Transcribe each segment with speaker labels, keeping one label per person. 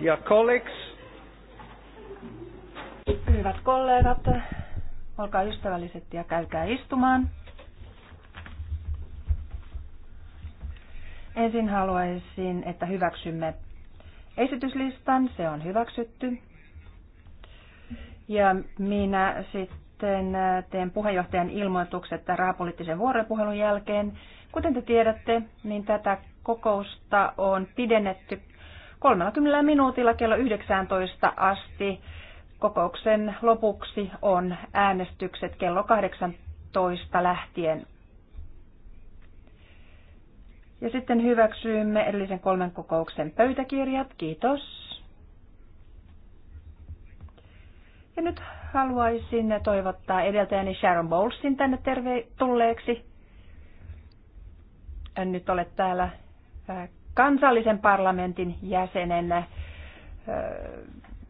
Speaker 1: Dear colleagues.
Speaker 2: Hyvät kollegat, olkaa ystävälliset ja käykää istumaan. Ensin haluaisin, että hyväksymme esityslistan. Se on hyväksytty. Ja minä sitten teen puheenjohtajan ilmoitukset rahapoliittisen vuoropuhelun jälkeen. Kuten te tiedätte, niin tätä kokousta on pidennetty 30 minuutilla kello 19 asti. Kokouksen lopuksi on äänestykset kello 18 lähtien. Ja sitten hyväksyimme edellisen kolmen kokouksen pöytäkirjat. Kiitos. Ja nyt haluaisin toivottaa edeltäjäni Sharon Bowlesin tänne tervetulleeksi. Nyt olet täällä äh, kansallisen parlamentin jäsenen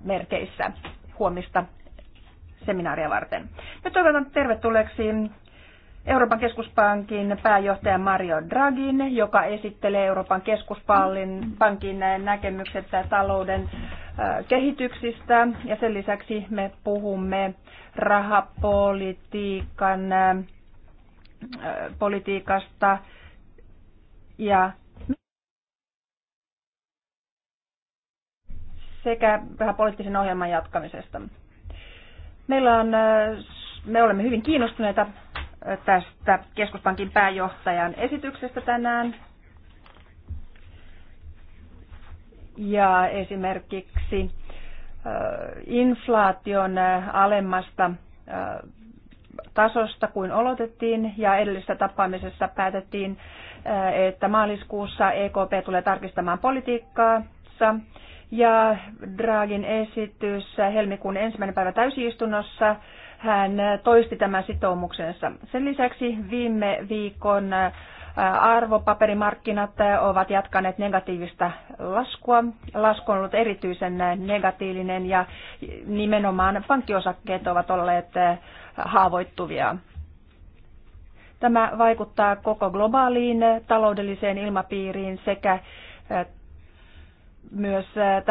Speaker 2: merkeissä huomista seminaaria varten. Nyt toivotan tervetulleeksi Euroopan keskuspankin pääjohtaja Mario Dragin, joka esittelee Euroopan keskuspankin näkemykset talouden kehityksistä. Ja sen lisäksi me puhumme rahapolitiikan politiikasta ja sekä vähän poliittisen ohjelman jatkamisesta. Meillä on, me olemme hyvin kiinnostuneita tästä keskuspankin pääjohtajan esityksestä tänään. Ja esimerkiksi inflaation alemmasta tasosta kuin olotettiin ja edellisessä tapaamisessa päätettiin, että maaliskuussa EKP tulee tarkistamaan politiikkaansa ja Draagin esitys helmikuun ensimmäinen päivä täysistunnossa hän toisti tämän sitoumuksensa. Sen lisäksi viime viikon arvopaperimarkkinat ovat jatkaneet negatiivista laskua. Lasku on ollut erityisen negatiivinen ja nimenomaan pankkiosakkeet ovat olleet haavoittuvia. Tämä vaikuttaa koko globaaliin taloudelliseen ilmapiiriin sekä myös, äh,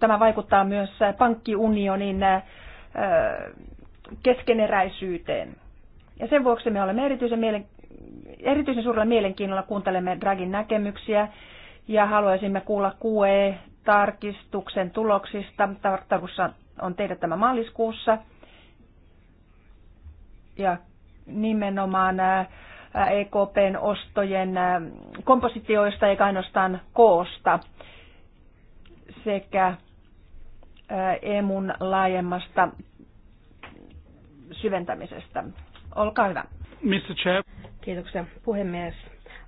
Speaker 2: tämä vaikuttaa myös pankkiunionin äh, keskeneräisyyteen. Ja sen vuoksi me olemme erityisen, mielen, erityisen suurella mielenkiinnolla kuuntelemme Dragin näkemyksiä ja haluaisimme kuulla QE-tarkistuksen tuloksista. Tarkoituksessa on tehdä tämä maaliskuussa. Ja nimenomaan äh, EKPn ostojen kompositioista eikä ainoastaan koosta sekä EMUn laajemmasta
Speaker 3: syventämisestä. Olkaa hyvä. Mr. Chair. Kiitoksia puhemies.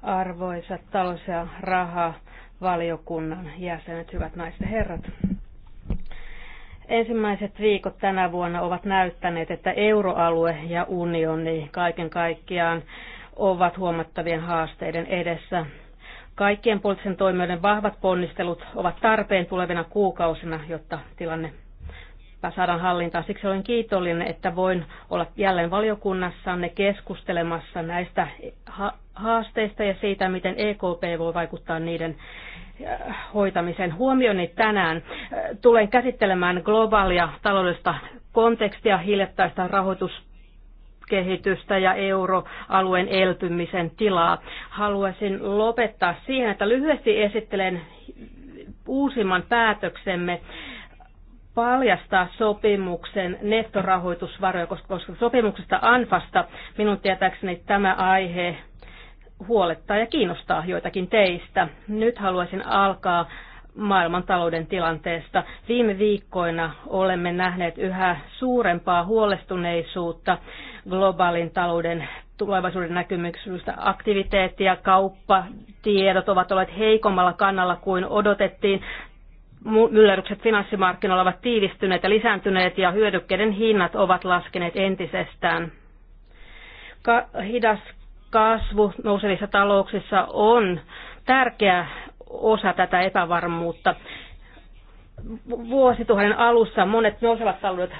Speaker 3: Arvoisat talous- ja rahavaliokunnan jäsenet, hyvät naiset ja herrat. Ensimmäiset viikot tänä vuonna ovat näyttäneet, että euroalue ja unioni kaiken kaikkiaan ovat huomattavien haasteiden edessä Kaikkien poliittisen toimijoiden vahvat ponnistelut ovat tarpeen tulevina kuukausina, jotta tilanne saadaan hallintaan. Siksi olen kiitollinen, että voin olla jälleen valiokunnassanne keskustelemassa näistä haasteista ja siitä, miten EKP voi vaikuttaa niiden äh, hoitamiseen huomioni tänään. Äh, tulen käsittelemään globaalia taloudellista kontekstia, hiljattaista rahoitus kehitystä ja euroalueen elpymisen tilaa. Haluaisin lopettaa siihen, että lyhyesti esittelen uusimman päätöksemme paljastaa sopimuksen nettorahoitusvaroja, koska sopimuksesta ANFasta minun tietääkseni tämä aihe huolettaa ja kiinnostaa joitakin teistä. Nyt haluaisin alkaa maailmantalouden tilanteesta. Viime viikkoina olemme nähneet yhä suurempaa huolestuneisuutta globaalin talouden tulevaisuuden näkymyksistä. Aktiviteetti ja kauppatiedot ovat olleet heikommalla kannalla kuin odotettiin. Myllerrykset finanssimarkkinoilla ovat tiivistyneet ja lisääntyneet ja hyödykkeiden hinnat ovat laskeneet entisestään. Ka- hidas kasvu nousevissa talouksissa on tärkeä osa tätä epävarmuutta vuosituhannen alussa monet nousevat taloudet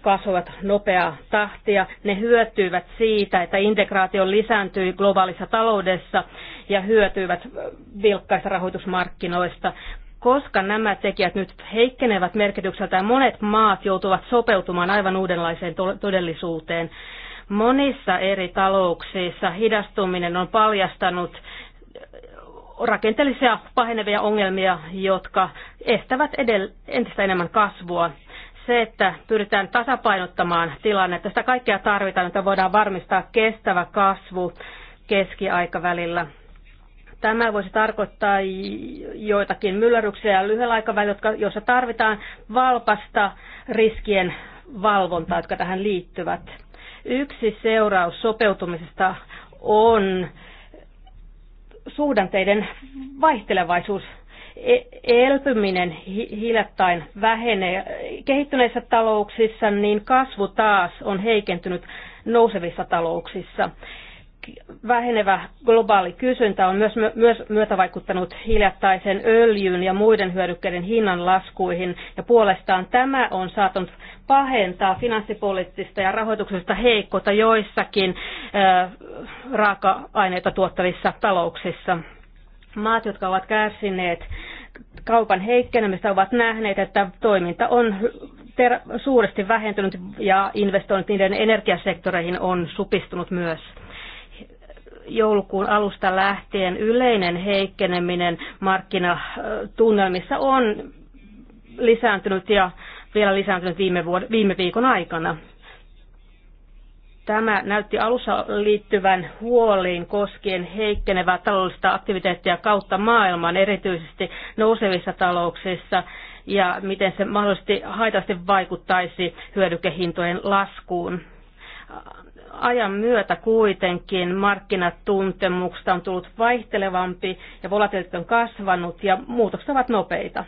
Speaker 3: kasvavat nopeaa tahtia. Ne hyötyivät siitä, että integraatio lisääntyi globaalissa taloudessa ja hyötyivät vilkkaista rahoitusmarkkinoista. Koska nämä tekijät nyt heikkenevät merkitykseltään, monet maat joutuvat sopeutumaan aivan uudenlaiseen todellisuuteen. Monissa eri talouksissa hidastuminen on paljastanut rakenteellisia pahenevia ongelmia, jotka estävät edell- entistä enemmän kasvua. Se, että pyritään tasapainottamaan tilannetta, sitä kaikkea tarvitaan, että voidaan varmistaa kestävä kasvu keskiaikavälillä. Tämä voisi tarkoittaa joitakin myllerryksiä lyhyellä aikavälillä, joissa tarvitaan valpasta riskien valvontaa, jotka tähän liittyvät. Yksi seuraus sopeutumisesta on suhdanteiden vaihtelevaisuus e-, elpyminen hiljattain vähenee. Kehittyneissä talouksissa niin kasvu taas on heikentynyt nousevissa talouksissa vähenevä globaali kysyntä on myös, myös myötävaikuttanut hiljattaisen öljyn ja muiden hyödykkeiden hinnan laskuihin, ja puolestaan tämä on saatanut pahentaa finanssipoliittista ja rahoituksesta heikkota joissakin äh, raaka-aineita tuottavissa talouksissa. Maat, jotka ovat kärsineet kaupan heikkenemistä, ovat nähneet, että toiminta on suuresti vähentynyt ja investoinnit niiden energiasektoreihin on supistunut myös joulukuun alusta lähtien yleinen heikkeneminen markkinatunnelmissa on lisääntynyt ja vielä lisääntynyt viime, vuod- viime viikon aikana. Tämä näytti alussa liittyvän huoliin koskien heikkenevää taloudellista aktiviteettia kautta maailman, erityisesti nousevissa talouksissa, ja miten se mahdollisesti haitallisesti vaikuttaisi hyödykehintojen laskuun ajan myötä kuitenkin markkinatuntemuksesta on tullut vaihtelevampi ja volatiliteetti on kasvanut ja muutokset ovat nopeita.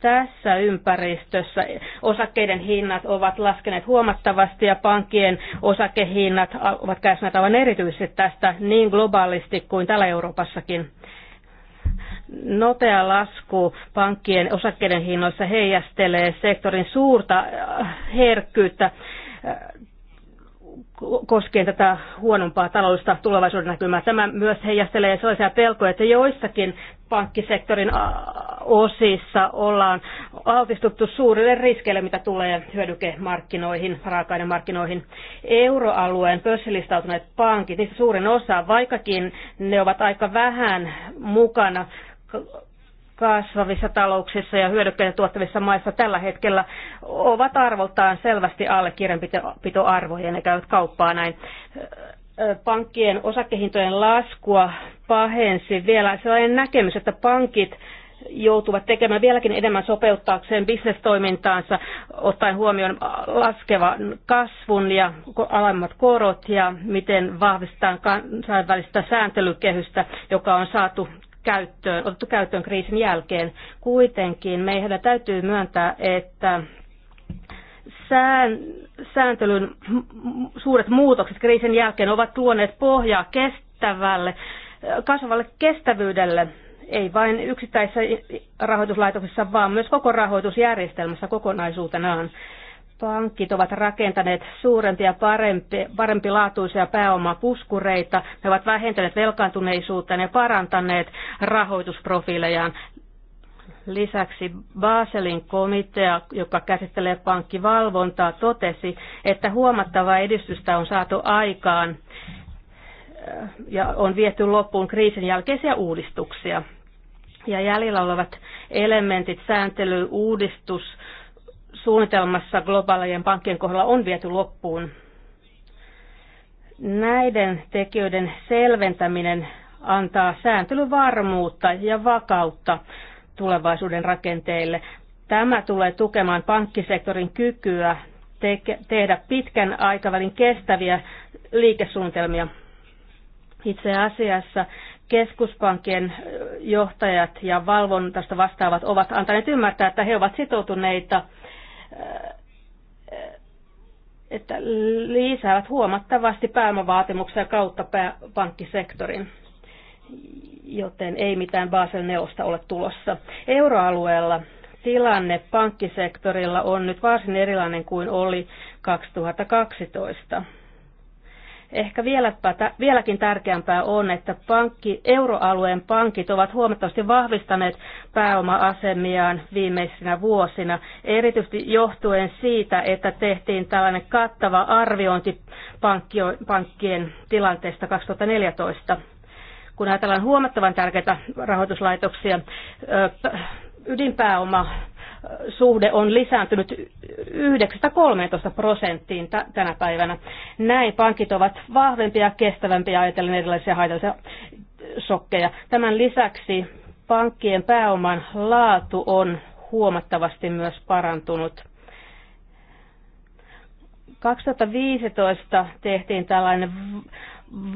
Speaker 3: Tässä ympäristössä osakkeiden hinnat ovat laskeneet huomattavasti ja pankkien osakehinnat ovat kärsineet aivan erityisesti tästä niin globaalisti kuin täällä Euroopassakin nopea lasku pankkien osakkeiden hinnoissa heijastelee sektorin suurta äh, herkkyyttä äh, koskien tätä huonompaa taloudellista tulevaisuuden näkymää. Tämä myös heijastelee sellaisia pelkoja, että joissakin pankkisektorin osissa ollaan altistuttu suurille riskeille, mitä tulee hyödykemarkkinoihin, raaka-ainemarkkinoihin. Euroalueen pörssilistautuneet pankit, niistä suurin osa, vaikkakin ne ovat aika vähän mukana kasvavissa talouksissa ja hyödykkeitä tuottavissa maissa tällä hetkellä ovat arvoltaan selvästi alle kirjanpitoarvojen ja käyvät kauppaa näin. Pankkien osakehintojen laskua pahensi vielä sellainen näkemys, että pankit joutuvat tekemään vieläkin enemmän sopeuttaakseen bisnestoimintaansa, ottaen huomioon laskevan kasvun ja alemmat korot ja miten vahvistetaan kansainvälistä sääntelykehystä, joka on saatu käyttöön, otettu käyttöön kriisin jälkeen. Kuitenkin meidän täytyy myöntää, että sään, sääntelyn suuret muutokset kriisin jälkeen ovat tuoneet pohjaa kestävälle, kasvavalle kestävyydelle, ei vain yksittäisissä rahoituslaitoksissa, vaan myös koko rahoitusjärjestelmässä kokonaisuutenaan pankit ovat rakentaneet suurempia, parempi, laatuisia pääomapuskureita. Ne ovat vähentäneet velkaantuneisuutta ja parantaneet rahoitusprofiilejaan. Lisäksi Baselin komitea, joka käsittelee pankkivalvontaa, totesi, että huomattavaa edistystä on saatu aikaan äh, ja on viety loppuun kriisin jälkeisiä uudistuksia. Ja jäljellä olevat elementit, sääntely, uudistus, suunnitelmassa globaalien pankkien kohdalla on viety loppuun. Näiden tekijöiden selventäminen antaa sääntelyvarmuutta ja vakautta tulevaisuuden rakenteille. Tämä tulee tukemaan pankkisektorin kykyä tehdä pitkän aikavälin kestäviä liikesuunnitelmia. Itse asiassa keskuspankkien johtajat ja valvonnasta vastaavat ovat antaneet ymmärtää, että he ovat sitoutuneita että lisäävät huomattavasti pääomavaatimuksia kautta pankkisektorin, joten ei mitään Basel 4 ole tulossa. Euroalueella tilanne pankkisektorilla on nyt varsin erilainen kuin oli 2012. Ehkä vieläkin tärkeämpää on, että pankki, euroalueen pankit ovat huomattavasti vahvistaneet pääoma-asemiaan viimeisinä vuosina, erityisesti johtuen siitä, että tehtiin tällainen kattava arviointi pankkien tilanteesta 2014. Kun ajatellaan huomattavan tärkeitä rahoituslaitoksia, ydinpääoma suhde on lisääntynyt 9-13 prosenttiin tänä päivänä. Näin pankit ovat vahvempia ja kestävämpiä ajatellen erilaisia haitallisia sokkeja. Tämän lisäksi pankkien pääoman laatu on huomattavasti myös parantunut. 2015 tehtiin tällainen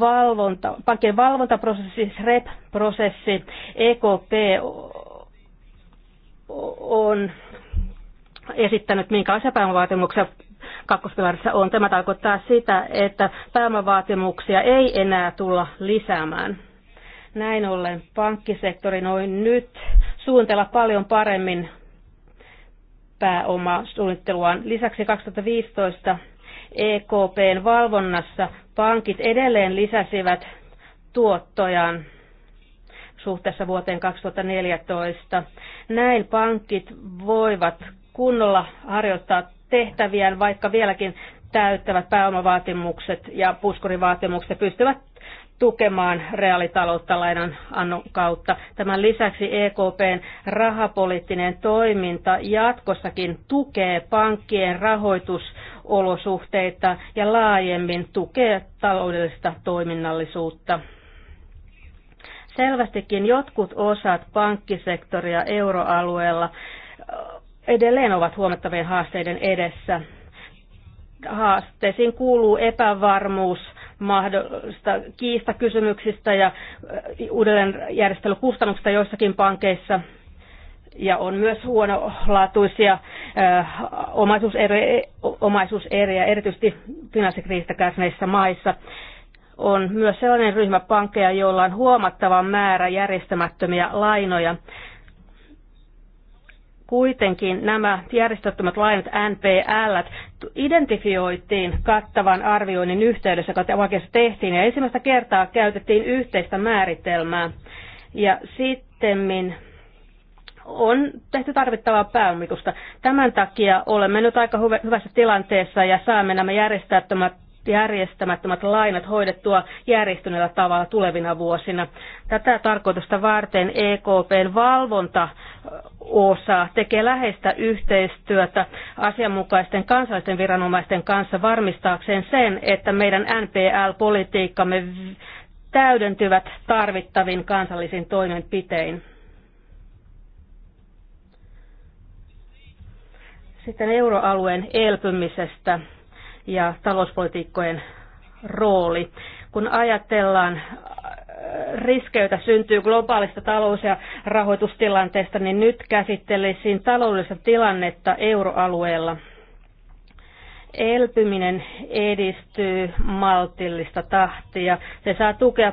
Speaker 3: valvonta, pankkien valvontaprosessi, siis REP-prosessi. EKP on esittänyt, minkälaisia pääomavaatimuksia kakkospilarissa on. Tämä tarkoittaa sitä, että pääomavaatimuksia ei enää tulla lisäämään. Näin ollen pankkisektori noin nyt suuntella paljon paremmin pääomasuunnitteluaan. Lisäksi 2015 EKPn valvonnassa pankit edelleen lisäsivät tuottojaan suhteessa vuoteen 2014. Näin pankit voivat kunnolla harjoittaa tehtäviään, vaikka vieläkin täyttävät pääomavaatimukset ja puskurivaatimukset pystyvät tukemaan reaalitaloutta lainan annon kautta. Tämän lisäksi EKPn rahapoliittinen toiminta jatkossakin tukee pankkien rahoitusolosuhteita ja laajemmin tukee taloudellista toiminnallisuutta. Selvästikin jotkut osat pankkisektoria euroalueella edelleen ovat huomattavien haasteiden edessä. Haasteisiin kuuluu epävarmuus mahdollista kiistakysymyksistä ja äh, uudelleenjärjestelykustannuksista joissakin pankeissa. Ja on myös huonolaatuisia äh, omaisuuseriä, omaisuuseriä erityisesti finanssikriisistä kärsineissä maissa on myös sellainen ryhmä pankkeja, joilla on huomattava määrä järjestämättömiä lainoja. Kuitenkin nämä järjestämättömät lainat NPL identifioitiin kattavan arvioinnin yhteydessä, joka oikeastaan tehtiin, ja ensimmäistä kertaa käytettiin yhteistä määritelmää. Ja sitten on tehty tarvittavaa pääomitusta. Tämän takia olemme nyt aika hyvässä tilanteessa ja saamme nämä järjestämättömät järjestämättömät lainat hoidettua järjestyneellä tavalla tulevina vuosina. Tätä tarkoitusta varten EKPn valvonta osa tekee läheistä yhteistyötä asianmukaisten kansallisten viranomaisten kanssa varmistaakseen sen, että meidän NPL-politiikkamme täydentyvät tarvittavin kansallisin toimenpitein. Sitten euroalueen elpymisestä ja talouspolitiikkojen rooli. Kun ajatellaan äh, riskeitä syntyy globaalista talous- ja rahoitustilanteesta, niin nyt käsittelisin taloudellista tilannetta euroalueella elpyminen edistyy maltillista tahtia. Se saa tukea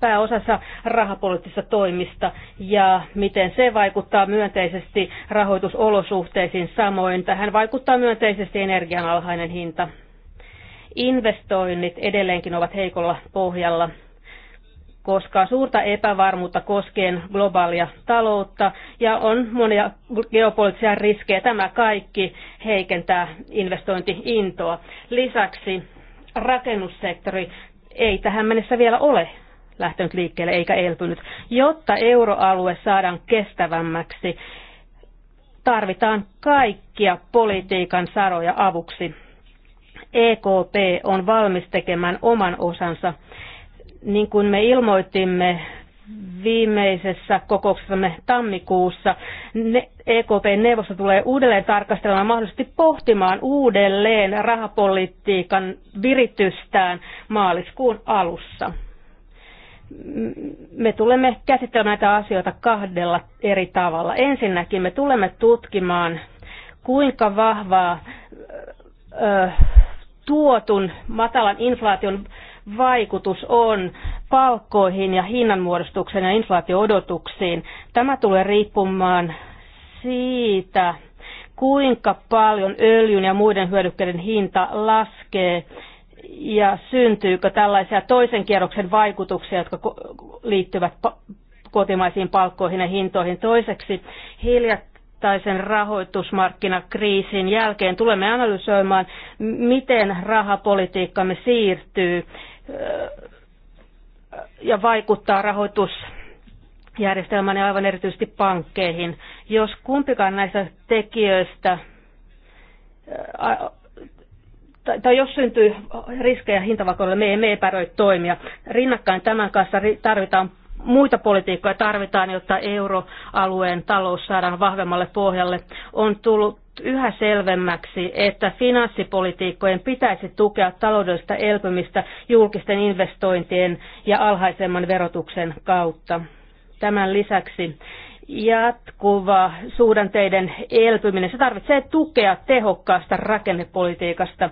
Speaker 3: pääosassa rahapoliittisista toimista ja miten se vaikuttaa myönteisesti rahoitusolosuhteisiin samoin. Tähän vaikuttaa myönteisesti energian alhainen hinta. Investoinnit edelleenkin ovat heikolla pohjalla koska suurta epävarmuutta koskien globaalia taloutta ja on monia geopoliittisia riskejä. Tämä kaikki heikentää investointiintoa. Lisäksi rakennussektori ei tähän mennessä vielä ole lähtenyt liikkeelle eikä elpynyt. Jotta euroalue saadaan kestävämmäksi, tarvitaan kaikkia politiikan saroja avuksi. EKP on valmis tekemään oman osansa niin kuin me ilmoitimme viimeisessä kokouksessamme tammikuussa, EKP-neuvosto e tulee uudelleen tarkastelemaan mahdollisesti pohtimaan uudelleen rahapolitiikan viritystään maaliskuun alussa. Me tulemme käsittelemään näitä asioita kahdella eri tavalla. Ensinnäkin me tulemme tutkimaan, kuinka vahvaa ö, tuotun matalan inflaation vaikutus on palkkoihin ja hinnanmuodostukseen ja inflaatioodotuksiin. Tämä tulee riippumaan siitä, kuinka paljon öljyn ja muiden hyödykkeiden hinta laskee ja syntyykö tällaisia toisen kierroksen vaikutuksia, jotka liittyvät kotimaisiin palkkoihin ja hintoihin. Toiseksi hiljattaisen rahoitusmarkkinakriisin jälkeen tulemme analysoimaan, miten rahapolitiikkamme siirtyy ja vaikuttaa rahoitus ja aivan erityisesti pankkeihin. Jos kumpikaan näistä tekijöistä, tai jos syntyy riskejä hintavakaudelle, me emme epäröi toimia. Rinnakkain tämän kanssa tarvitaan muita politiikkoja tarvitaan, jotta euroalueen talous saadaan vahvemmalle pohjalle. On tullut yhä selvemmäksi, että finanssipolitiikkojen pitäisi tukea taloudellista elpymistä julkisten investointien ja alhaisemman verotuksen kautta. Tämän lisäksi jatkuva suhdanteiden elpyminen, se tarvitsee tukea tehokkaasta rakennepolitiikasta.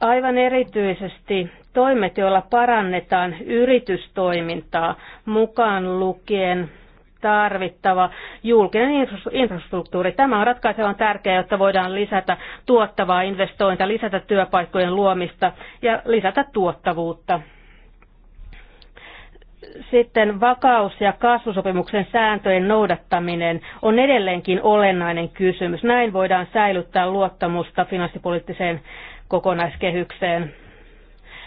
Speaker 3: Aivan erityisesti toimet, joilla parannetaan yritystoimintaa, mukaan lukien tarvittava julkinen infrastruktuuri. Tämä on ratkaisevan tärkeää, jotta voidaan lisätä tuottavaa investointia, lisätä työpaikkojen luomista ja lisätä tuottavuutta. Sitten vakaus- ja kasvusopimuksen sääntöjen noudattaminen on edelleenkin olennainen kysymys. Näin voidaan säilyttää luottamusta finanssipoliittiseen kokonaiskehykseen.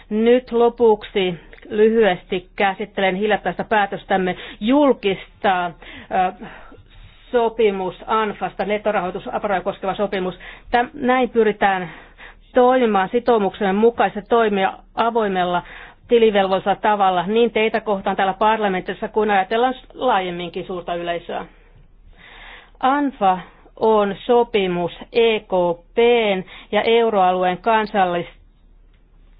Speaker 3: Nyt lopuksi lyhyesti käsittelen hiljattaista päätöstämme julkistaa sopimus ANFasta, nettorahoitusaparoja koskeva sopimus. Täm, näin pyritään toimimaan sitoumuksen mukaisesti toimia avoimella tilivelvollisella tavalla niin teitä kohtaan täällä parlamentissa kuin ajatellaan laajemminkin suurta yleisöä. ANFA on sopimus EKPn ja euroalueen kansallisten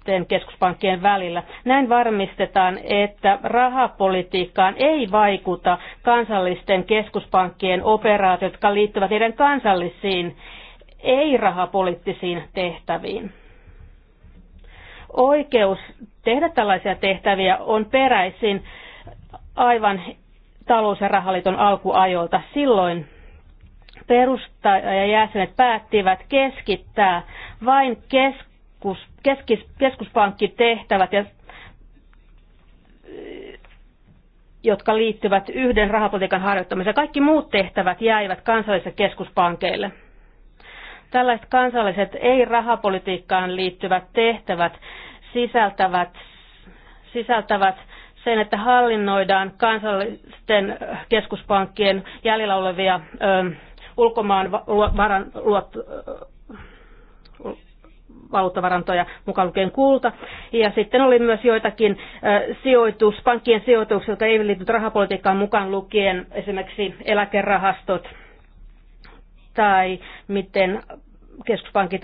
Speaker 3: muiden keskuspankkien välillä. Näin varmistetaan, että rahapolitiikkaan ei vaikuta kansallisten keskuspankkien operaatiot, jotka liittyvät niiden kansallisiin ei-rahapoliittisiin tehtäviin. Oikeus tehdä tällaisia tehtäviä on peräisin aivan talous- ja rahaliiton alkuajolta. Silloin perustajajäsenet päättivät keskittää vain kes- keskus, keskis, keskuspankkitehtävät, ja, jotka liittyvät yhden rahapolitiikan harjoittamiseen. Kaikki muut tehtävät jäivät kansallisille keskuspankeille. Tällaiset kansalliset ei-rahapolitiikkaan liittyvät tehtävät sisältävät, sisältävät sen, että hallinnoidaan kansallisten keskuspankkien jäljellä olevia ö, ulkomaan varan luot, valuuttavarantoja, mukaan lukien kulta. Ja sitten oli myös joitakin sijoitus, pankkien sijoituksia, jotka eivät liity rahapolitiikkaan mukaan lukien esimerkiksi eläkerahastot tai miten keskuspankit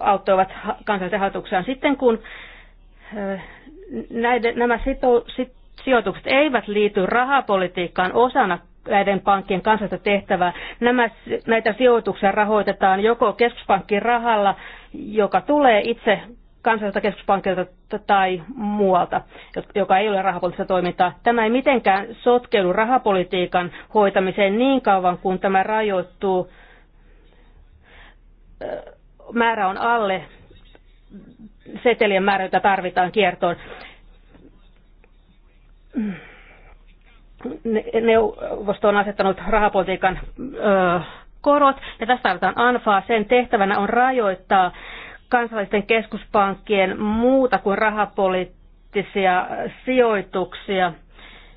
Speaker 3: auttoivat kansallisen hallituksen. Sitten kun näiden, nämä sito, sit, sijoitukset eivät liity rahapolitiikkaan osana näiden pankkien kansallista tehtävää. Nämä, näitä sijoituksia rahoitetaan joko keskuspankin rahalla, joka tulee itse kansallista keskuspankilta tai muualta, joka ei ole rahapoliittista toimintaa. Tämä ei mitenkään sotkeudu rahapolitiikan hoitamiseen niin kauan, kun tämä rajoittuu, määrä on alle setelien määrä, jota tarvitaan kiertoon neuvosto on asettanut rahapolitiikan korot, ja tässä tarvitaan ANFAa. Sen tehtävänä on rajoittaa kansallisten keskuspankkien muuta kuin rahapoliittisia sijoituksia,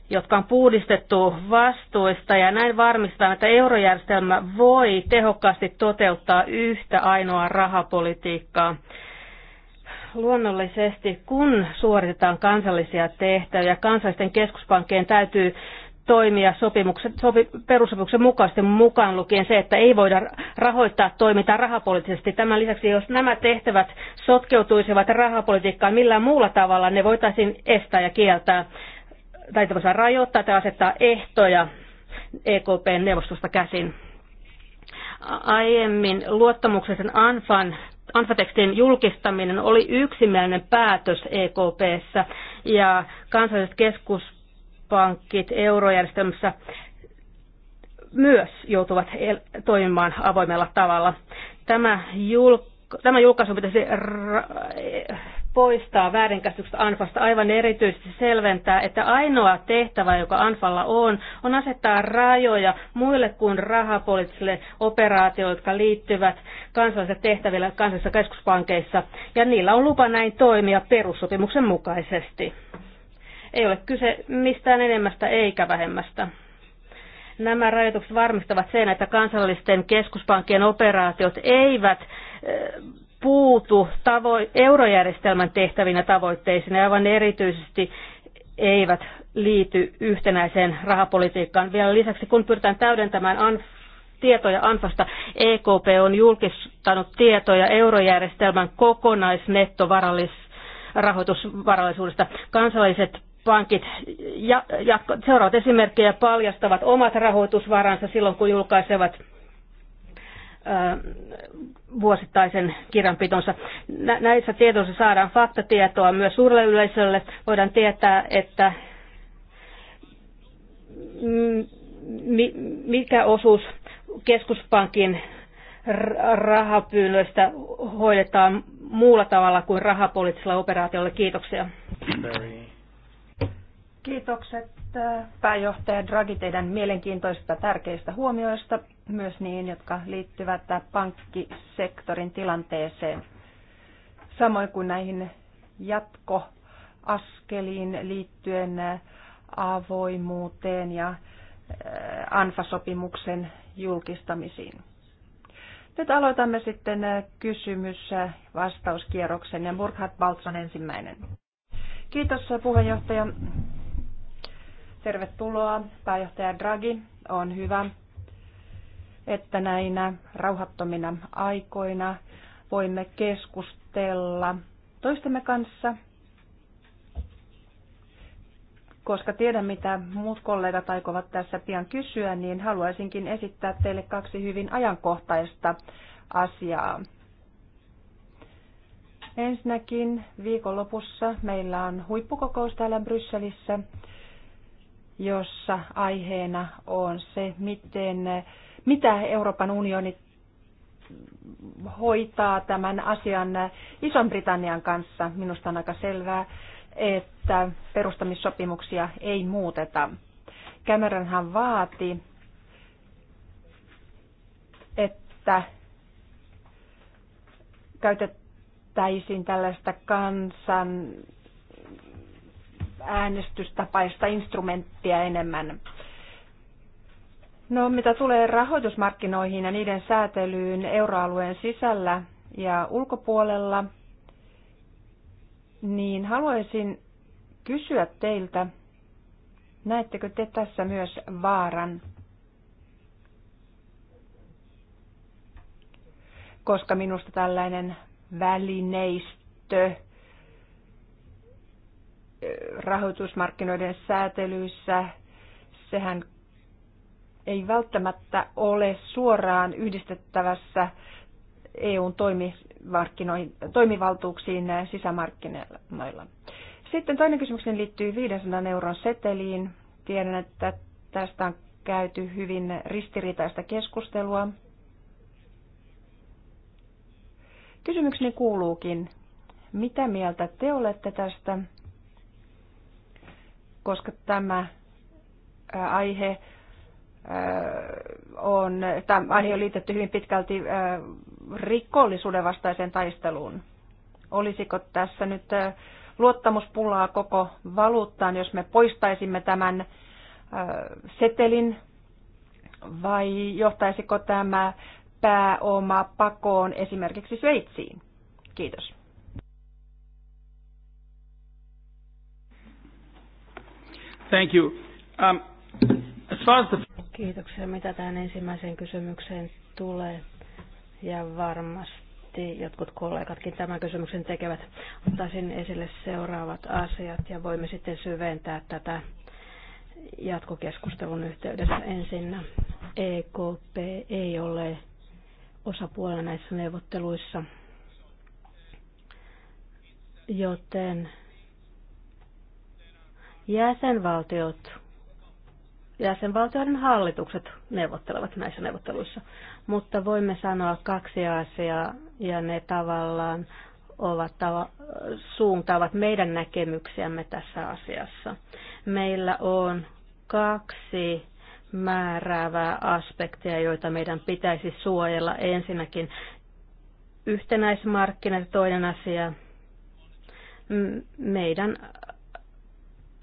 Speaker 3: jotka on puhdistettu vastuista, ja näin varmistetaan, että eurojärjestelmä voi tehokkaasti toteuttaa yhtä ainoaa rahapolitiikkaa Luonnollisesti, kun suoritetaan kansallisia tehtäviä, kansallisten keskuspankkien täytyy toimia sopimukset, sopi, perussopimuksen mukaisesti mukaan lukien se, että ei voida rahoittaa toimintaa rahapoliittisesti. Tämän lisäksi, jos nämä tehtävät sotkeutuisivat rahapolitiikkaan millään muulla tavalla, ne voitaisiin estää ja kieltää tai rajoittaa tai asettaa ehtoja EKPn neuvostosta käsin. Aiemmin luottamuksen ANFAN Anfatekstin julkistaminen oli yksimielinen päätös EKPssä ja kansalliset keskuspankit eurojärjestelmässä myös joutuvat toimimaan avoimella tavalla. Tämä, julk- tämä julkaisu pitäisi ra- poistaa väärinkäsitykset ANFasta aivan erityisesti selventää, että ainoa tehtävä, joka ANFalla on, on asettaa rajoja muille kuin rahapoliittisille operaatioille, jotka liittyvät kansallisille tehtäville kansallisissa keskuspankeissa, ja niillä on lupa näin toimia perussopimuksen mukaisesti. Ei ole kyse mistään enemmästä eikä vähemmästä. Nämä rajoitukset varmistavat sen, että kansallisten keskuspankkien operaatiot eivät eh, puutu tavo- eurojärjestelmän tehtävinä ja tavoitteisiin, aivan erityisesti eivät liity yhtenäiseen rahapolitiikkaan. Vielä lisäksi, kun pyritään täydentämään ANF, tietoja ANFasta, EKP on julkistanut tietoja eurojärjestelmän kokonaisnettovarallisuudesta. Kansalliset pankit ja, ja seuraavat esimerkkejä paljastavat omat rahoitusvaransa silloin, kun julkaisevat vuosittaisen kirjanpitonsa. Näissä tiedoissa saadaan faktatietoa myös suurelle yleisölle. Voidaan tietää, että mikä osuus keskuspankin rahapyynnöistä hoidetaan muulla tavalla kuin rahapoliittisella operaatiolla. Kiitoksia. Very
Speaker 2: Kiitokset äh, pääjohtaja Draghi teidän mielenkiintoisista tärkeistä huomioista, myös niin, jotka liittyvät äh, pankkisektorin tilanteeseen, samoin kuin näihin jatkoaskeliin liittyen äh, avoimuuteen ja ANFA-sopimuksen julkistamisiin. Nyt aloitamme sitten kysymys-vastauskierroksen ja Burkhard Baltson ensimmäinen. Kiitos puheenjohtaja. Tervetuloa, pääjohtaja Draghi. On hyvä, että näinä rauhattomina aikoina voimme keskustella toistemme kanssa, koska tiedän mitä muut kollegat aikovat tässä pian kysyä, niin haluaisinkin esittää teille kaksi hyvin ajankohtaista asiaa. Ensinnäkin viikonlopussa meillä on huippukokous täällä Brysselissä jossa aiheena on se, miten, mitä Euroopan unioni hoitaa tämän asian Ison-Britannian kanssa. Minusta on aika selvää, että perustamissopimuksia ei muuteta. Cameronhan vaati, että käytettäisiin tällaista kansan äänestystapaista instrumenttia enemmän. No, mitä tulee rahoitusmarkkinoihin ja niiden säätelyyn euroalueen sisällä ja ulkopuolella, niin haluaisin kysyä teiltä, näettekö te tässä myös vaaran? Koska minusta tällainen välineistö rahoitusmarkkinoiden säätelyissä, sehän ei välttämättä ole suoraan yhdistettävässä EUn toimivaltuuksiin sisämarkkinoilla. Sitten toinen kysymys liittyy 500 euron seteliin. Tiedän, että tästä on käyty hyvin ristiriitaista keskustelua. Kysymykseni kuuluukin, mitä mieltä te olette tästä koska tämä aihe on, tämä aihe on liitetty hyvin pitkälti rikollisuuden vastaiseen taisteluun. Olisiko tässä nyt luottamuspulaa koko valuuttaan, jos me poistaisimme tämän setelin, vai johtaisiko tämä pääoma pakoon esimerkiksi Sveitsiin? Kiitos.
Speaker 4: Thank you. Um,
Speaker 3: as far as the... Kiitoksia. Mitä tähän ensimmäiseen kysymykseen tulee? Ja varmasti jotkut kollegatkin tämän kysymyksen tekevät. Ottaisin esille seuraavat asiat ja voimme sitten syventää tätä jatkokeskustelun yhteydessä. Ensinnä EKP ei ole osapuolena näissä neuvotteluissa, joten Jäsenvaltiot, jäsenvaltioiden hallitukset neuvottelevat näissä neuvotteluissa, mutta voimme sanoa kaksi asiaa ja ne tavallaan ovat tava, suuntaavat meidän näkemyksiämme tässä asiassa. Meillä on kaksi määräävää aspektia, joita meidän pitäisi suojella. Ensinnäkin yhtenäismarkkinat, toinen asia meidän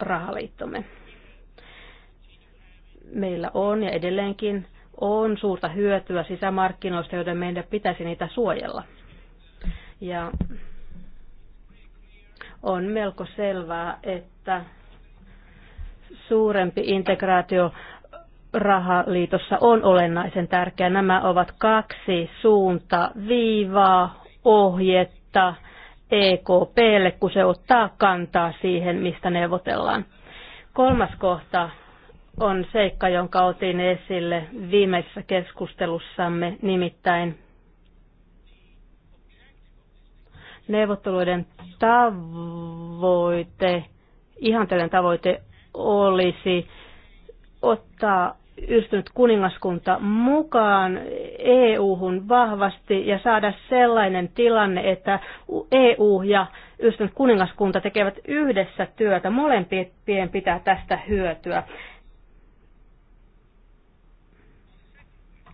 Speaker 3: rahaliittomme. Meillä on ja edelleenkin on suurta hyötyä sisämarkkinoista, joiden meidän pitäisi niitä suojella. Ja on melko selvää, että suurempi integraatio rahaliitossa on olennaisen tärkeä. Nämä ovat kaksi suunta viivaa, ohjetta, EKPlle, kun se ottaa kantaa siihen, mistä neuvotellaan. Kolmas kohta on seikka, jonka otin esille viimeisessä keskustelussamme, nimittäin neuvotteluiden tavoite, ihanteellinen tavoite olisi ottaa yhtynyt kuningaskunta mukaan EU-hun vahvasti ja saada sellainen tilanne, että EU ja yhtynyt kuningaskunta tekevät yhdessä työtä. Molempien pitää tästä hyötyä.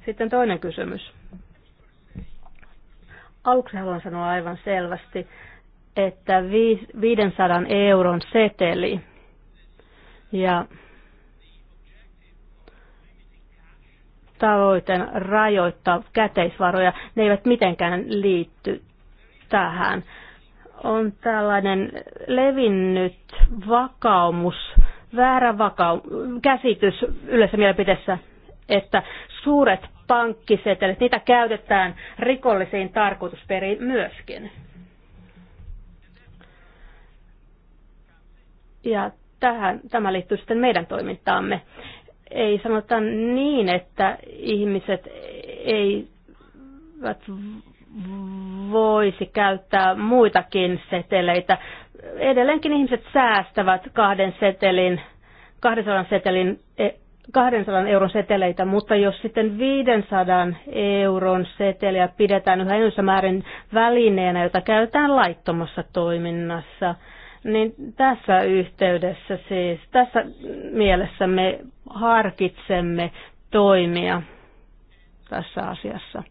Speaker 3: Sitten toinen kysymys. Aluksi haluan sanoa aivan selvästi, että 500 euron seteli ja tavoitteen rajoittaa käteisvaroja. Ne eivät mitenkään liitty tähän. On tällainen levinnyt vakaumus, väärä vakaum- käsitys yleensä mielipiteessä, että suuret pankkisetelit, niitä käytetään rikollisiin tarkoitusperiin myöskin. Ja tähän, tämä liittyy sitten meidän toimintaamme ei sanota niin, että ihmiset ei voisi käyttää muitakin seteleitä. Edelleenkin ihmiset säästävät kahden setelin, 200 setelin 200 e, euron seteleitä, mutta jos sitten 500 euron seteliä pidetään yhä enemmän määrin välineenä, jota käytetään laittomassa toiminnassa, niin tässä yhteydessä siis, tässä mielessä me harkitsemme toimia tässä asiassa.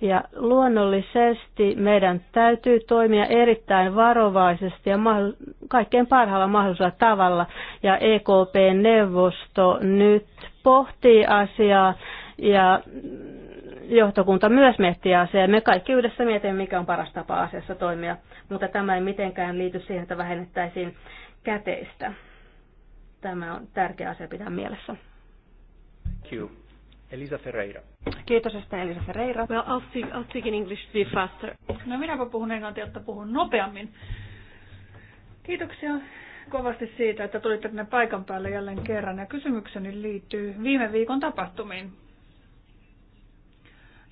Speaker 3: Ja luonnollisesti meidän täytyy toimia erittäin varovaisesti ja kaikkein parhaalla mahdollisella tavalla. Ja EKP-neuvosto nyt pohtii asiaa ja johtokunta myös miettii asiaa. Me kaikki yhdessä mietimme, mikä on paras tapa asiassa toimia, mutta tämä ei mitenkään liity siihen, että vähennettäisiin käteistä. Tämä on tärkeä asia pitää mielessä.
Speaker 5: Kiitos. Elisa Ferreira.
Speaker 3: Kiitos, että Elisa Ferreira. Well, I'll speak, I'll speak in English to be faster.
Speaker 6: No minäpä puhun englantia, jotta puhun nopeammin. Kiitoksia kovasti siitä, että tulitte tänne paikan päälle jälleen kerran. Ja kysymykseni liittyy viime viikon tapahtumiin.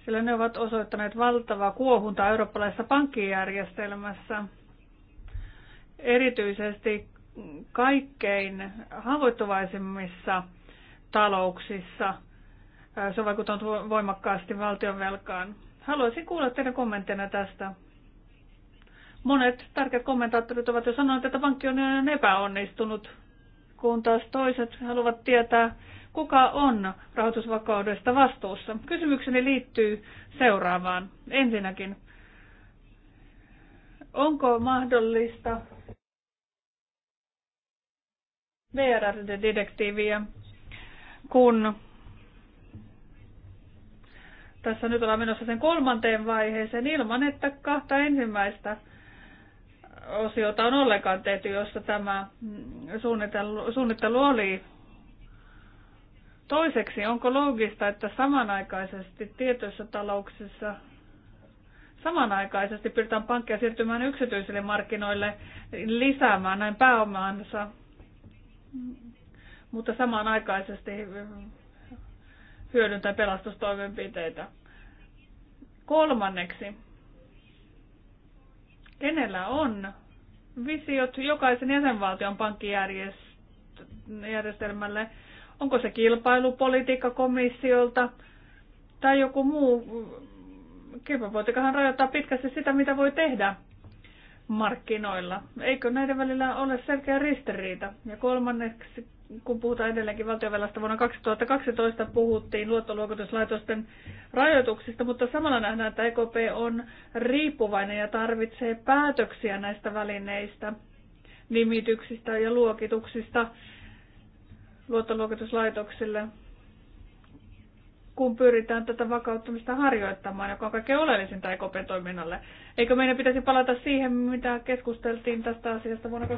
Speaker 6: Sillä ne ovat osoittaneet valtavaa kuohuntaa eurooppalaisessa pankkijärjestelmässä. Erityisesti kaikkein haavoittuvaisimmissa talouksissa. Se on vaikuttanut voimakkaasti valtionvelkaan. Haluaisin kuulla teidän kommentteina tästä. Monet tärkeät kommentaattorit ovat jo sanoneet, että pankki on epäonnistunut, kun taas toiset haluavat tietää, kuka on rahoitusvakaudesta vastuussa. Kysymykseni liittyy seuraavaan. Ensinnäkin, onko mahdollista VRR-direktiiviä, kun tässä nyt ollaan menossa sen kolmanteen vaiheeseen ilman, että kahta ensimmäistä osiota on ollenkaan tehty, jossa tämä suunnittelu, suunnittelu oli. Toiseksi, onko loogista, että samanaikaisesti tietyissä talouksissa samanaikaisesti pyritään pankkia siirtymään yksityisille markkinoille lisäämään näin pääomaansa mutta samanaikaisesti eh, hyödyntää pelastustoimenpiteitä. Kolmanneksi, kenellä on visiot jokaisen jäsenvaltion pankkijärjestelmälle? Onko se kilpailupolitiikka komissiolta tai joku muu? Kilpailupolitiikkahan rajoittaa pitkästi sitä, mitä voi tehdä markkinoilla. Eikö näiden välillä ole selkeä ristiriita? Ja kolmanneksi, kun puhutaan edelleenkin valtiovelasta, vuonna 2012 puhuttiin luottoluokituslaitosten rajoituksista, mutta samalla nähdään, että EKP on riippuvainen ja tarvitsee päätöksiä näistä välineistä, nimityksistä ja luokituksista luottoluokituslaitoksille kun pyritään tätä vakauttamista harjoittamaan, joka on kaikkein oleellisinta EKPn toiminnalle. Eikö meidän pitäisi palata siihen, mitä keskusteltiin tästä asiasta vuonna 2012-2013?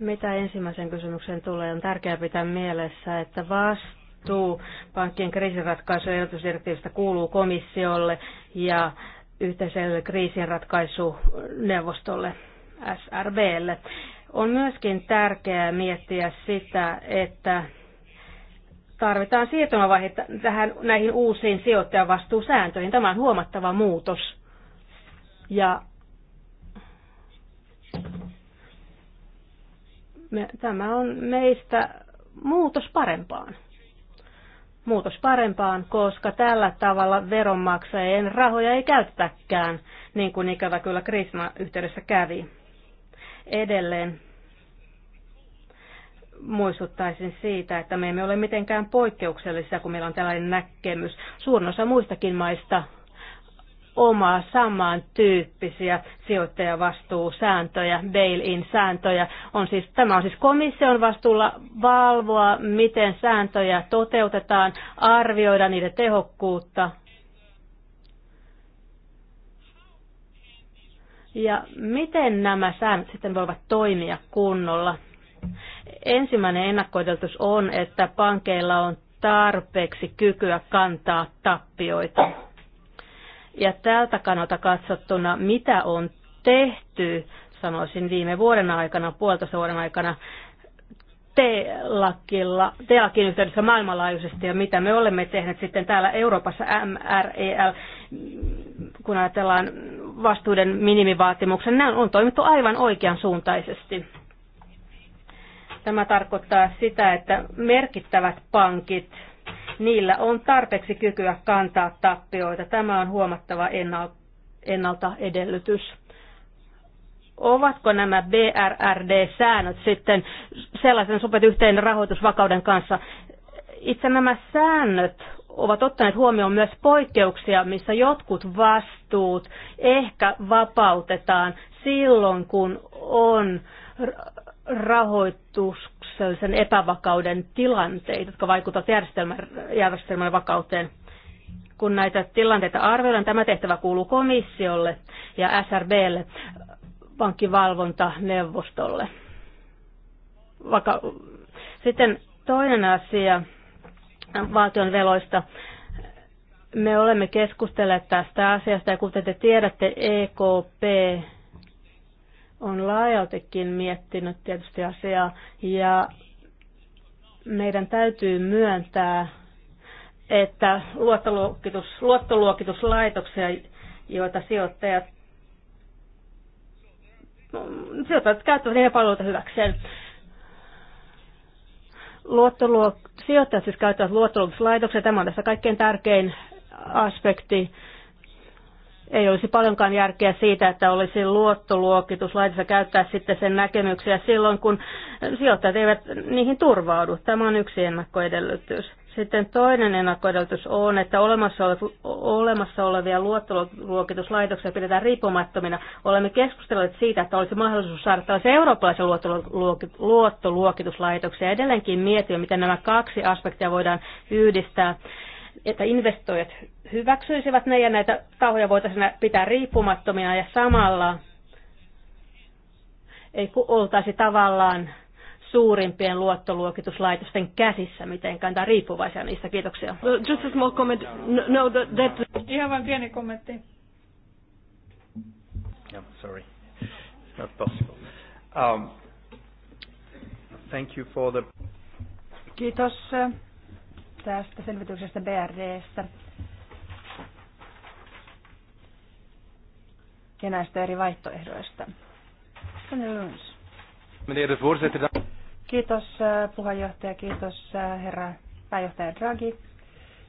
Speaker 3: Mitä ensimmäisen kysymyksen tulee, on tärkeää pitää mielessä, että vastuu pankkien kriisiratkaisu ja kuuluu komissiolle ja yhteiselle kriisinratkaisuneuvostolle SRBlle. On myöskin tärkeää miettiä sitä, että tarvitaan siirtymävaihetta tähän, näihin uusiin sijoittajavastuusääntöihin. Tämä on huomattava muutos. Ja me, tämä on meistä muutos parempaan. Muutos parempaan, koska tällä tavalla veronmaksajien rahoja ei käytetäkään, niin kuin ikävä kyllä Krisma yhteydessä kävi. Edelleen muistuttaisin siitä, että me emme ole mitenkään poikkeuksellisia, kun meillä on tällainen näkemys. Suurin osa muistakin maista omaa samantyyppisiä sijoittajavastuusääntöjä, bail-in-sääntöjä. On siis, tämä on siis komission vastuulla valvoa, miten sääntöjä toteutetaan, arvioida niiden tehokkuutta. Ja miten nämä säännöt sitten voivat toimia kunnolla? Ensimmäinen ennakkoideltus on, että pankeilla on tarpeeksi kykyä kantaa tappioita. Ja tältä kannalta katsottuna, mitä on tehty, sanoisin viime vuoden aikana, puolitoista vuoden aikana, TELAKin yhteydessä maailmanlaajuisesti ja mitä me olemme tehneet sitten täällä Euroopassa MREL, kun ajatellaan vastuuden minimivaatimuksen, nämä on toimittu aivan oikean suuntaisesti. Tämä tarkoittaa sitä, että merkittävät pankit, niillä on tarpeeksi kykyä kantaa tappioita. Tämä on huomattava ennalta edellytys. Ovatko nämä BRRD-säännöt sitten sellaisen supet yhteen rahoitusvakauden kanssa? Itse nämä säännöt ovat ottaneet huomioon myös poikkeuksia, missä jotkut vastuut ehkä vapautetaan silloin, kun on rahoituksellisen epävakauden tilanteet, jotka vaikuttavat järjestelmän, järjestelmän vakauteen. Kun näitä tilanteita arvioidaan, tämä tehtävä kuuluu komissiolle ja SRBlle, pankkivalvontaneuvostolle. Vaka- Sitten toinen asia valtion veloista. Me olemme keskustelleet tästä asiasta ja kuten te tiedätte, EKP on laajaltikin miettinyt tietysti asiaa ja meidän täytyy myöntää, että luottoluokitus, luottoluokituslaitoksia, joita sijoittajat sijoittajat käyttävät niiden palveluita hyväkseen. Luottoluok- sijoittajat siis käyttävät luottoluokituslaitoksia. Tämä on tässä kaikkein tärkein aspekti ei olisi paljonkaan järkeä siitä, että olisi luottoluokitus laitossa käyttää sitten sen näkemyksiä silloin, kun sijoittajat eivät niihin turvaudu. Tämä on yksi ennakkoedellytys. Sitten toinen ennakkoedellytys on, että olemassa olevia luottoluokituslaitoksia pidetään riippumattomina. Olemme keskustelleet siitä, että olisi mahdollisuus saada tällaisia eurooppalaisia luottoluokituslaitoksia. Edelleenkin mietin, miten nämä kaksi aspektia voidaan yhdistää että investoijat hyväksyisivät ne ja näitä tahoja voitaisiin pitää riippumattomina ja samalla ei oltaisi tavallaan suurimpien luottoluokituslaitosten käsissä mitenkään tai riippuvaisia niistä. Kiitoksia. Uh, just a small comment. No, no, that, that... Ihan vain pieni kommentti.
Speaker 5: Yeah, sorry. It's not possible. Um, thank you for the...
Speaker 2: Kiitos tästä selvityksestä BRDstä ja näistä eri vaihtoehdoista. Kiitos äh, puheenjohtaja, kiitos äh, herra pääjohtaja Draghi.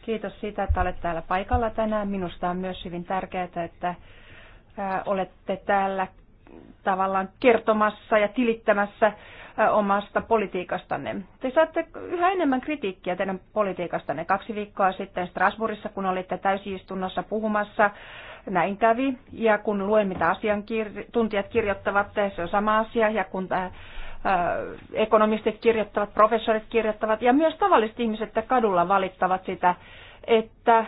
Speaker 2: Kiitos siitä, että olet täällä paikalla tänään. Minusta on myös hyvin tärkeää, että äh, olette täällä tavallaan kertomassa ja tilittämässä omasta politiikastanne. Te saatte yhä enemmän kritiikkiä teidän politiikastanne. Kaksi viikkoa sitten Strasbourgissa, kun olitte täysistunnossa puhumassa, näin kävi. Ja kun luen, mitä asiantuntijat kirjoittavat, se on sama asia. Ja kun ekonomistit kirjoittavat, professorit kirjoittavat ja myös tavalliset ihmiset kadulla valittavat sitä, että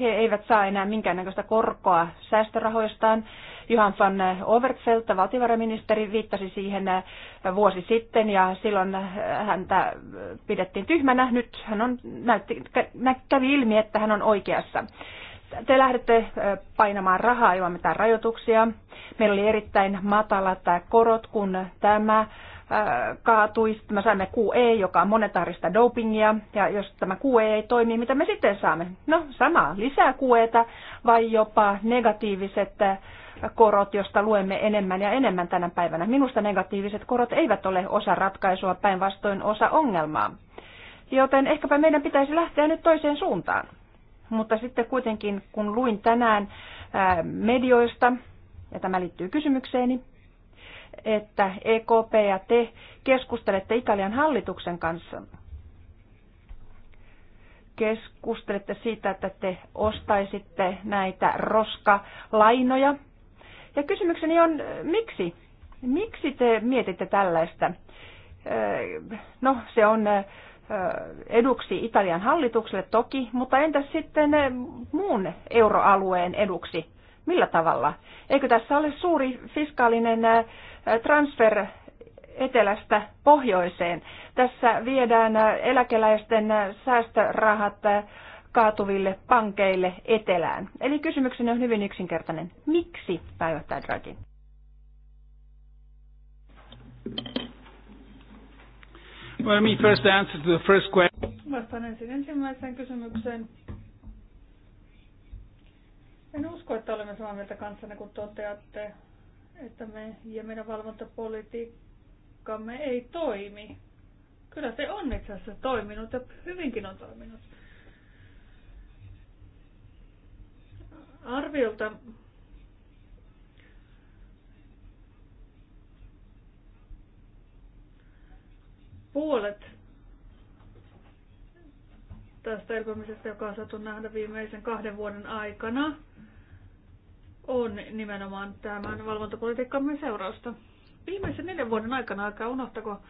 Speaker 2: he eivät saa enää minkäännäköistä korkoa säästörahoistaan Johan van Overtfeldt, valtiovarainministeri, viittasi siihen eh, vuosi sitten ja silloin eh, häntä eh, pidettiin tyhmänä. Nyt hän on, näytti, kävi ilmi, että hän on oikeassa te lähdette painamaan rahaa ilman mitään rajoituksia. Meillä oli erittäin matalat korot, kun tämä kaatui. Sitten me saimme QE, joka on monetaarista dopingia. Ja jos tämä QE ei toimi, mitä me sitten saamme? No, samaa lisää QEtä vai jopa negatiiviset korot, josta luemme enemmän ja enemmän tänä päivänä. Minusta negatiiviset korot eivät ole osa ratkaisua, päinvastoin osa ongelmaa. Joten ehkäpä meidän pitäisi lähteä nyt toiseen suuntaan. Mutta sitten kuitenkin, kun luin tänään medioista, ja tämä liittyy kysymykseeni, että EKP ja te keskustelette Italian hallituksen kanssa. Keskustelette siitä, että te ostaisitte näitä roskalainoja ja kysymykseni on, miksi? Miksi te mietitte tällaista? No, se on eduksi Italian hallitukselle toki, mutta entäs sitten muun euroalueen eduksi? Millä tavalla? Eikö tässä ole suuri fiskaalinen transfer etelästä pohjoiseen? Tässä viedään eläkeläisten säästörahat kaatuville pankeille etelään. Eli kysymykseni on hyvin yksinkertainen. Miksi pääjohtaja Draghi?
Speaker 4: Well, me first answer to the first
Speaker 6: question. Vastaan ensin ensimmäiseen kysymykseen. En usko, että olemme samaa mieltä kanssanne, kun toteatte, että me ja meidän valvontapolitiikkamme ei toimi. Kyllä se on itse asiassa toiminut ja hyvinkin on toiminut. Arviolta puolet tästä elpymisestä, joka on saatu nähdä viimeisen kahden vuoden aikana, on nimenomaan tämän valvontapolitiikkamme seurausta. Viimeisen neljän vuoden aikana, aika unohtako,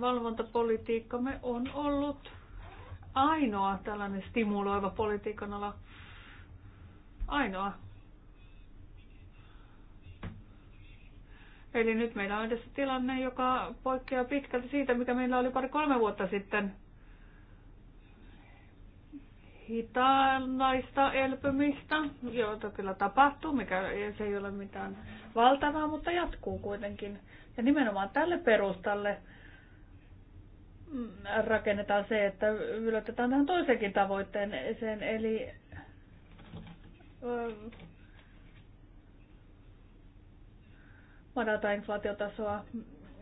Speaker 6: valvontapolitiikkamme on ollut ainoa tällainen stimuloiva politiikan ala ainoa. Eli nyt meillä on edessä tilanne, joka poikkeaa pitkälti siitä, mikä meillä oli pari-kolme vuotta sitten. Hitaanlaista elpymistä, jota kyllä tapahtuu, mikä se ei ole mitään valtavaa, mutta jatkuu kuitenkin. Ja nimenomaan tälle perustalle mm, rakennetaan se, että yllätetään tähän toisenkin tavoitteeseen, eli Öö, madata inflaatiotasoa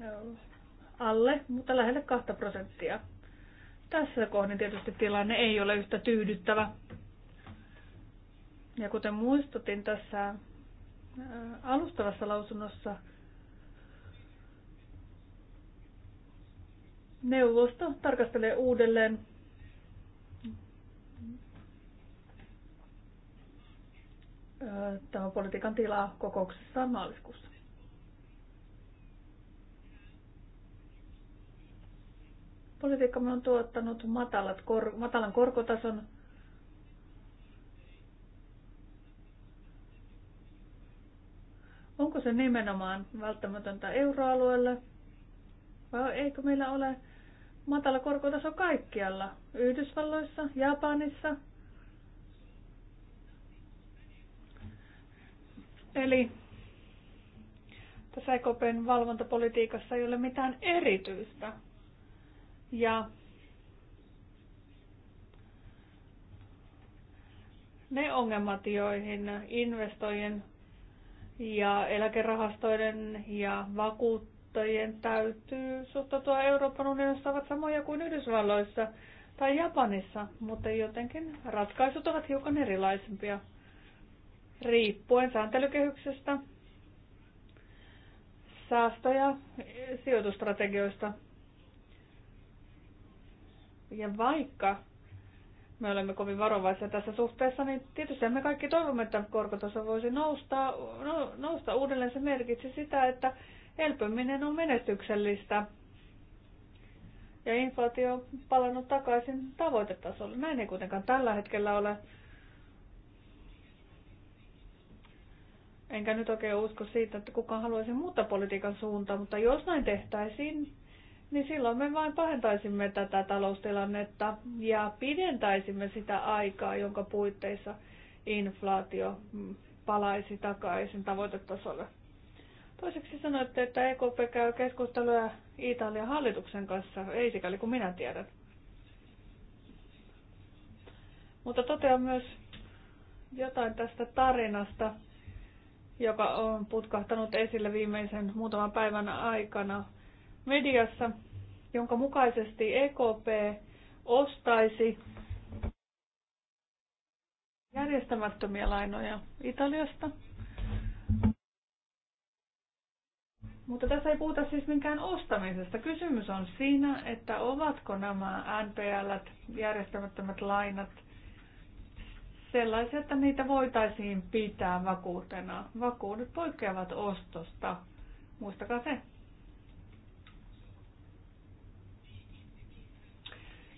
Speaker 6: öö, alle, mutta lähelle 2 prosenttia. Tässä kohdin tietysti tilanne ei ole yhtä tyydyttävä. Ja kuten muistutin tässä öö, alustavassa lausunnossa, neuvosto tarkastelee uudelleen tämän politiikan tilaa kokouksessaan maaliskuussa. Politiikkamme on tuottanut matalat kor- matalan korkotason, Onko se nimenomaan välttämätöntä euroalueelle? Vai eikö meillä ole matala korkotaso kaikkialla? Yhdysvalloissa, Japanissa, Eli tässä EKPn valvontapolitiikassa ei ole mitään erityistä. Ja ne ongelmat, joihin investoijien ja eläkerahastoiden ja vakuuttajien täytyy suhtautua Euroopan unionissa ovat samoja kuin Yhdysvalloissa tai Japanissa, mutta jotenkin ratkaisut ovat hiukan erilaisempia riippuen sääntelykehyksestä, säästö- ja sijoitustrategioista. Ja vaikka me olemme kovin varovaisia tässä suhteessa, niin tietysti me kaikki toivomme, että korkotaso voisi nousta, no, nousta uudelleen. Se merkitsi sitä, että elpyminen on menestyksellistä ja inflaatio on palannut takaisin tavoitetasolle. Näin ei kuitenkaan tällä hetkellä ole. Enkä nyt oikein usko siitä, että kukaan haluaisi muuttaa politiikan suuntaa, mutta jos näin tehtäisiin, niin silloin me vain pahentaisimme tätä taloustilannetta ja pidentäisimme sitä aikaa, jonka puitteissa inflaatio palaisi takaisin tavoitetasolle. Toiseksi sanoitte, että EKP käy keskusteluja Italian hallituksen kanssa, ei sikäli kuin minä tiedän. Mutta totean myös jotain tästä tarinasta, joka on putkahtanut esille viimeisen muutaman päivän aikana mediassa, jonka mukaisesti EKP ostaisi järjestämättömiä lainoja Italiasta. Mutta tässä ei puhuta siis minkään ostamisesta. Kysymys on siinä, että ovatko nämä NPL, järjestämättömät lainat, sellaisia, että niitä voitaisiin pitää vakuutena. Vakuudet poikkeavat ostosta. Muistakaa se.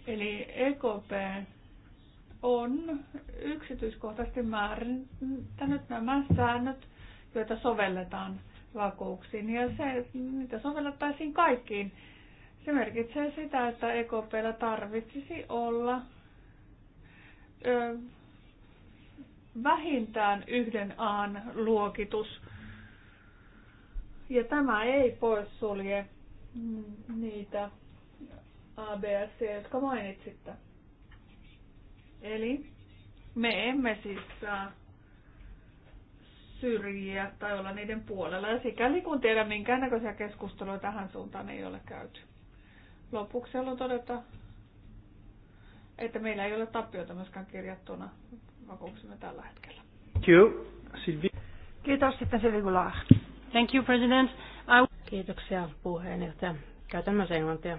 Speaker 6: Eli EKP on yksityiskohtaisesti määrittänyt nämä säännöt, joita sovelletaan vakuuksiin. Ja se, niitä sovellettaisiin kaikkiin. Se merkitsee sitä, että EKPllä tarvitsisi olla vähintään yhden aan luokitus. Ja tämä ei poissulje niitä ABS, jotka mainitsitte. Eli me emme siis saa syrjiä tai olla niiden puolella. Ja sikäli kun tiedä minkäännäköisiä keskusteluja tähän suuntaan ei ole käyty. Lopuksi haluan todeta, että meillä ei ole tappiota myöskään kirjattuna vakuuksemme tällä hetkellä.
Speaker 3: Kiitos sitten Silvi Thank you, President. I... Kiitoksia puheenjohtaja. Käytän myös englantia.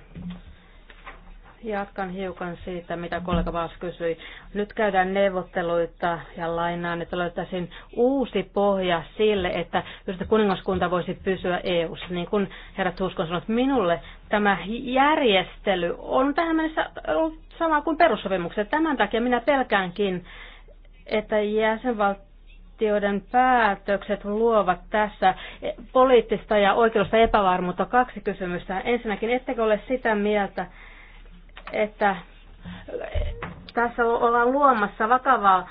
Speaker 3: Jatkan hiukan siitä, mitä kollega Vaas kysyi. Nyt käydään neuvotteluita ja lainaan, että löytäisin uusi pohja sille, että kuningaskunta voisi pysyä EU-ssa. Niin kuin herra Tuskon sanoi, että minulle tämä järjestely on tähän mennessä ollut sama kuin perussopimukset. Tämän takia minä pelkäänkin, että jäsenvaltioiden päätökset luovat tässä poliittista ja oikeudellista epävarmuutta. Kaksi kysymystä. Ensinnäkin, ettekö ole sitä mieltä, että tässä ollaan luomassa vakavaa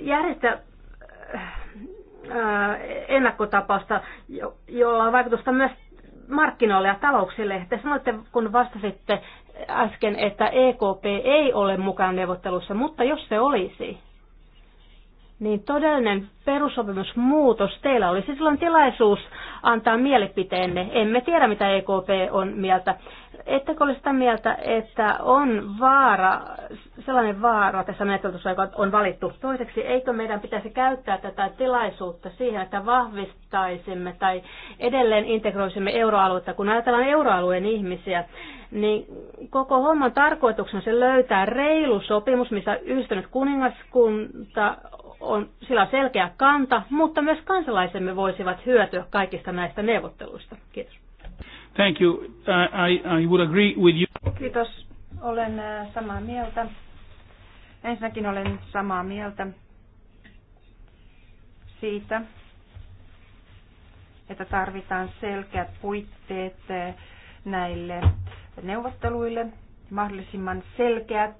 Speaker 3: järjestä äh, ennakkotapausta, jolla on vaikutusta myös markkinoille ja talouksille. Te sanoitte, kun vastasitte äsken, että EKP ei ole mukana neuvottelussa, mutta jos se olisi, niin todellinen perusopimusmuutos. Teillä olisi silloin tilaisuus antaa mielipiteenne. Emme tiedä, mitä EKP on mieltä. Ettekö ole sitä mieltä, että on vaara, sellainen vaara tässä menettelyssä, joka on valittu? Toiseksi, eikö meidän pitäisi käyttää tätä tilaisuutta siihen, että vahvistaisimme tai edelleen integroisimme euroaluetta? Kun ajatellaan euroalueen ihmisiä, niin koko homman tarkoituksena se löytää reilu sopimus, missä yhdistynyt kuningaskunta on, sillä on selkeä kanta, mutta myös kansalaisemme voisivat hyötyä kaikista näistä neuvotteluista. Kiitos.
Speaker 4: Thank you. Uh, I, I would agree with you.
Speaker 3: Kiitos. Olen
Speaker 2: uh, samaa mieltä. Ensinnäkin olen samaa mieltä siitä, että tarvitaan selkeät puitteet uh, näille neuvotteluille, mahdollisimman selkeät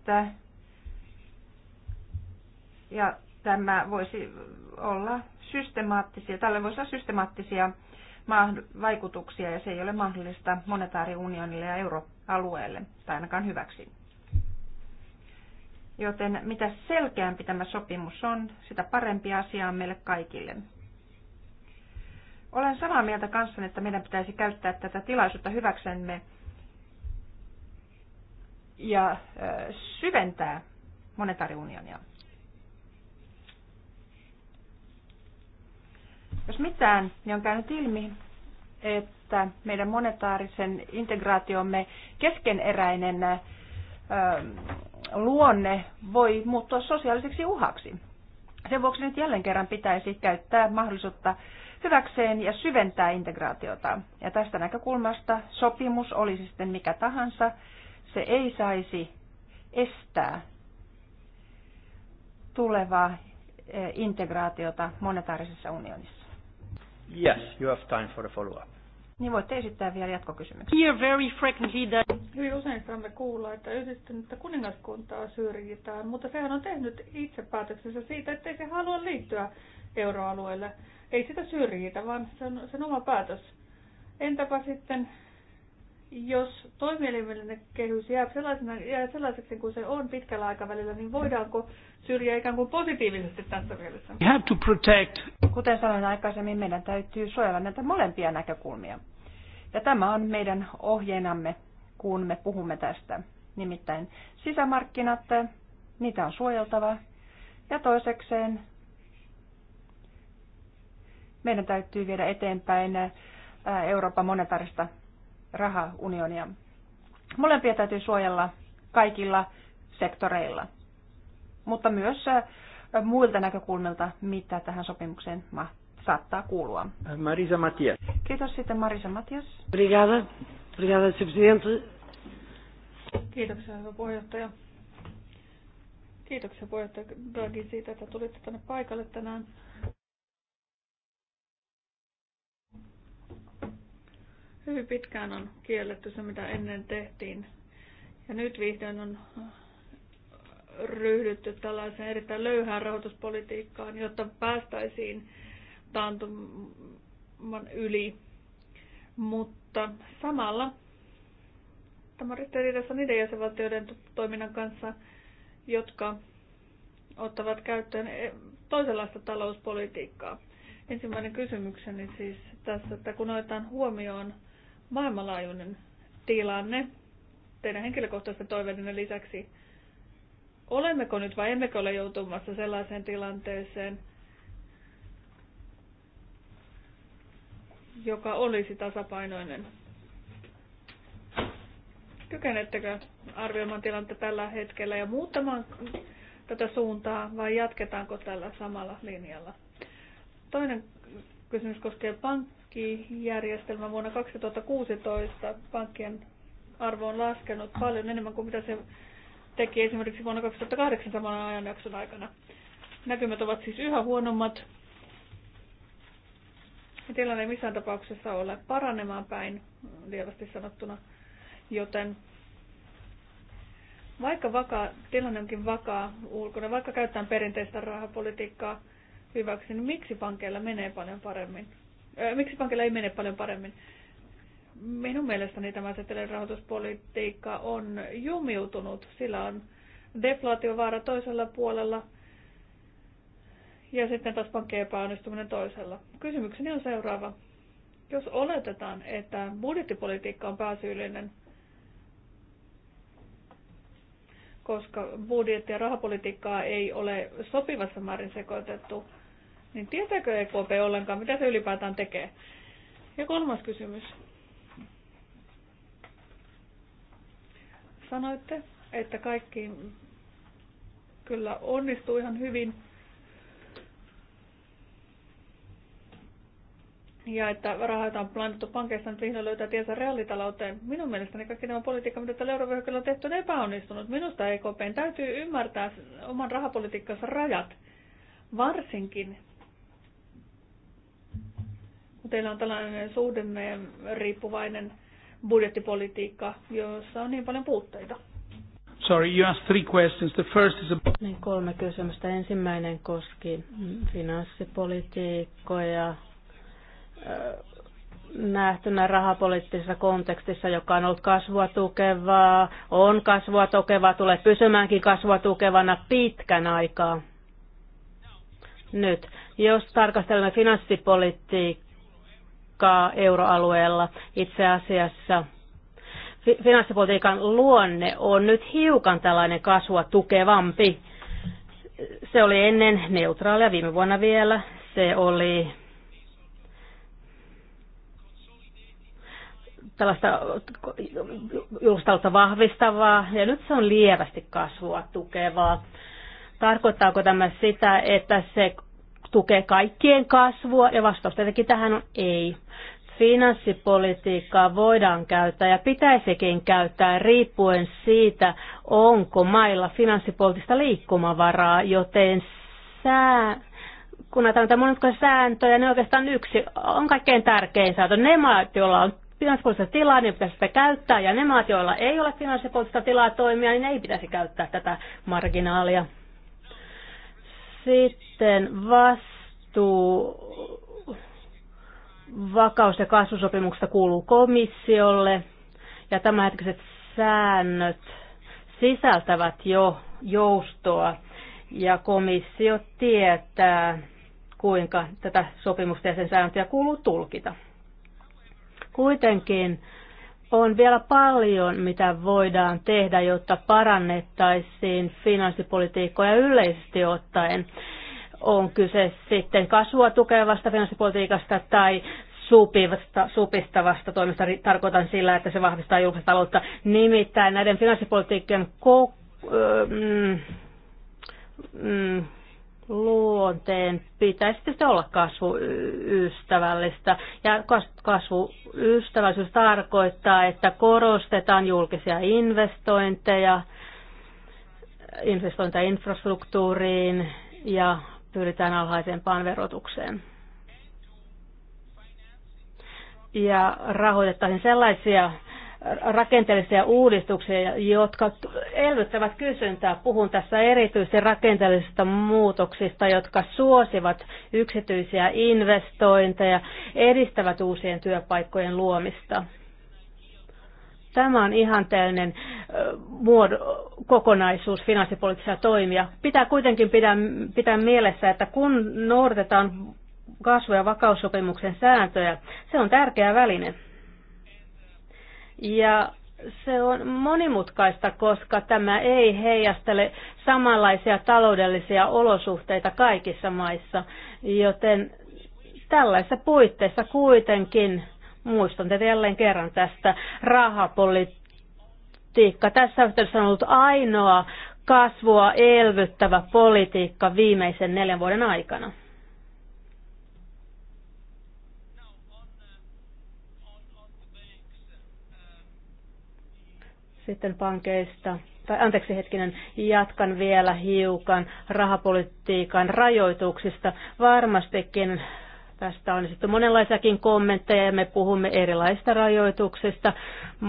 Speaker 2: ja tämä voisi olla systemaattisia, tälle voisi olla systemaattisia vaikutuksia ja se ei ole mahdollista monetaariunionille ja euroalueelle tai ainakaan hyväksi. Joten mitä selkeämpi tämä sopimus on, sitä parempi asia on meille kaikille. Olen samaa mieltä kanssanne, että meidän pitäisi käyttää tätä tilaisuutta hyväksemme ja syventää monetaariunionia. Jos mitään, niin on käynyt ilmi, että meidän monetaarisen integraatiomme keskeneräinen luonne voi muuttua sosiaaliseksi uhaksi. Sen vuoksi nyt jälleen kerran pitäisi käyttää mahdollisuutta hyväkseen ja syventää integraatiota. Ja tästä näkökulmasta sopimus olisi sitten mikä tahansa, se ei saisi estää tulevaa integraatiota monetaarisessa unionissa.
Speaker 5: Yes, you have time for a follow-up.
Speaker 2: Niin voitte esittää vielä jatkokysymyksiä.
Speaker 6: Here very frequently that... Hyvin usein saamme kuulla, että yhdistynyttä kuningaskuntaa syrjitään, mutta sehän on tehnyt itse päätöksensä siitä, että se halua liittyä euroalueelle. Ei sitä syrjitä, vaan se on sen oma päätös. Entäpä sitten jos toimielimellinen kehys jää, sellaisena, jää sellaiseksi kuin se on pitkällä aikavälillä, niin voidaanko syrjiä ikään kuin positiivisesti tässä mielessä? We
Speaker 2: have to protect. Kuten sanoin aikaisemmin, meidän täytyy suojella näitä molempia näkökulmia. Ja tämä on meidän ohjeenamme, kun me puhumme tästä. Nimittäin sisämarkkinat, niitä on suojeltava. Ja toisekseen meidän täytyy viedä eteenpäin Euroopan monetarista rahaunionia. Molempia täytyy suojella kaikilla sektoreilla, mutta myös äh, muilta näkökulmilta, mitä tähän sopimukseen saattaa kuulua.
Speaker 5: Marisa Matias.
Speaker 2: Kiitos sitten Marisa Matias. Brigada. Brigada,
Speaker 6: Kiitoksia, hyvä puheenjohtaja. Kiitoksia puheenjohtaja Draghi siitä, että tulitte tänne paikalle tänään. Hyvin pitkään on kielletty se, mitä ennen tehtiin. Ja nyt vihdoin on äh, ryhdytty tällaiseen erittäin löyhään rahoituspolitiikkaan, jotta päästäisiin taantuman yli. Mutta samalla tämä on ristiriidassa niiden jäsenvaltioiden toiminnan kanssa, jotka ottavat käyttöön e, toisenlaista talouspolitiikkaa. Ensimmäinen kysymykseni siis tässä, että kun otetaan huomioon maailmanlaajuinen tilanne teidän henkilökohtaisten toiveiden lisäksi. Olemmeko nyt vai emmekö ole joutumassa sellaiseen tilanteeseen, joka olisi tasapainoinen? Kykenettekö arvioimaan tilannetta tällä hetkellä ja muuttamaan tätä suuntaa vai jatketaanko tällä samalla linjalla? Toinen kysymys koskee pankkia pankkijärjestelmä vuonna 2016 pankkien arvo on laskenut paljon enemmän kuin mitä se teki esimerkiksi vuonna 2008 samana ajanjakson aikana. Näkymät ovat siis yhä huonommat. Ja tilanne ei missään tapauksessa ole paranemaan päin, lievästi sanottuna. Joten vaikka vakaa, tilanne onkin vakaa ulkona, vaikka käytetään perinteistä rahapolitiikkaa hyväksi, niin miksi pankeilla menee paljon paremmin? miksi pankilla ei mene paljon paremmin? Minun mielestäni tämä setelin rahoituspolitiikka on jumiutunut. Sillä on deflaatiovaara toisella puolella ja sitten taas pankkien epäonnistuminen toisella. Kysymykseni on seuraava. Jos oletetaan, että budjettipolitiikka on pääsyyllinen, koska budjetti- ja rahapolitiikkaa ei ole sopivassa määrin sekoitettu niin tietääkö EKP ollenkaan, mitä se ylipäätään tekee? Ja kolmas kysymys. Sanoitte, että kaikki kyllä onnistuu ihan hyvin. Ja että rahoita on lainattu pankeista nyt vihdoin löytää tiensä reaalitalouteen. Minun mielestäni kaikki tämä politiikka, mitä tällä eurovyöhykkeellä on tehty, on epäonnistunut. Minusta EKPn täytyy ymmärtää oman rahapolitiikkansa rajat. Varsinkin Teillä on tällainen suhdemme riippuvainen budjettipolitiikka, jossa on niin paljon puutteita.
Speaker 3: Sorry, you asked three questions. The first is about... Niin kolme kysymystä. Ensimmäinen koski finanssipolitiikkoja nähtynä rahapoliittisessa kontekstissa, joka on ollut kasvua tukevaa, on kasvua tukevaa, tulee pysymäänkin kasvua tukevana pitkän aikaa. Nyt, jos tarkastelemme finanssipolitiikkaa, tiukkaa euroalueella. Itse asiassa finanssipolitiikan luonne on nyt hiukan tällainen kasvua tukevampi. Se oli ennen neutraalia viime vuonna vielä. Se oli tällaista julkistaloutta vahvistavaa ja nyt se on lievästi kasvua tukevaa. Tarkoittaako tämä sitä, että se tukee kaikkien kasvua ja vastaus tietenkin tähän on ei. Finanssipolitiikkaa voidaan käyttää ja pitäisikin käyttää riippuen siitä, onko mailla finanssipoliittista liikkumavaraa, joten sää, kun näitä näitä monimutkaisia sääntöjä, niin oikeastaan yksi on kaikkein tärkein sääntö. Ne maat, joilla on finanssipoliittista tilaa, niin pitäisi sitä käyttää, ja ne maat, joilla ei ole finanssipoliittista tilaa toimia, niin ei pitäisi käyttää tätä marginaalia. Sitten vastuu vakaus- ja kasvusopimuksesta kuuluu komissiolle ja tämänhetkiset säännöt sisältävät jo joustoa ja komissio tietää, kuinka tätä sopimusta ja sen sääntöjä kuuluu tulkita. Kuitenkin on vielä paljon, mitä voidaan tehdä, jotta parannettaisiin finanssipolitiikkoja yleisesti ottaen. On kyse sitten kasvua tukevasta finanssipolitiikasta tai supivasta, supistavasta toimesta. Tarkoitan sillä, että se vahvistaa julkista taloutta. Nimittäin näiden finanssipolitiikkojen ko- mm, mm, luonteen pitäisi tietysti olla kasvuystävällistä. Ja kasvuystävällisyys tarkoittaa, että korostetaan julkisia investointeja, investointeja infrastruktuuriin ja pyritään alhaisempaan verotukseen. Ja rahoitettaisiin sellaisia rakenteellisia uudistuksia, jotka elvyttävät kysyntää. Puhun tässä erityisesti rakenteellisista muutoksista, jotka suosivat yksityisiä investointeja, edistävät uusien työpaikkojen luomista. Tämä on ihanteellinen kokonaisuus finanssipoliittisia toimia. Pitää kuitenkin pitää, pitää mielessä, että kun noudatetaan kasvu- ja vakaussopimuksen sääntöjä, se on tärkeä väline – ja se on monimutkaista, koska tämä ei heijastele samanlaisia taloudellisia olosuhteita kaikissa maissa, joten tällaisissa puitteissa kuitenkin, muistan teitä jälleen kerran tästä, rahapolitiikka tässä yhteydessä on ollut ainoa kasvua elvyttävä politiikka viimeisen neljän vuoden aikana. Sitten pankeista, tai anteeksi hetkinen, jatkan vielä hiukan rahapolitiikan rajoituksista. Varmastikin Tästä on sitten monenlaisiakin kommentteja ja me puhumme erilaisista rajoituksista.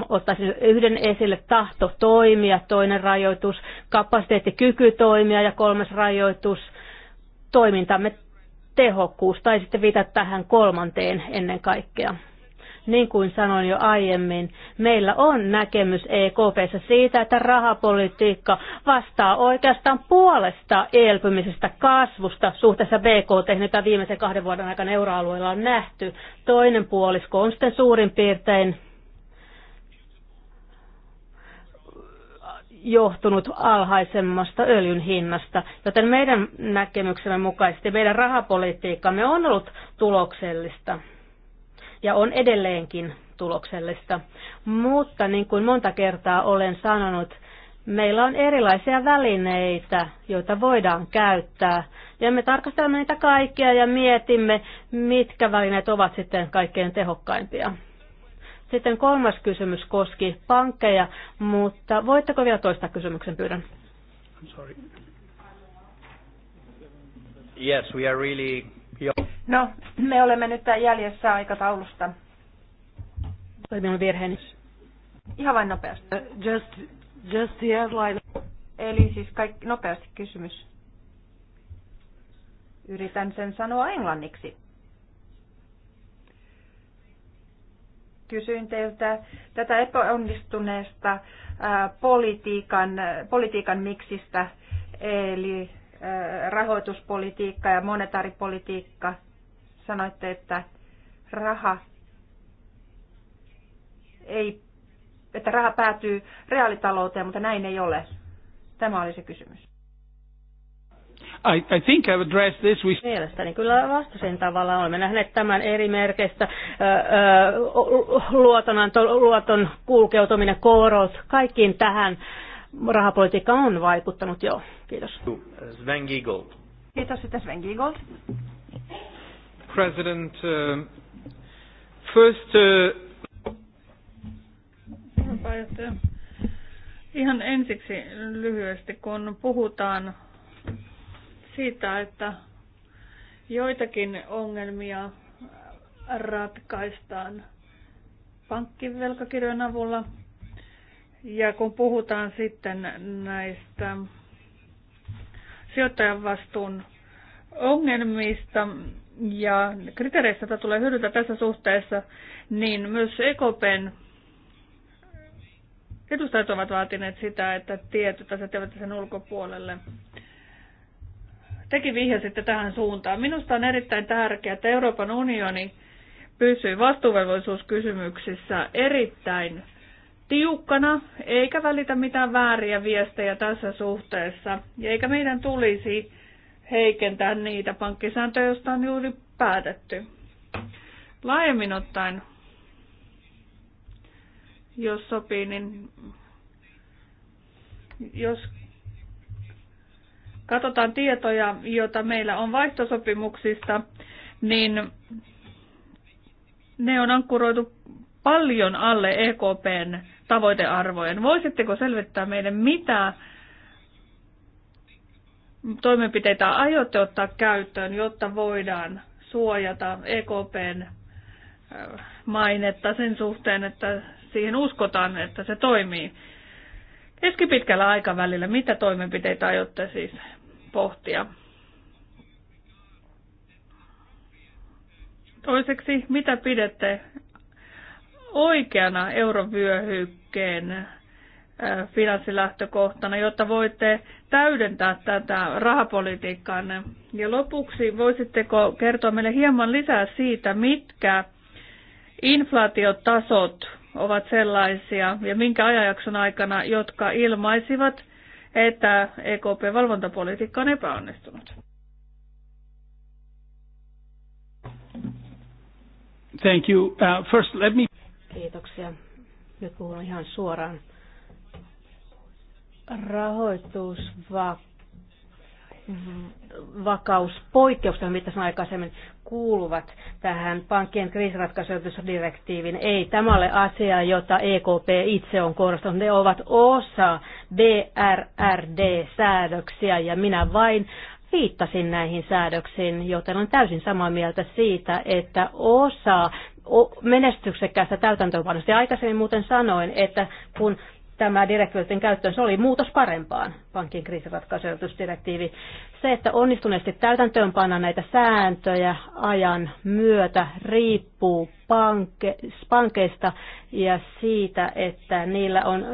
Speaker 3: Ottaisin yhden esille tahto toimia, toinen rajoitus, kapasiteetti, kyky toimia ja kolmas rajoitus, toimintamme tehokkuus tai sitten viitata tähän kolmanteen ennen kaikkea. Niin kuin sanoin jo aiemmin, meillä on näkemys EKPssä siitä, että rahapolitiikka vastaa oikeastaan puolesta elpymisestä kasvusta suhteessa BKT, mitä viimeisen kahden vuoden aikana euroalueella on nähty. Toinen puolisko on sitten suurin piirtein johtunut alhaisemmasta öljyn hinnasta, joten meidän näkemyksemme mukaisesti meidän rahapolitiikkamme on ollut tuloksellista ja on edelleenkin tuloksellista. Mutta niin kuin monta kertaa olen sanonut, meillä on erilaisia välineitä, joita voidaan käyttää. Ja me tarkastelemme niitä kaikkia ja mietimme, mitkä välineet ovat sitten kaikkein tehokkaimpia. Sitten kolmas kysymys koski pankkeja, mutta voitteko vielä toista kysymyksen pyydän?
Speaker 5: Yes, we are really
Speaker 2: No, me olemme nyt jäljessä aikataulusta.
Speaker 3: Oli minun virheeni.
Speaker 2: Ihan vain nopeasti. Uh, just, just the headline. Eli siis kaikki, nopeasti kysymys. Yritän sen sanoa englanniksi. Kysyin teiltä tätä epäonnistuneesta ää, politiikan, politiikan miksistä, eli rahoituspolitiikka ja monetaripolitiikka Sanoitte, että raha ei, että raha päätyy reaalitalouteen, mutta näin ei ole.
Speaker 3: Tämä oli se kysymys.
Speaker 4: I, I think I've addressed this with...
Speaker 3: Mielestäni kyllä vastasin tavallaan. Olemme nähneet tämän eri merkeistä, luotonanto, luoton kulkeutuminen, korot, kaikkiin tähän rahapolitiikka on vaikuttanut jo.
Speaker 5: Kiitos. Sven Giegold.
Speaker 3: Kiitos sitten Sven Giegold.
Speaker 5: President, uh, first... Uh...
Speaker 6: Ihan ensiksi lyhyesti, kun puhutaan siitä, että joitakin ongelmia ratkaistaan pankkivelkakirjojen avulla, ja kun puhutaan sitten näistä sijoittajan vastuun ongelmista ja kriteereistä, joita tulee hyödyntää tässä suhteessa, niin myös EKPn edustajat ovat vaatineet sitä, että tietyt asiat eivät sen ulkopuolelle. Teki vihja sitten tähän suuntaan. Minusta on erittäin tärkeää, että Euroopan unioni pysyy vastuuvelvollisuuskysymyksissä erittäin tiukkana, eikä välitä mitään vääriä viestejä tässä suhteessa, eikä meidän tulisi heikentää niitä pankkisääntöjä, joista on juuri päätetty. Laajemmin ottaen, jos sopii, niin jos katsotaan tietoja, joita meillä on vaihtosopimuksista, niin ne on ankkuroitu paljon alle EKPn tavoitearvojen. Voisitteko selvittää meille, mitä toimenpiteitä aiotte ottaa käyttöön, jotta voidaan suojata EKPn äh, mainetta sen suhteen, että siihen uskotaan, että se toimii. Keskipitkällä aikavälillä, mitä toimenpiteitä aiotte siis pohtia? Toiseksi, mitä pidätte oikeana eurovyöhykkeen äh, finanssilähtökohtana, jotta voitte täydentää tätä rahapolitiikkaanne. Ja lopuksi voisitteko kertoa meille hieman lisää siitä, mitkä inflaatiotasot ovat sellaisia ja minkä ajanjakson aikana, jotka ilmaisivat, että EKP-valvontapolitiikka on epäonnistunut?
Speaker 4: Thank you. Uh, first, let me...
Speaker 3: Kiitoksia. Nyt puhun ihan suoraan. Rahoitusvakauspoikkeuksena, mitä sanoin aikaisemmin, kuuluvat tähän pankkien kriisiratkaisuyritysdirektiivin. Ei tämä ole asia, jota EKP itse on korostanut. Ne ovat osa BRRD-säädöksiä ja minä vain viittasin näihin säädöksiin, joten on täysin samaa mieltä siitä, että osa menestyksekkäästä täytäntöönpanosta. Ja aikaisemmin muuten sanoin, että kun tämä direktiivin käyttöön, se oli muutos parempaan, pankin kriisiratkaisujoitusdirektiivi. Se, että onnistuneesti täytäntöönpanna näitä sääntöjä ajan myötä riippuu pankke, pankeista ja siitä, että niillä on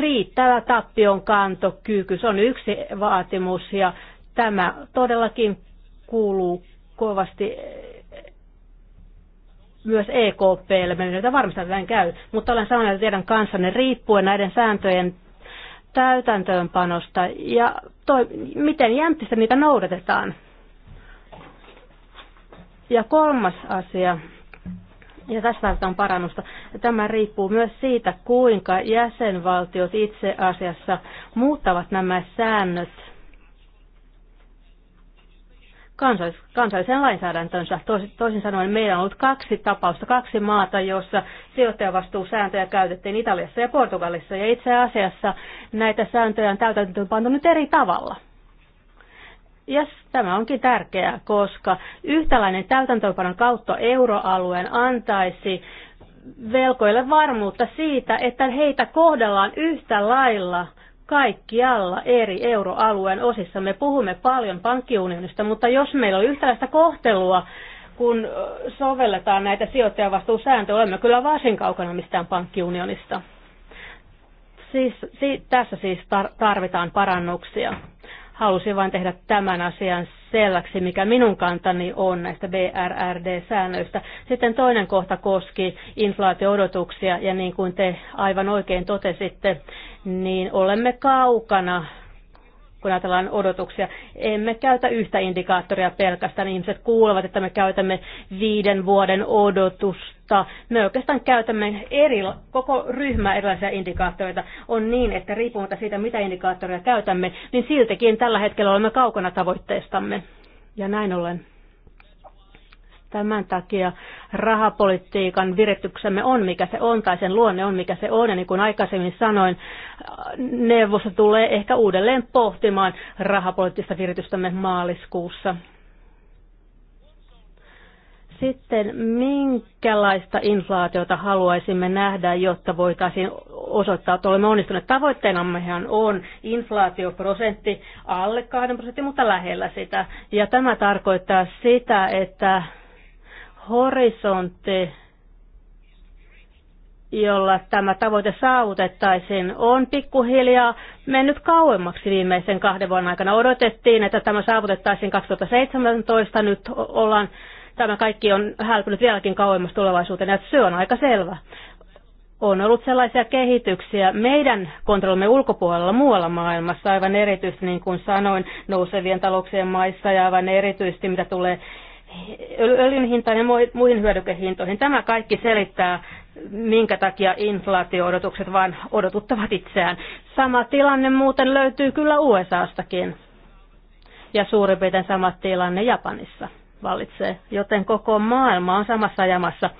Speaker 3: riittävä tappion kantokyky. Se on yksi vaatimus ja tämä todellakin kuuluu kovasti myös EKPlle menneitä varmistaa, että näin käy. Mutta olen samaa mieltä teidän kanssanne riippuen näiden sääntöjen täytäntöönpanosta ja toi, miten jämtistä niitä noudatetaan. Ja kolmas asia, ja tässä tarvitaan parannusta, tämä riippuu myös siitä, kuinka jäsenvaltiot itse asiassa muuttavat nämä säännöt kansallis- kansalliseen lainsäädäntönsä. Toisin sanoen meillä on ollut kaksi tapausta, kaksi maata, jossa sijoittajavastuusääntöjä käytettiin Italiassa ja Portugalissa. Ja itse asiassa näitä sääntöjä on täytäntöön pantu nyt eri tavalla. Ja yes, tämä onkin tärkeää, koska yhtäläinen täytäntöönpanon kautta euroalueen antaisi velkoille varmuutta siitä, että heitä kohdellaan yhtä lailla – kaikkialla eri euroalueen osissa. Me puhumme paljon pankkiunionista, mutta jos meillä on yhtäläistä kohtelua, kun sovelletaan näitä sijoittajavastuusääntöjä, olemme kyllä varsin kaukana mistään pankkiunionista. Siis, si, tässä siis tar- tarvitaan parannuksia. Halusin vain tehdä tämän asian selväksi, mikä minun kantani on näistä BRRD-säännöistä. Sitten toinen kohta koski inflaatioodotuksia ja niin kuin te aivan oikein totesitte, niin olemme kaukana kun ajatellaan odotuksia. Emme käytä yhtä indikaattoria pelkästään. Ihmiset kuulevat, että me käytämme viiden vuoden odotusta. Me oikeastaan käytämme eri, koko ryhmä erilaisia indikaattoreita. On niin, että riippumatta siitä, mitä indikaattoria käytämme, niin siltikin tällä hetkellä olemme kaukana tavoitteestamme. Ja näin ollen Tämän takia rahapolitiikan virityksemme on, mikä se on, tai sen luonne on, mikä se on. Ja niin kuin aikaisemmin sanoin, neuvosto tulee ehkä uudelleen pohtimaan rahapoliittista viritystämme maaliskuussa. Sitten minkälaista inflaatiota haluaisimme nähdä, jotta voitaisiin osoittaa, että olemme onnistuneet? Tavoitteenammehan on inflaatioprosentti alle 2 prosenttia, mutta lähellä sitä. Ja tämä tarkoittaa sitä, että horisontti, jolla tämä tavoite saavutettaisiin, on pikkuhiljaa mennyt kauemmaksi viimeisen kahden vuoden aikana. Odotettiin, että tämä saavutettaisiin 2017, nyt ollaan, tämä kaikki on hälpynyt vieläkin kauemmas tulevaisuuteen, että se on aika selvä. On ollut sellaisia kehityksiä meidän kontrollimme ulkopuolella muualla maailmassa, aivan erityisesti niin kuin sanoin, nousevien talouksien maissa ja aivan erityisesti mitä tulee öljyn hintaan ja muihin hyödykehintoihin. Tämä kaikki selittää, minkä takia inflaatioodotukset vain odotuttavat itseään. Sama tilanne muuten löytyy kyllä USAstakin. Ja suurin piirtein sama tilanne Japanissa vallitsee, joten koko maailma on samassa jamassa.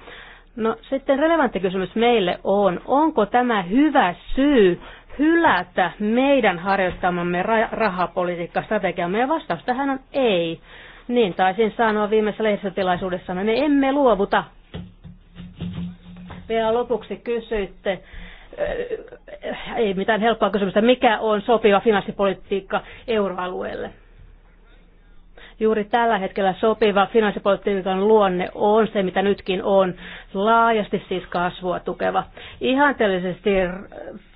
Speaker 3: No sitten relevantti kysymys meille on, onko tämä hyvä syy hylätä meidän harjoittamamme rahapolitiikka strategiamme ja vastaus tähän on ei. Niin taisin sanoa viimeisessä lehdistötilaisuudessa, me emme luovuta. Vielä lopuksi kysyitte, äh, ei mitään helppoa kysymystä, mikä on sopiva finanssipolitiikka euroalueelle? Juuri tällä hetkellä sopiva finanssipolitiikan luonne on se, mitä nytkin on, laajasti siis kasvua tukeva. Ihanteellisesti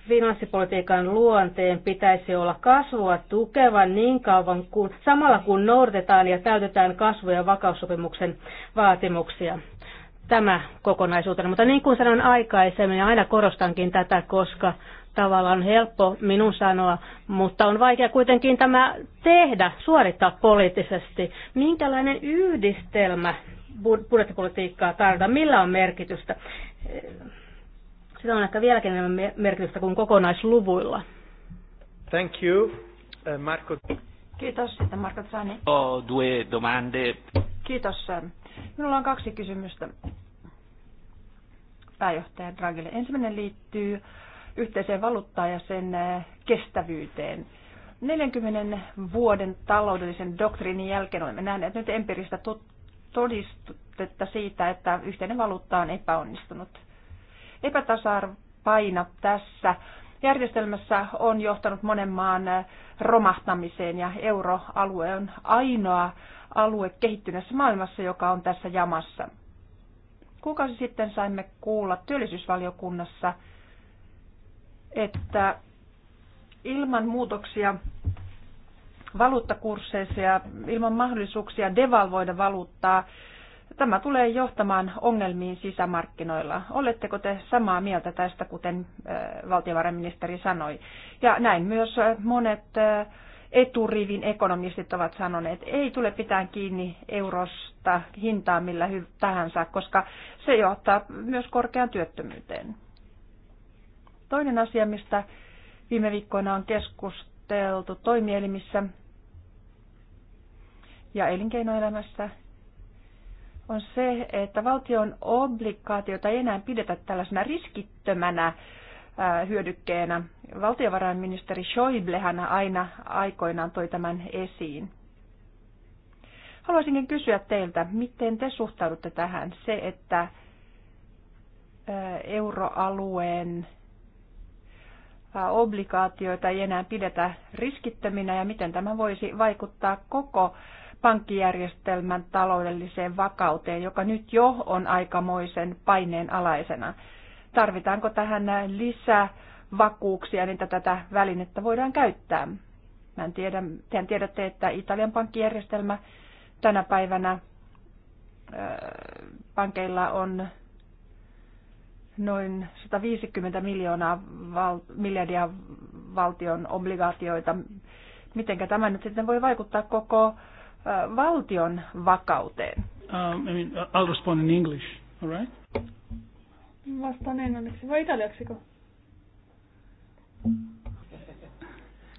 Speaker 3: finanssipolitiikan luonteen pitäisi olla kasvua tukevan niin kauan kuin samalla kun noudatetaan ja täytetään kasvu- ja vakaussopimuksen vaatimuksia. Tämä kokonaisuutena. Mutta niin kuin sanoin aikaisemmin, aina korostankin tätä, koska tavallaan on helppo minun sanoa, mutta on vaikea kuitenkin tämä tehdä, suorittaa poliittisesti. Minkälainen yhdistelmä budjettipolitiikkaa tarvitaan, millä on merkitystä? Sillä on ehkä vieläkin enemmän merkitystä kuin kokonaisluvuilla.
Speaker 5: Thank you, uh, Marco.
Speaker 3: Kiitos, sitten Marco Zani.
Speaker 5: Oh, due domande.
Speaker 2: Kiitos. Minulla on kaksi kysymystä pääjohtaja Dragille. Ensimmäinen liittyy yhteiseen valuuttaan ja sen äh, kestävyyteen. 40 vuoden taloudellisen doktriinin jälkeen olemme nähneet nyt empiiristä todistetta siitä, että yhteinen valuutta on epäonnistunut epätasa-arvopaino tässä järjestelmässä on johtanut monen maan äh, romahtamiseen ja euroalue on ainoa alue kehittyneessä maailmassa, joka on tässä jamassa. Kuukausi sitten saimme kuulla työllisyysvaliokunnassa, että ilman muutoksia valuuttakursseissa ja ilman mahdollisuuksia devalvoida valuuttaa Tämä tulee johtamaan ongelmiin sisämarkkinoilla. Oletteko te samaa mieltä tästä, kuten valtiovarainministeri sanoi? Ja näin myös monet eturivin ekonomistit ovat sanoneet, että ei tule pitää kiinni eurosta hintaa millä tahansa, koska se johtaa myös korkeaan työttömyyteen. Toinen asia, mistä viime viikkoina on keskusteltu toimielimissä ja elinkeinoelämässä on se, että valtion obligaatiota ei enää pidetä tällaisena riskittömänä hyödykkeenä. Valtiovarainministeri Schäublehän aina aikoinaan toi tämän esiin. Haluaisinkin kysyä teiltä, miten te suhtaudutte tähän se, että euroalueen obligaatioita ei enää pidetä riskittöminä ja miten tämä voisi vaikuttaa koko pankkijärjestelmän taloudelliseen vakauteen, joka nyt jo on aikamoisen paineen alaisena. Tarvitaanko tähän lisää vakuuksia, niin tätä välinettä voidaan käyttää? Mä en tiedä, tehän tiedätte, että Italian pankkijärjestelmä tänä päivänä pankeilla on noin 150 miljoonaa val, miljardia valtion obligaatioita. Mitenkä tämä nyt sitten voi vaikuttaa koko valtion vakauteen?
Speaker 4: Um, I mean, I'll respond in English, all right?
Speaker 6: Vastaan englanniksi vai italiaksiko?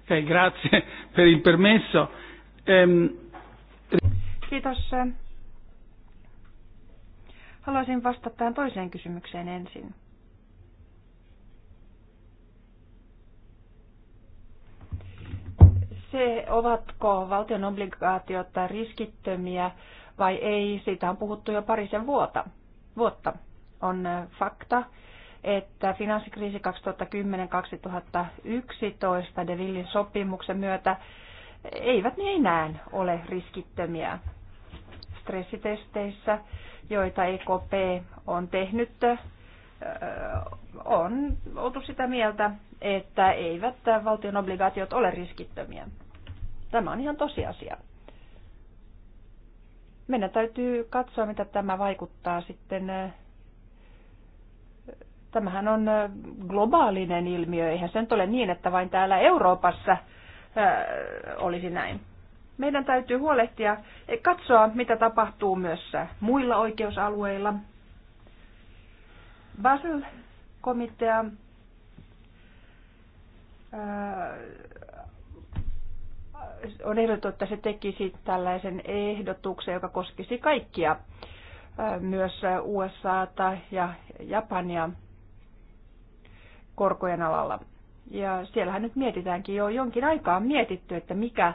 Speaker 4: Okay, grazie per il permesso. Um,
Speaker 6: Kiitos.
Speaker 2: Haluaisin vastata tähän toiseen kysymykseen ensin. se, ovatko valtion obligaatiot riskittömiä vai ei, siitä on puhuttu jo parisen vuotta. vuotta. On äh, fakta, että finanssikriisi 2010-2011 De Villin sopimuksen myötä eivät ne niin enää ole riskittömiä. Stressitesteissä, joita EKP on tehnyt, äh, on oltu sitä mieltä, että eivät valtion obligaatiot ole riskittömiä. Tämä on ihan tosiasia. Meidän täytyy katsoa, mitä tämä vaikuttaa sitten. Äh, tämähän on äh, globaalinen ilmiö, eihän se nyt ole niin, että vain täällä Euroopassa äh, olisi näin. Meidän täytyy huolehtia, eh, katsoa, mitä tapahtuu myös muilla oikeusalueilla. Basel-komitea on ehdotettu, että se tekisi tällaisen ehdotuksen, joka koskisi kaikkia, myös USA ja Japania korkojen alalla. Ja siellähän nyt mietitäänkin jo jonkin aikaa on mietitty, että mikä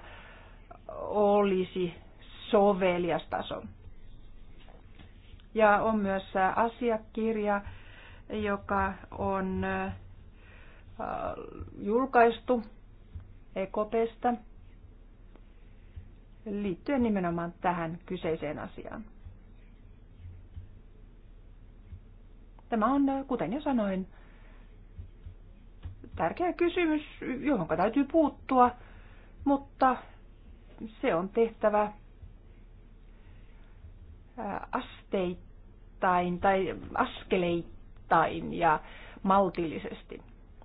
Speaker 2: olisi sovelias taso. Ja on myös asiakirja, joka on julkaistu EKPstä liittyen nimenomaan tähän kyseiseen asiaan. Tämä on, kuten jo sanoin, tärkeä kysymys, johon täytyy puuttua, mutta se on tehtävä asteittain tai askeleittain ja maltillisesti.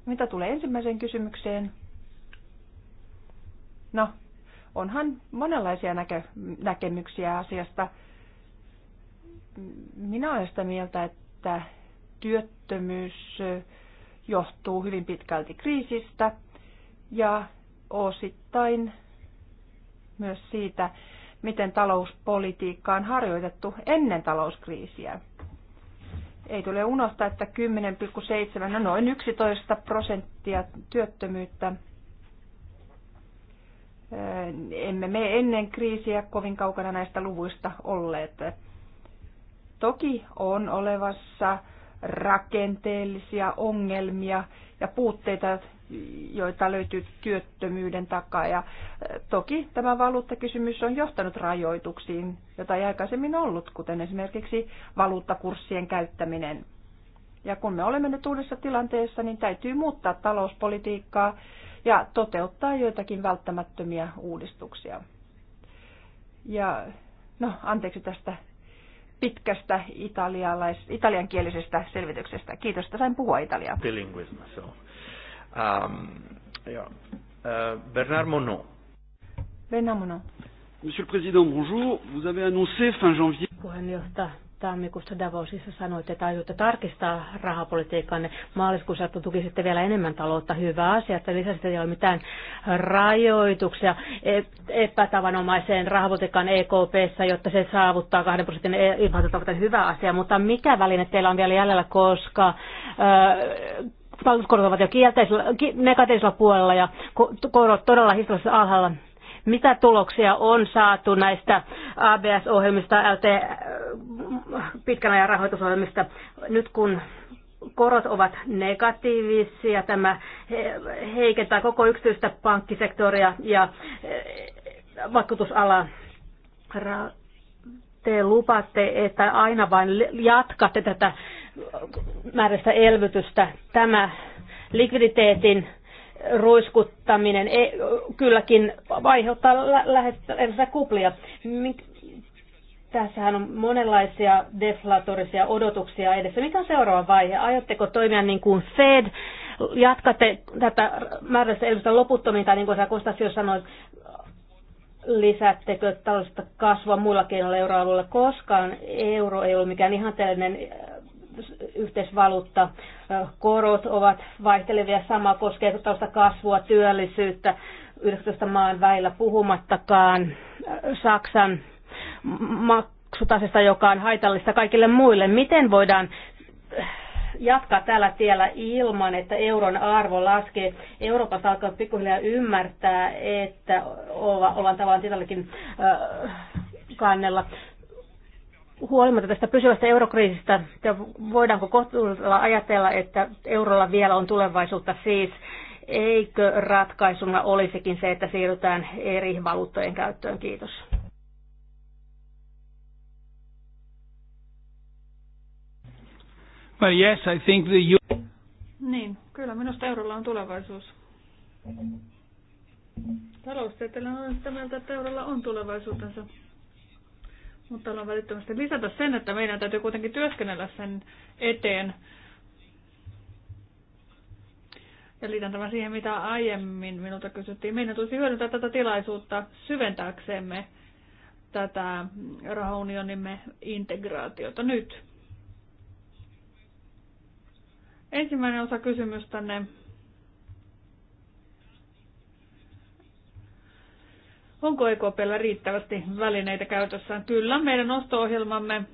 Speaker 2: Mitä tulee ensimmäiseen kysymykseen? No, onhan monenlaisia näkö, näkemyksiä asiasta. Minä olen sitä mieltä, että työttömyys johtuu hyvin pitkälti kriisistä ja osittain myös siitä, miten talouspolitiikka on harjoitettu ennen talouskriisiä. Ei tule unohtaa, että 10,7 no noin 11 prosenttia työttömyyttä emme me ennen kriisiä kovin kaukana näistä luvuista olleet. Toki on olevassa rakenteellisia ongelmia ja puutteita, joita löytyy työttömyyden takaa. Ja toki tämä valuuttakysymys on johtanut rajoituksiin, jota ei aikaisemmin ollut, kuten esimerkiksi valuuttakurssien käyttäminen. Ja kun me olemme nyt uudessa tilanteessa, niin täytyy muuttaa talouspolitiikkaa ja toteuttaa joitakin välttämättömiä uudistuksia. Ja no, anteeksi tästä pitkästä italialais, italiankielisestä selvityksestä. Kiitos, että sain puhua italiaa.
Speaker 5: Bilinguism, so. um, ähm, yeah. Äh, uh, Bernard Monod. Bernard Monod. Monsieur le Président, bonjour. Vous avez annoncé fin
Speaker 1: janvier.
Speaker 3: Puheenjohtaja, tammikuussa Davosissa sanoitte, että aiotte tarkistaa rahapolitiikkaanne. Maaliskuussa tukisitte vielä enemmän taloutta. Hyvä asia, että lisäsitte ei ole mitään rajoituksia epätavanomaiseen rahapolitiikkaan EKPssä, jotta se saavuttaa 2 prosentin inflaatiotavoitteen. Hyvä asia, mutta mikä väline teillä on vielä jäljellä, koska valuuskorot äh, ovat jo kielteisellä, negatiivisella puolella ja korot todella historiallisesti alhaalla mitä tuloksia on saatu näistä ABS-ohjelmista, LT, äh, pitkän ajan rahoitusohjelmista. Nyt kun korot ovat negatiivisia, tämä heikentää koko yksityistä pankkisektoria ja äh, vakuutusala te lupatte, että aina vain jatkatte tätä määräistä elvytystä. Tämä likviditeetin ruiskuttaminen ei, kylläkin aiheuttaa lähes kuplia. kuplia. Tässähän on monenlaisia deflatorisia odotuksia edessä. Mikä on seuraava vaihe? Aiotteko toimia niin kuin Fed? Jatkatte tätä määräistä elvytystä loputtomiin, tai niin kuin sä Kostas jo sanoit, lisättekö tällaista kasvua muilla keinoilla euroalueella koskaan? Euro ei ollut mikään ihanteellinen yhteisvaluutta. Korot ovat vaihtelevia, sama koskee tuosta kasvua, työllisyyttä, 19 maan väillä puhumattakaan Saksan maksutasesta, joka on haitallista kaikille muille. Miten voidaan jatkaa tällä tiellä ilman, että euron arvo laskee. Euroopassa alkaa pikkuhiljaa ymmärtää, että ollaan tavallaan tietenkin kannella huolimatta tästä pysyvästä eurokriisistä, voidaanko kohtuullisella ajatella, että eurolla vielä on tulevaisuutta siis, eikö ratkaisuna olisikin se, että siirrytään eri valuuttojen käyttöön? Kiitos.
Speaker 4: Well, yes, I think the...
Speaker 6: Niin, kyllä minusta eurolla on tulevaisuus. Taloustieteilijä on sitä mieltä, että eurolla on tulevaisuutensa. Mutta haluan välittömästi lisätä sen, että meidän täytyy kuitenkin työskennellä sen eteen. Ja liitän tämän siihen, mitä aiemmin minulta kysyttiin. Meidän tulisi hyödyntää tätä tilaisuutta syventääksemme tätä rahaunionimme integraatiota nyt. Ensimmäinen osa tänne. Onko EKPllä riittävästi välineitä käytössään? Kyllä, meidän osto-ohjelmamme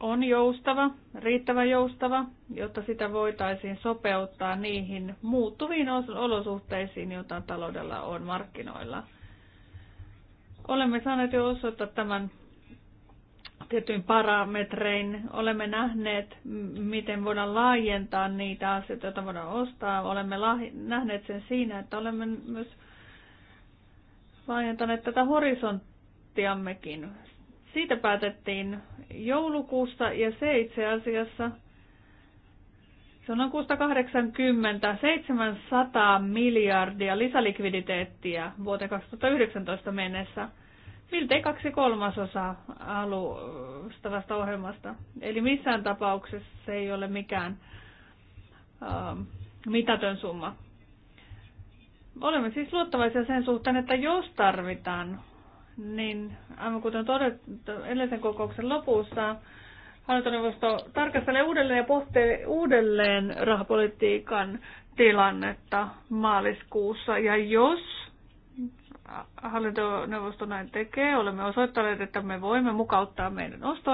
Speaker 6: on joustava, riittävän joustava, jotta sitä voitaisiin sopeuttaa niihin muuttuviin olosuhteisiin, joita taloudella on markkinoilla. Olemme saaneet jo osoittaa tämän tietyin parametrein. Olemme nähneet, miten voidaan laajentaa niitä asioita, joita voidaan ostaa. Olemme nähneet sen siinä, että olemme myös laajentaneet tätä horisonttiammekin. Siitä päätettiin joulukuussa ja se itse asiassa se on noin 680, 700 miljardia lisälikviditeettiä vuoteen 2019 mennessä. Miltei kaksi kolmasosa alustavasta ohjelmasta. Eli missään tapauksessa se ei ole mikään ähm, mitätön summa. Olemme siis luottavaisia sen suhteen, että jos tarvitaan, niin aivan kuten todettu edellisen kokouksen lopussa, hallintoneuvosto tarkastelee uudelleen ja pohtii uudelleen rahapolitiikan tilannetta maaliskuussa. Ja jos hallintoneuvosto näin tekee, olemme osoittaneet, että me voimme mukauttaa meidän osto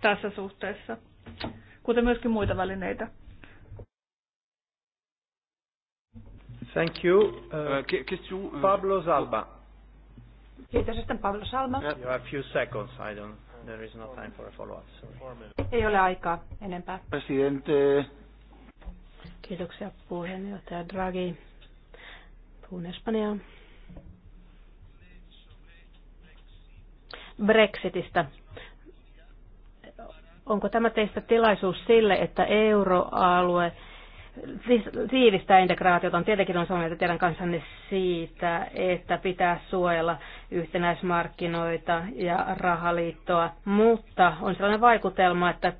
Speaker 6: tässä suhteessa, kuten myöskin muita välineitä.
Speaker 5: Thank you. Uh, euh, que question, uh, Pablo Salba.
Speaker 2: Kiitos sitten Pablo Salma. You have a few seconds,
Speaker 5: I don't, there is no time for a follow-up.
Speaker 2: Ei ole aikaa enempää.
Speaker 4: Presidente.
Speaker 3: Kiitoksia puheenjohtaja Draghi. Puhun Espanjaa. Brexitistä. Onko tämä teistä tilaisuus sille, että euroalue Siis tiivistää integraatiota. Tietenkin on samaa teidän kanssanne siitä, että pitää suojella yhtenäismarkkinoita ja rahaliittoa, mutta on sellainen vaikutelma, että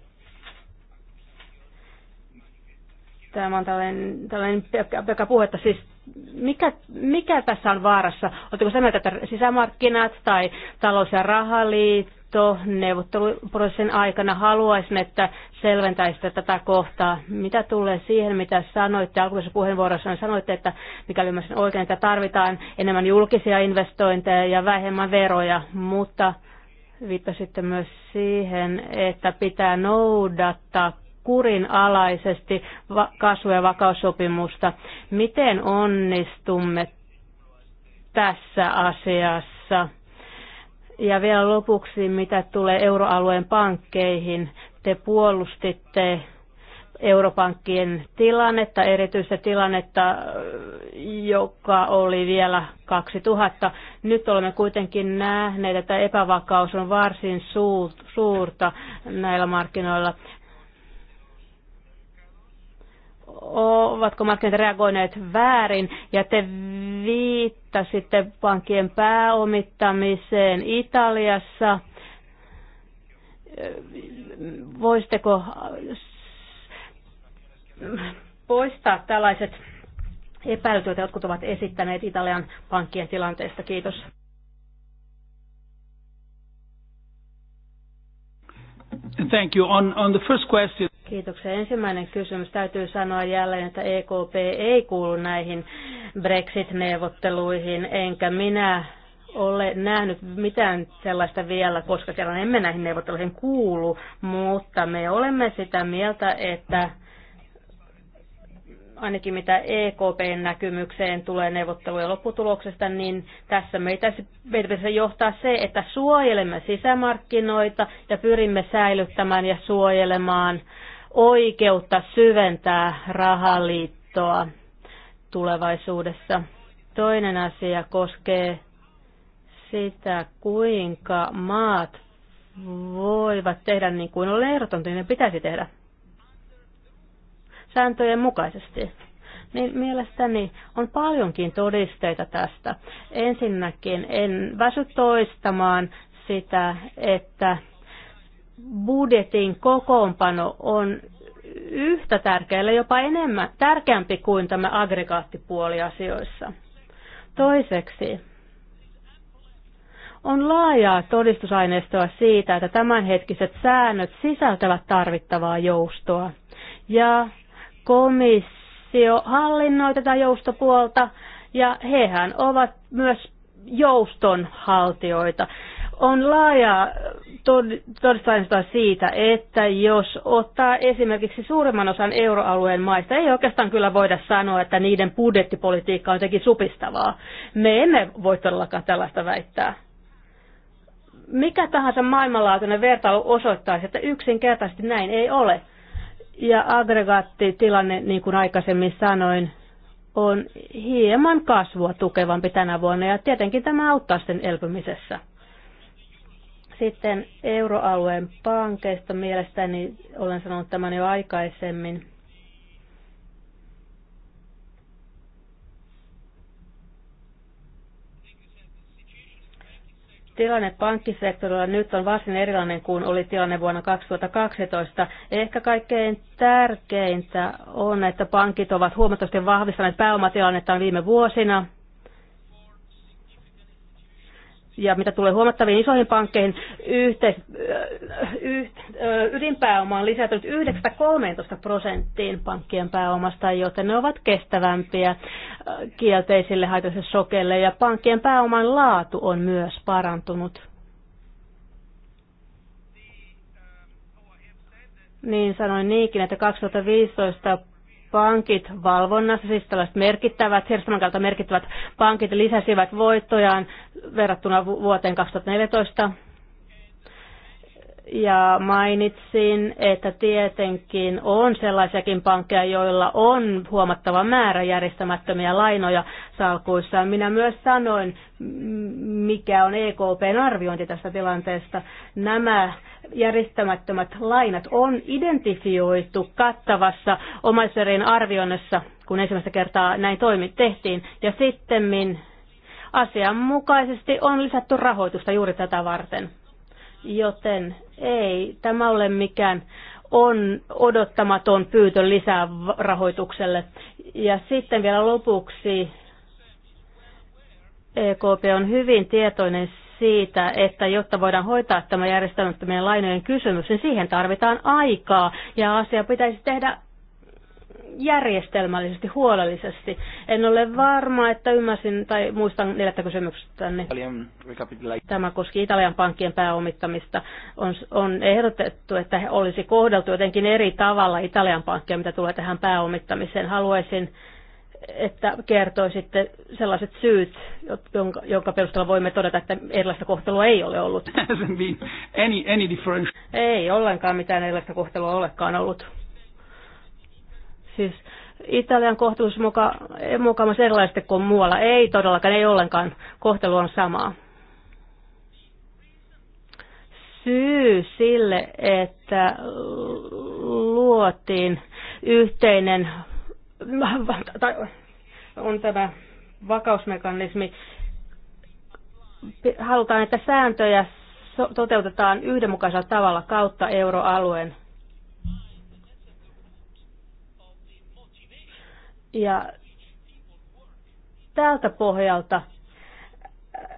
Speaker 3: tämä on tällainen, tällainen pelkkä puhetta, siis mikä, mikä tässä on vaarassa? Oletteko sitä mieltä, että sisämarkkinat tai talous- ja rahaliitto neuvotteluprosessin aikana haluaisin, että selventäisitte tätä kohtaa? Mitä tulee siihen, mitä sanoitte alkuisessa puheenvuorossa? Niin sanoitte, että mikäli mä oikein, että tarvitaan enemmän julkisia investointeja ja vähemmän veroja, mutta viittasitte myös siihen, että pitää noudattaa alaisesti kasvu- ja vakaussopimusta. Miten onnistumme tässä asiassa? Ja vielä lopuksi, mitä tulee euroalueen pankkeihin, te puolustitte europankkien tilannetta, erityistä tilannetta, joka oli vielä 2000. Nyt olemme kuitenkin nähneet, että epävakaus on varsin suurta näillä markkinoilla ovatko markkinat reagoineet väärin, ja te viittasitte pankkien pääomittamiseen Italiassa. Voisitteko poistaa tällaiset epäilyt, joita jotkut ovat esittäneet Italian pankkien tilanteesta? Kiitos. Thank you. On, on the first question. Kiitoksia. Ensimmäinen kysymys. Täytyy sanoa jälleen, että EKP ei kuulu näihin Brexit-neuvotteluihin, enkä minä ole nähnyt mitään sellaista vielä, koska siellä emme näihin neuvotteluihin kuulu, mutta me olemme sitä mieltä, että ainakin mitä EKPn näkymykseen tulee neuvottelujen lopputuloksesta, niin tässä meitä, meitä pitäisi johtaa se, että suojelemme sisämarkkinoita ja pyrimme säilyttämään ja suojelemaan oikeutta syventää rahaliittoa tulevaisuudessa. Toinen asia koskee sitä, kuinka maat voivat tehdä niin kuin on ehdotonta, niin ne pitäisi tehdä sääntöjen mukaisesti. Niin mielestäni on paljonkin todisteita tästä. Ensinnäkin en väsy toistamaan sitä, että budjetin kokoonpano on yhtä tärkeä, jopa enemmän, tärkeämpi kuin tämä aggregaattipuoli asioissa. Toiseksi, on laajaa todistusaineistoa siitä, että tämänhetkiset säännöt sisältävät tarvittavaa joustoa. Ja komissio hallinnoi tätä joustopuolta, ja hehän ovat myös jouston haltioita. On laaja todistainnosta siitä, että jos ottaa esimerkiksi suurimman osan euroalueen maista, ei oikeastaan kyllä voida sanoa, että niiden budjettipolitiikka on jotenkin supistavaa. Me emme voi todellakaan tällaista väittää. Mikä tahansa maailmanlaatuinen vertailu osoittaisi, että yksinkertaisesti näin ei ole. Ja aggregaattitilanne, niin kuin aikaisemmin sanoin, on hieman kasvua tukevampi tänä vuonna ja tietenkin tämä auttaa sen elpymisessä. Sitten euroalueen pankeista mielestäni olen sanonut tämän jo aikaisemmin. tilanne pankkisektorilla nyt on varsin erilainen kuin oli tilanne vuonna 2012. Ehkä kaikkein tärkeintä on, että pankit ovat huomattavasti vahvistaneet pääomatilannettaan viime vuosina ja mitä tulee huomattaviin isoihin pankkeihin, yhteis, yh, ydinpääoma on lisätynyt 9-13 prosenttiin pankkien pääomasta, joten ne ovat kestävämpiä kielteisille haitallisille sokeille ja pankkien pääoman laatu on myös parantunut. Niin sanoin niinkin, että 2015 pankit valvonnassa, siis tällaiset merkittävät, järjestelmän kautta merkittävät pankit lisäsivät voittojaan verrattuna vuoteen 2014 ja mainitsin, että tietenkin on sellaisiakin pankkeja, joilla on huomattava määrä järjestämättömiä lainoja salkuissa. Minä myös sanoin, mikä on EKPn arviointi tästä tilanteesta. Nämä järjestämättömät lainat on identifioitu kattavassa omaiserin arvioinnissa, kun ensimmäistä kertaa näin toimi tehtiin. Ja sitten asianmukaisesti on lisätty rahoitusta juuri tätä varten. Joten ei tämä ole mikään on odottamaton pyytö lisää rahoitukselle. Ja sitten vielä lopuksi EKP on hyvin tietoinen siitä, että jotta voidaan hoitaa tämä järjestelmättömien lainojen kysymys, niin siihen tarvitaan aikaa ja asia pitäisi tehdä järjestelmällisesti, huolellisesti. En ole varma, että ymmärsin tai muistan neljättä kysymyksestä. Niin tämä koski Italian pankkien pääomittamista. On, on ehdotettu, että he olisi kohdeltu jotenkin eri tavalla Italian pankkia, mitä tulee tähän pääomittamiseen. Haluaisin että kertoisitte sellaiset syyt, jonka, jonka perusteella voimme todeta, että erilaista kohtelua ei ole ollut.
Speaker 4: Any, any difference.
Speaker 3: Ei ollenkaan mitään erilaista kohtelua olekaan ollut. Siis Italian kohtelus muka, mukaan erilaista kuin muualla. Ei todellakaan, ei ollenkaan. Kohtelu on samaa. Syy sille, että luotiin yhteinen, on tämä vakausmekanismi. Halutaan, että sääntöjä toteutetaan yhdenmukaisella tavalla kautta euroalueen Ja tältä pohjalta äh,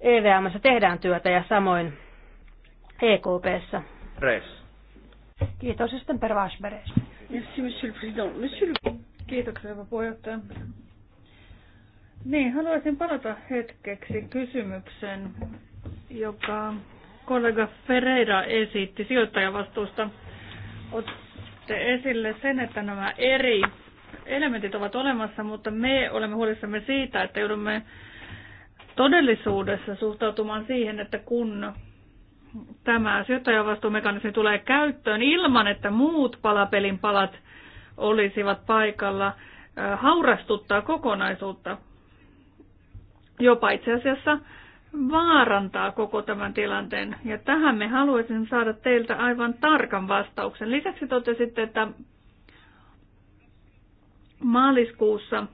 Speaker 3: EVMssä tehdään työtä ja samoin EKPssä. Res. Kiitos ja sitten Pervaas Beres.
Speaker 6: Merci, monsieur le président. Monsieur le... Kiitoksia, hyvä puheenjohtaja. Niin, haluaisin palata hetkeksi kysymyksen, joka kollega Ferreira esitti sijoittajavastuusta. Otte esille sen, että nämä eri elementit ovat olemassa, mutta me olemme huolissamme siitä, että joudumme todellisuudessa suhtautumaan siihen, että kun tämä sijoittajavastuumekanismi tulee käyttöön ilman, että muut palapelin palat olisivat paikalla, haurastuttaa kokonaisuutta. Jopa itse asiassa vaarantaa koko tämän tilanteen. Ja tähän me haluaisin saada teiltä aivan tarkan vastauksen. Lisäksi totesitte, että maaliskuussa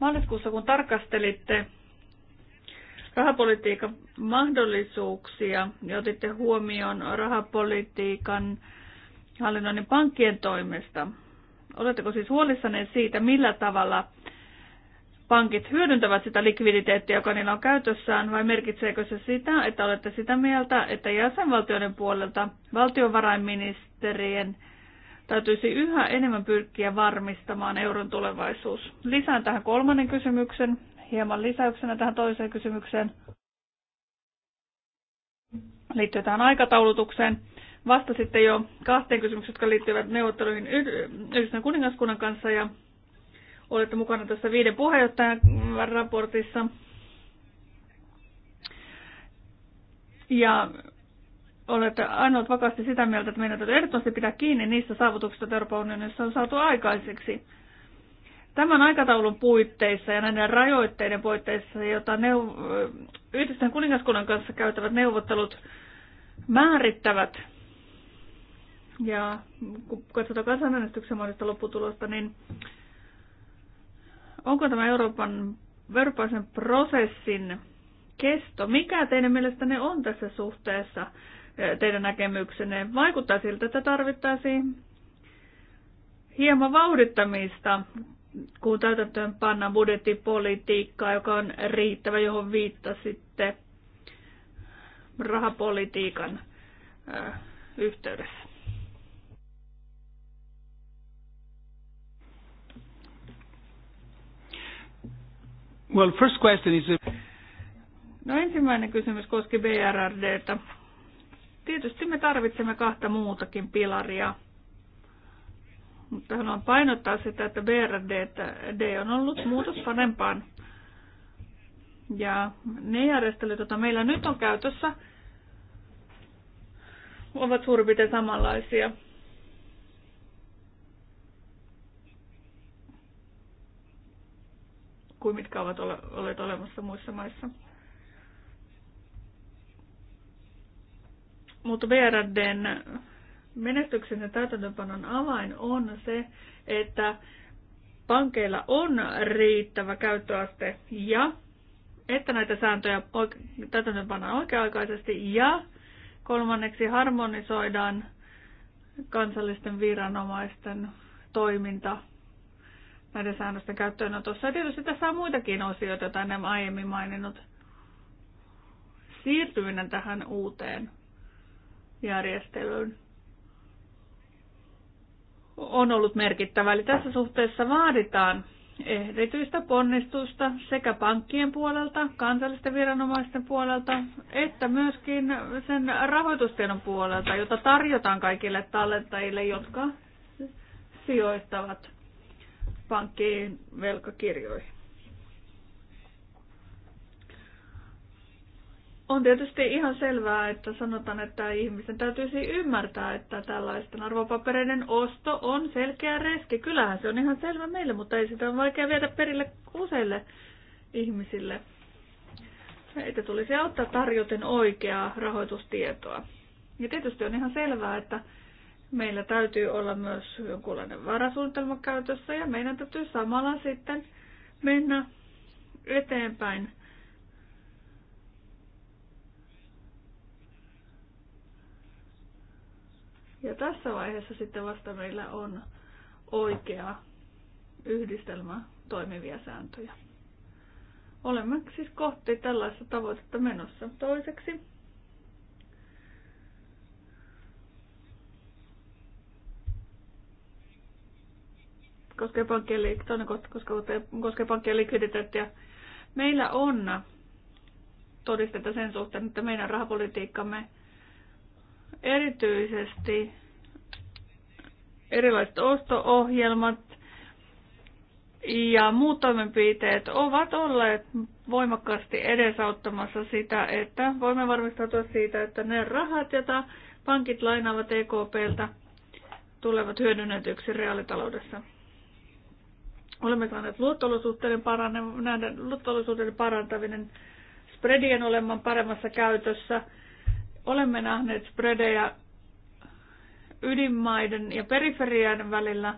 Speaker 6: maaliskuussa, kun tarkastelitte rahapolitiikan mahdollisuuksia ja otitte huomioon rahapolitiikan hallinnoinnin pankkien toimesta, oletteko siis huolissanne siitä, millä tavalla pankit hyödyntävät sitä likviditeettiä, joka niillä on käytössään, vai merkitseekö se sitä, että olette sitä mieltä, että jäsenvaltioiden puolelta valtiovarainministerien täytyisi yhä enemmän pyrkiä varmistamaan euron tulevaisuus? Lisään tähän kolmannen kysymyksen, hieman lisäyksenä tähän toiseen kysymykseen liittyy tähän aikataulutukseen. Vastasitte jo kahteen kysymykseen, jotka liittyvät neuvotteluihin yhdessä kuningaskunnan kanssa ja Olette mukana tässä viiden puheenjohtajan raportissa. Ja olette ainoat vakaasti sitä mieltä, että meidän täytyy ehdottomasti pitää kiinni niistä saavutuksista, joita Euroopan unionissa on saatu aikaiseksi. Tämän aikataulun puitteissa ja näiden rajoitteiden puitteissa, joita neuv- yhdistön kuningaskunnan kanssa käytävät neuvottelut määrittävät, ja kun katsotaan kansanäänestyksen mahdollista lopputulosta, niin Onko tämä Euroopan, verpaisen prosessin kesto? Mikä teidän mielestänne on tässä suhteessa eh, teidän näkemyksenne? Vaikuttaa siltä, että tarvittaisiin hieman vauhdittamista, kun täytäntöön pannaan budjettipolitiikkaa, joka on riittävä, johon viittasitte rahapolitiikan eh, yhteydessä.
Speaker 4: Well, first question is...
Speaker 6: Uh, no ensimmäinen kysymys koski BRRDtä. Tietysti me tarvitsemme kahta muutakin pilaria. Mutta haluan painottaa sitä, että BRD on ollut muutos parempaan. Ja ne järjestelyt, joita meillä nyt on käytössä, ovat suurin piirtein samanlaisia. kuin mitkä ovat olleet olemassa muissa maissa. Mutta VRDn menestyksen ja täytäntöpanon avain on se, että pankeilla on riittävä käyttöaste ja että näitä sääntöjä täytäntöönpannaan oikea-aikaisesti ja kolmanneksi harmonisoidaan kansallisten viranomaisten toiminta näiden säännösten käyttöönotossa. Ja tietysti tässä on muitakin osioita, joita en aiemmin maininnut. Siirtyminen tähän uuteen järjestelyyn on ollut merkittävä. Eli tässä suhteessa vaaditaan erityistä ponnistusta sekä pankkien puolelta, kansallisten viranomaisten puolelta, että myöskin sen rahoitustiedon puolelta, jota tarjotaan kaikille tallentajille, jotka sijoittavat pankkiin velkakirjoihin. On tietysti ihan selvää, että sanotaan, että ihmisen täytyisi ymmärtää, että tällaisten arvopapereiden osto on selkeä riski. Kyllähän se on ihan selvä meille, mutta ei sitä ole vaikea viedä perille useille ihmisille. Että tulisi auttaa tarjoten oikeaa rahoitustietoa. Ja tietysti on ihan selvää, että Meillä täytyy olla myös jonkunlainen varasuunnitelma käytössä ja meidän täytyy samalla sitten mennä eteenpäin. Ja tässä vaiheessa sitten vasta meillä on oikea yhdistelmä toimivia sääntöjä. Olemme siis kohti tällaista tavoitetta menossa. Toiseksi koskee pankkien, toinen kohta koskee, pankkien likviditeettiä. Meillä on todisteta sen suhteen, että meidän rahapolitiikkamme erityisesti erilaiset osto-ohjelmat ja muut toimenpiteet ovat olleet voimakkaasti edesauttamassa sitä, että voimme varmistautua siitä, että ne rahat, joita pankit lainaavat EKPltä, tulevat hyödynnetyksi reaalitaloudessa. Olemme saaneet luottolosuhteiden, luottolosuhteiden parantaminen, spreadien olemaan paremmassa käytössä. Olemme nähneet spreadejä ydinmaiden ja periferian välillä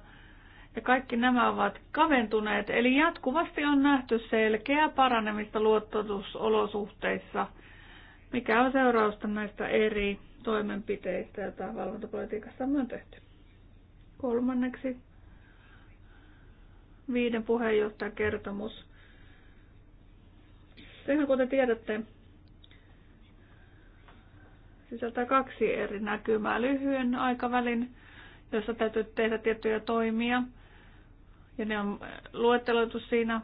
Speaker 6: ja kaikki nämä ovat kaventuneet. Eli jatkuvasti on nähty selkeä paranemista luottolosuhteissa, mikä on seurausta näistä eri toimenpiteistä, joita valvontapolitiikassa on tehty. Kolmanneksi viiden puheenjohtajan kertomus. Sehän kuten tiedätte, sisältää kaksi eri näkymää. Lyhyen aikavälin, jossa täytyy tehdä tiettyjä toimia, ja ne on luetteloitu siinä.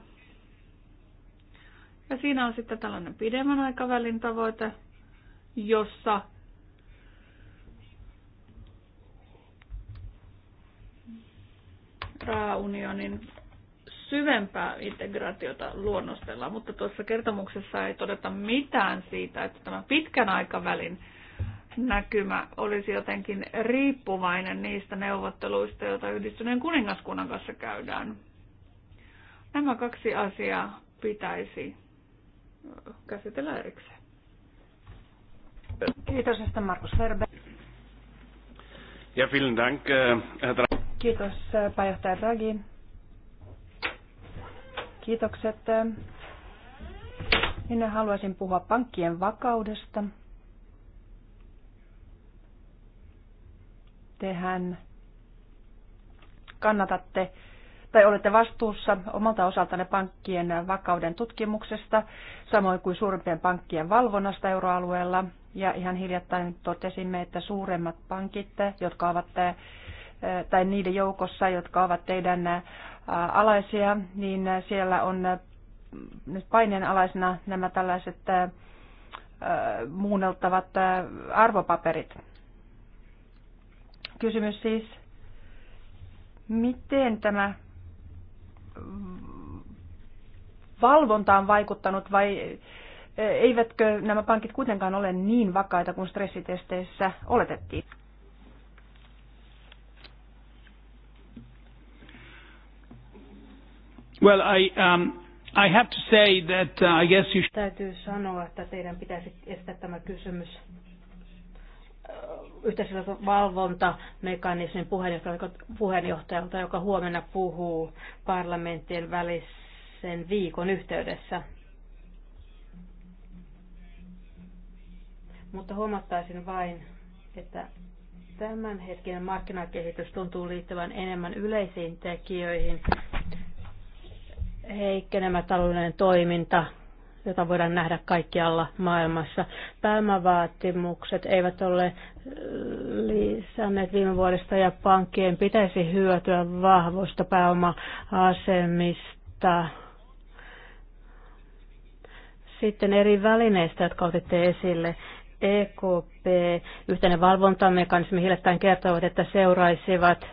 Speaker 6: Ja siinä on sitten tällainen pidemmän aikavälin tavoite, jossa rahaunionin syvempää integraatiota luonnostella, mutta tuossa kertomuksessa ei todeta mitään siitä, että tämä pitkän aikavälin näkymä olisi jotenkin riippuvainen niistä neuvotteluista, joita yhdistyneen kuningaskunnan kanssa käydään. Nämä kaksi asiaa pitäisi käsitellä erikseen. Kiitos, että sitten Markus Verbe.
Speaker 4: Ja vielen dank, äh,
Speaker 2: Kiitos äh, pääjohtaja Draghi Kiitokset. Minä haluaisin puhua pankkien vakaudesta. Tehän kannatatte tai olette vastuussa omalta osaltanne pankkien vakauden tutkimuksesta, samoin kuin suurimpien pankkien valvonnasta euroalueella. Ja ihan hiljattain totesimme, että suuremmat pankit, jotka ovat eh, tai niiden joukossa, jotka ovat teidän alaisia, niin siellä on nyt paineen alaisena nämä tällaiset muunneltavat arvopaperit. Kysymys siis, miten tämä valvonta on vaikuttanut vai eivätkö nämä pankit kuitenkaan ole niin vakaita kuin stressitesteissä oletettiin?
Speaker 4: Well, I, um, I have to say that uh, I guess you
Speaker 3: Täytyy sanoa, että teidän pitäisi estää tämä kysymys yhteisöllisen valvontamekanismin puheenjohtajalta, joka huomenna puhuu parlamenttien välisen viikon yhteydessä. Mutta huomattaisin vain, että tämän hetken markkinakehitys tuntuu liittyvän enemmän yleisiin tekijöihin heikkenemä taloudellinen toiminta, jota voidaan nähdä kaikkialla maailmassa. Pääomavaatimukset eivät ole äh, lisänneet viime vuodesta ja pankkien pitäisi hyötyä vahvoista pääoma-asemista. Sitten eri välineistä, jotka otitte esille. EKP, yhteinen valvontamekanismi, hiljattain kertovat, että seuraisivat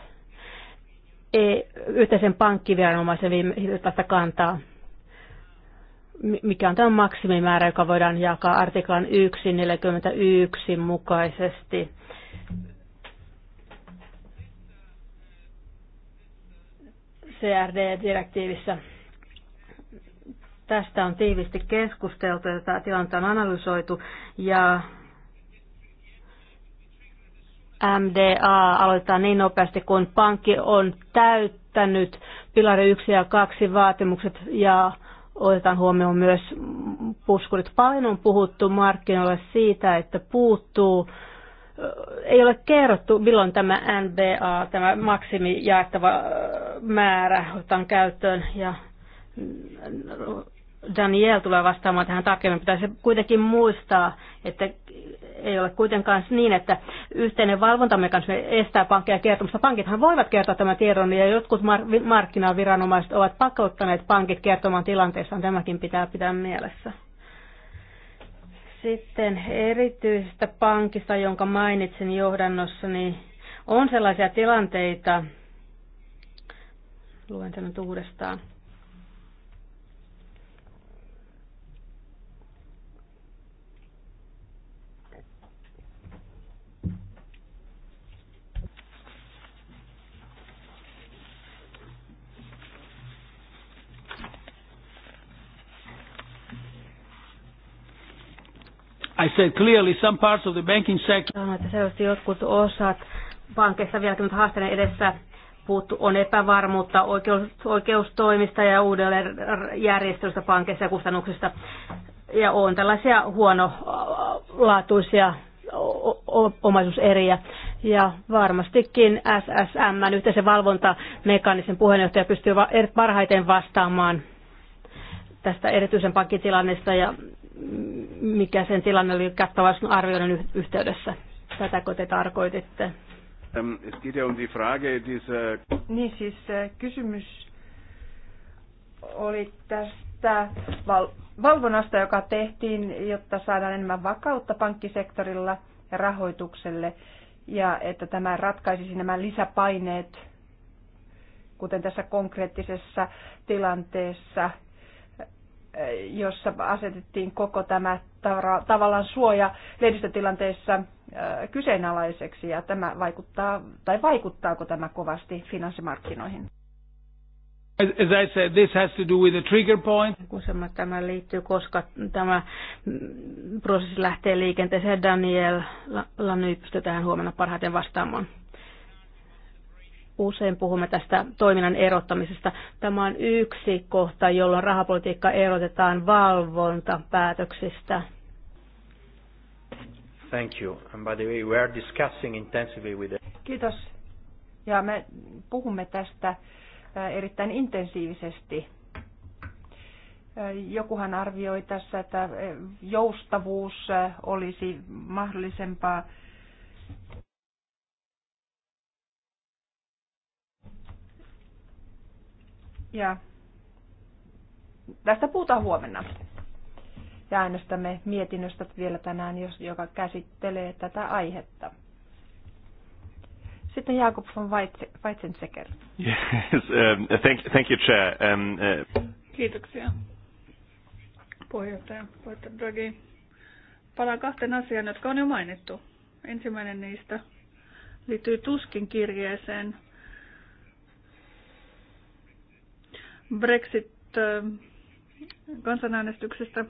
Speaker 3: E, yhteisen pankkiviranomaisen viimeisestä kantaa mikä on tämä maksimimäärä, joka voidaan jakaa artiklan 1.41 mukaisesti. CRD-direktiivissä. Tästä on tiivisti keskusteltu ja tätä tilannetta on analysoitu ja MDA aloittaa niin nopeasti, kun pankki on täyttänyt pilari 1 ja 2 vaatimukset ja otetaan huomioon myös puskurit. Paljon on puhuttu markkinoille siitä, että puuttuu, ei ole kerrottu, milloin tämä NBA, tämä maksimi jaettava määrä otetaan käyttöön ja Daniel tulee vastaamaan tähän tarkemmin. Pitäisi kuitenkin muistaa, että ei ole kuitenkaan niin, että yhteinen valvontamekanismi estää pankkeja kertomasta. Pankithan voivat kertoa tämän tiedon ja jotkut mar- markkinaviranomaiset ovat pakottaneet pankit kertomaan tilanteessaan. Tämäkin pitää pitää mielessä. Sitten erityisestä pankista, jonka mainitsin johdannossa, niin on sellaisia tilanteita, luen sen nyt uudestaan,
Speaker 4: I said clearly some parts of the banking sector.
Speaker 3: Sanoin, että selvästi jotkut osat pankeissa vieläkin mutta haasteiden edessä puuttu, on epävarmuutta oikeus, oikeustoimista ja uudelleen järjestelystä pankeissa ja kustannuksista. Ja on tällaisia huonolaatuisia omaisuuseriä. Ja varmastikin SSM, yhteisen valvontamekanismin puheenjohtaja, pystyy er- parhaiten vastaamaan tästä erityisen pankkitilannesta ja mikä sen tilanne oli kattavan arvioinnin yhteydessä. Tätäkö te tarkoititte?
Speaker 1: Ähm, es geht ja um die Frage dieser...
Speaker 3: Niin siis äh, kysymys
Speaker 2: oli tästä val- valvonnasta, joka tehtiin, jotta saadaan enemmän vakautta pankkisektorilla ja rahoitukselle, ja että tämä ratkaisisi nämä lisäpaineet, kuten tässä konkreettisessa tilanteessa – jossa asetettiin koko tämä tavallaan suoja lehdistötilanteessa kyseenalaiseksi ja tämä vaikuttaa, tai vaikuttaako tämä kovasti finanssimarkkinoihin?
Speaker 4: As I said, this has to do with the trigger point.
Speaker 3: Kun tämä liittyy, koska tämä prosessi lähtee liikenteeseen, Daniel Lanyy tähän huomenna parhaiten vastaamaan. Usein puhumme tästä toiminnan erottamisesta. Tämä on yksi kohta, jolloin rahapolitiikka erotetaan valvontapäätöksistä.
Speaker 5: Thank you. And by the way, we are discussing intensively with the...
Speaker 2: Kiitos. Ja me puhumme tästä äh, erittäin intensiivisesti. Äh, jokuhan arvioi tässä, että äh, joustavuus olisi mahdollisempaa Ja tästä puhutaan huomenna. Ja äänestämme mietinnöstä vielä tänään, jos joka käsittelee tätä aihetta. Sitten Jakob von Weizsäcker.
Speaker 5: Yes, um, thank, thank you, Chair. Um, uh...
Speaker 6: Kiitoksia. Puheenjohtaja, puheenjohtaja Draghi. Palaan kahteen asiaan, jotka on jo mainittu. Ensimmäinen niistä liittyy Tuskin kirjeeseen, Brexit-kansanäänestyksestä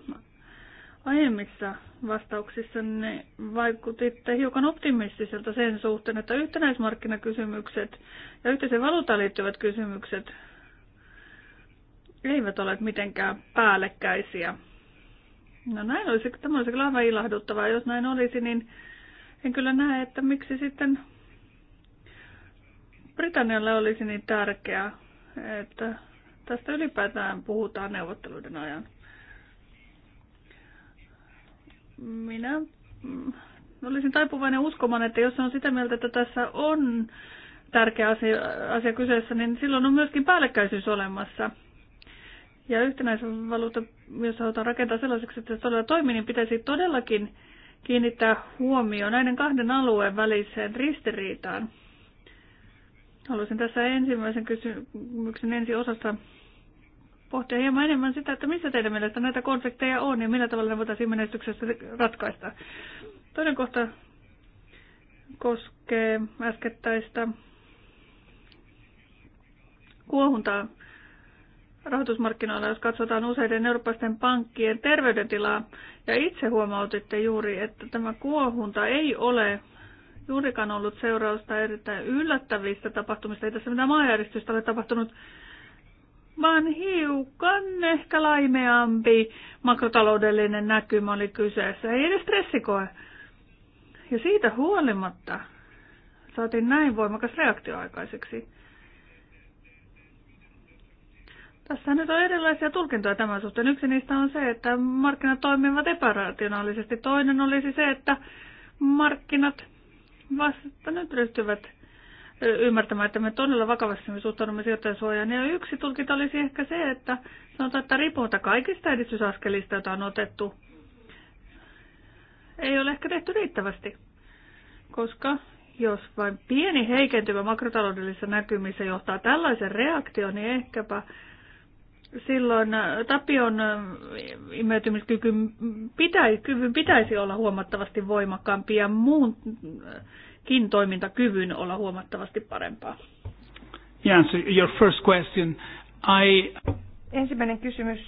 Speaker 6: aiemmissa vastauksissa ne niin vaikutitte hiukan optimistiselta sen suhteen, että yhtenäismarkkinakysymykset ja yhteisen valuutaan liittyvät kysymykset eivät ole mitenkään päällekkäisiä. No näin olisi, tämä olisi kyllä aivan ilahduttavaa. Jos näin olisi, niin en kyllä näe, että miksi sitten Britannialle olisi niin tärkeää, että tästä ylipäätään puhutaan neuvotteluiden ajan. Minä mm, olisin taipuvainen uskomaan, että jos on sitä mieltä, että tässä on tärkeä asia, asia kyseessä, niin silloin on myöskin päällekkäisyys olemassa. Ja yhtenäisvaluutta, jos halutaan rakentaa sellaiseksi, että se todella toimii, niin pitäisi todellakin kiinnittää huomio näiden kahden alueen väliseen ristiriitaan. Haluaisin tässä ensimmäisen kysymyksen ensi osassa pohtia hieman enemmän sitä, että missä teidän mielestä näitä konflikteja on ja millä tavalla ne voitaisiin menestyksessä ratkaista. Toinen kohta koskee äskettäistä kuohuntaa rahoitusmarkkinoilla, jos katsotaan useiden eurooppalaisten pankkien terveydentilaa. Ja itse huomautitte juuri, että tämä kuohunta ei ole juurikaan ollut seurausta erittäin yllättävistä tapahtumista. Ei tässä mitään maanjäristystä ole tapahtunut, vaan hiukan ehkä laimeampi makrotaloudellinen näkymä oli kyseessä, ei edes stressikoe. Ja siitä huolimatta saatiin näin voimakas reaktio aikaiseksi. Tässä nyt on erilaisia tulkintoja tämän suhteen. Yksi niistä on se, että markkinat toimivat epärationaalisesti. Toinen olisi se, että markkinat vasta nyt ryhtyvät ymmärtämään, että me todella vakavasti me suhtaudumme sijoittajasuojaan. Ja yksi tulkinta olisi ehkä se, että sanotaan, että riippumatta kaikista edistysaskelista, joita on otettu, ei ole ehkä tehty riittävästi. Koska jos vain pieni heikentymä makrotaloudellisessa näkymissä johtaa tällaisen reaktion, niin ehkäpä silloin äh, tapion äh, imeytymiskyvyn pitäisi, pitäisi olla huomattavasti voimakkaampi ja muun äh, kin toimintakyvyn olla huomattavasti parempaa.
Speaker 4: Yes, your first question. I...
Speaker 6: Ensimmäinen kysymys.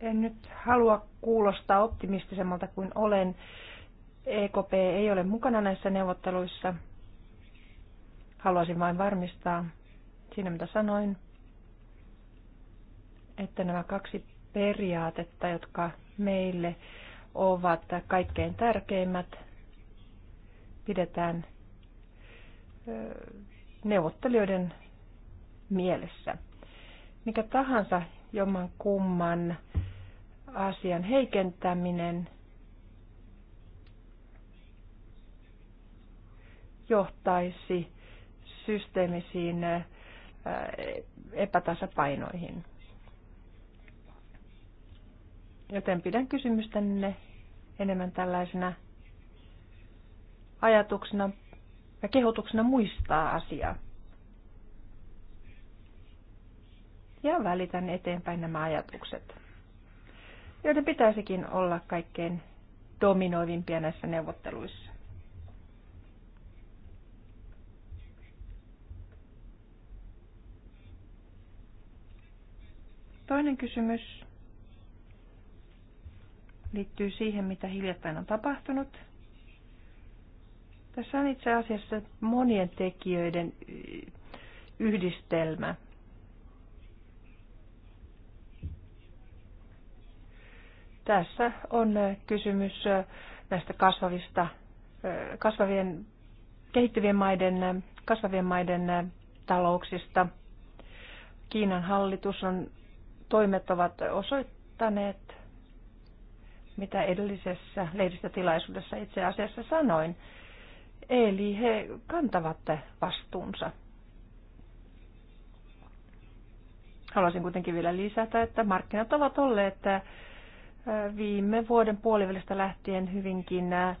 Speaker 2: En nyt halua kuulostaa optimistisemmalta kuin olen. EKP ei ole mukana näissä neuvotteluissa. Haluaisin vain varmistaa siinä, mitä sanoin, että nämä kaksi periaatetta, jotka meille ovat kaikkein tärkeimmät. Pidetään neuvottelijoiden mielessä. Mikä tahansa jomman kumman asian heikentäminen johtaisi systeemisiin epätasapainoihin. Joten pidän kysymystänne enemmän tällaisena ajatuksena ja kehotuksena muistaa asiaa. Ja välitän eteenpäin nämä ajatukset, joiden pitäisikin olla kaikkein dominoivimpia näissä neuvotteluissa. Toinen kysymys liittyy siihen, mitä hiljattain on tapahtunut. Tässä on itse asiassa monien tekijöiden yhdistelmä. Tässä on kysymys näistä kasvavista, kasvavien, kehittyvien maiden, kasvavien maiden talouksista. Kiinan hallitus on, toimet ovat osoittaneet mitä edellisessä lehdistötilaisuudessa itse asiassa sanoin. Eli he kantavat vastuunsa. Haluaisin kuitenkin vielä lisätä, että markkinat ovat olleet äh, viime vuoden puolivälistä lähtien hyvinkin äh,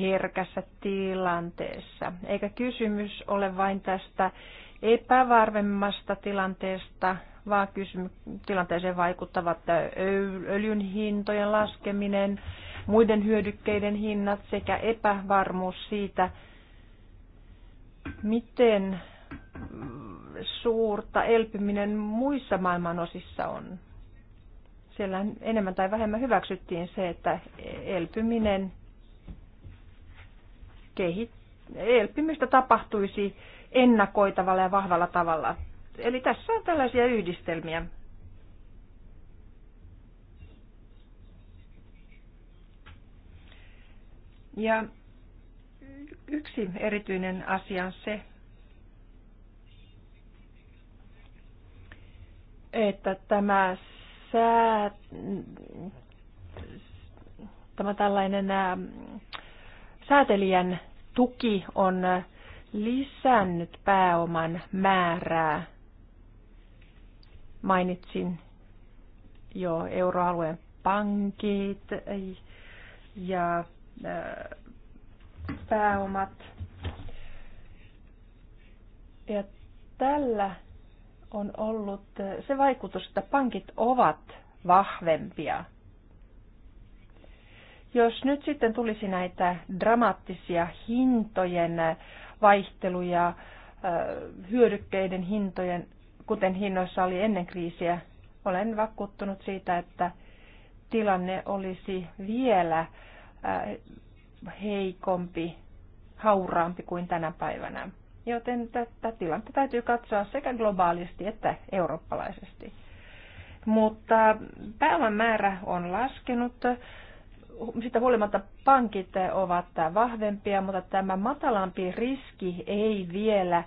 Speaker 2: herkässä tilanteessa. Eikä kysymys ole vain tästä epävarvemmasta tilanteesta, vaan tilanteeseen vaikuttavat öljyn hintojen laskeminen, muiden hyödykkeiden hinnat sekä epävarmuus siitä, miten suurta elpyminen muissa maailman osissa on. Siellä enemmän tai vähemmän hyväksyttiin se, että elpyminen kehit- elpymistä tapahtuisi ennakoitavalla ja vahvalla tavalla. Eli tässä on tällaisia yhdistelmiä. Ja yksi erityinen asia on se, että tämä, sää, tämä tällainen säätelijän tuki on lisännyt pääoman määrää. Mainitsin jo euroalueen pankit ja äh, pääomat. Ja tällä on ollut äh, se vaikutus, että pankit ovat vahvempia. Jos nyt sitten tulisi näitä dramaattisia hintojen äh, vaihteluja hyödykkeiden hintojen, kuten hinnoissa oli ennen kriisiä. Olen vakuuttunut siitä, että tilanne olisi vielä heikompi, hauraampi kuin tänä päivänä. Joten tätä tilannetta täytyy katsoa sekä globaalisti että eurooppalaisesti. Mutta pääoman määrä on laskenut sitä huolimatta pankit ovat vahvempia, mutta tämä matalampi riski ei vielä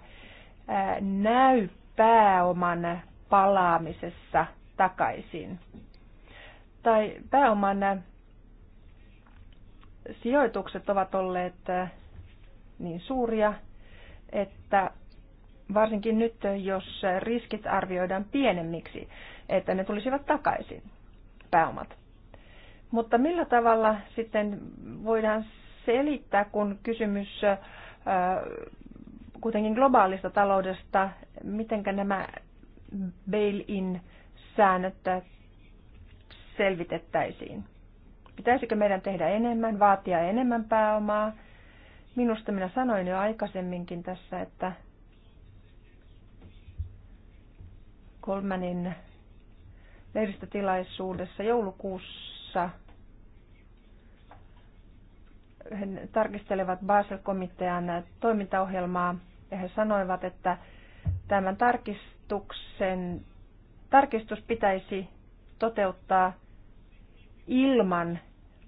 Speaker 2: näy pääoman palaamisessa takaisin. Tai pääoman sijoitukset ovat olleet niin suuria, että varsinkin nyt, jos riskit arvioidaan pienemmiksi, että ne tulisivat takaisin pääomat. Mutta millä tavalla sitten voidaan selittää, kun kysymys kuitenkin globaalista taloudesta, miten nämä bail-in-säännöt selvitettäisiin? Pitäisikö meidän tehdä enemmän, vaatia enemmän pääomaa? Minusta minä sanoin jo aikaisemminkin tässä, että kolmannen lehdistötilaisuudessa joulukuussa jossa he tarkistelevat Basel-komitean toimintaohjelmaa ja he sanoivat, että tämän tarkistuksen, tarkistus pitäisi toteuttaa ilman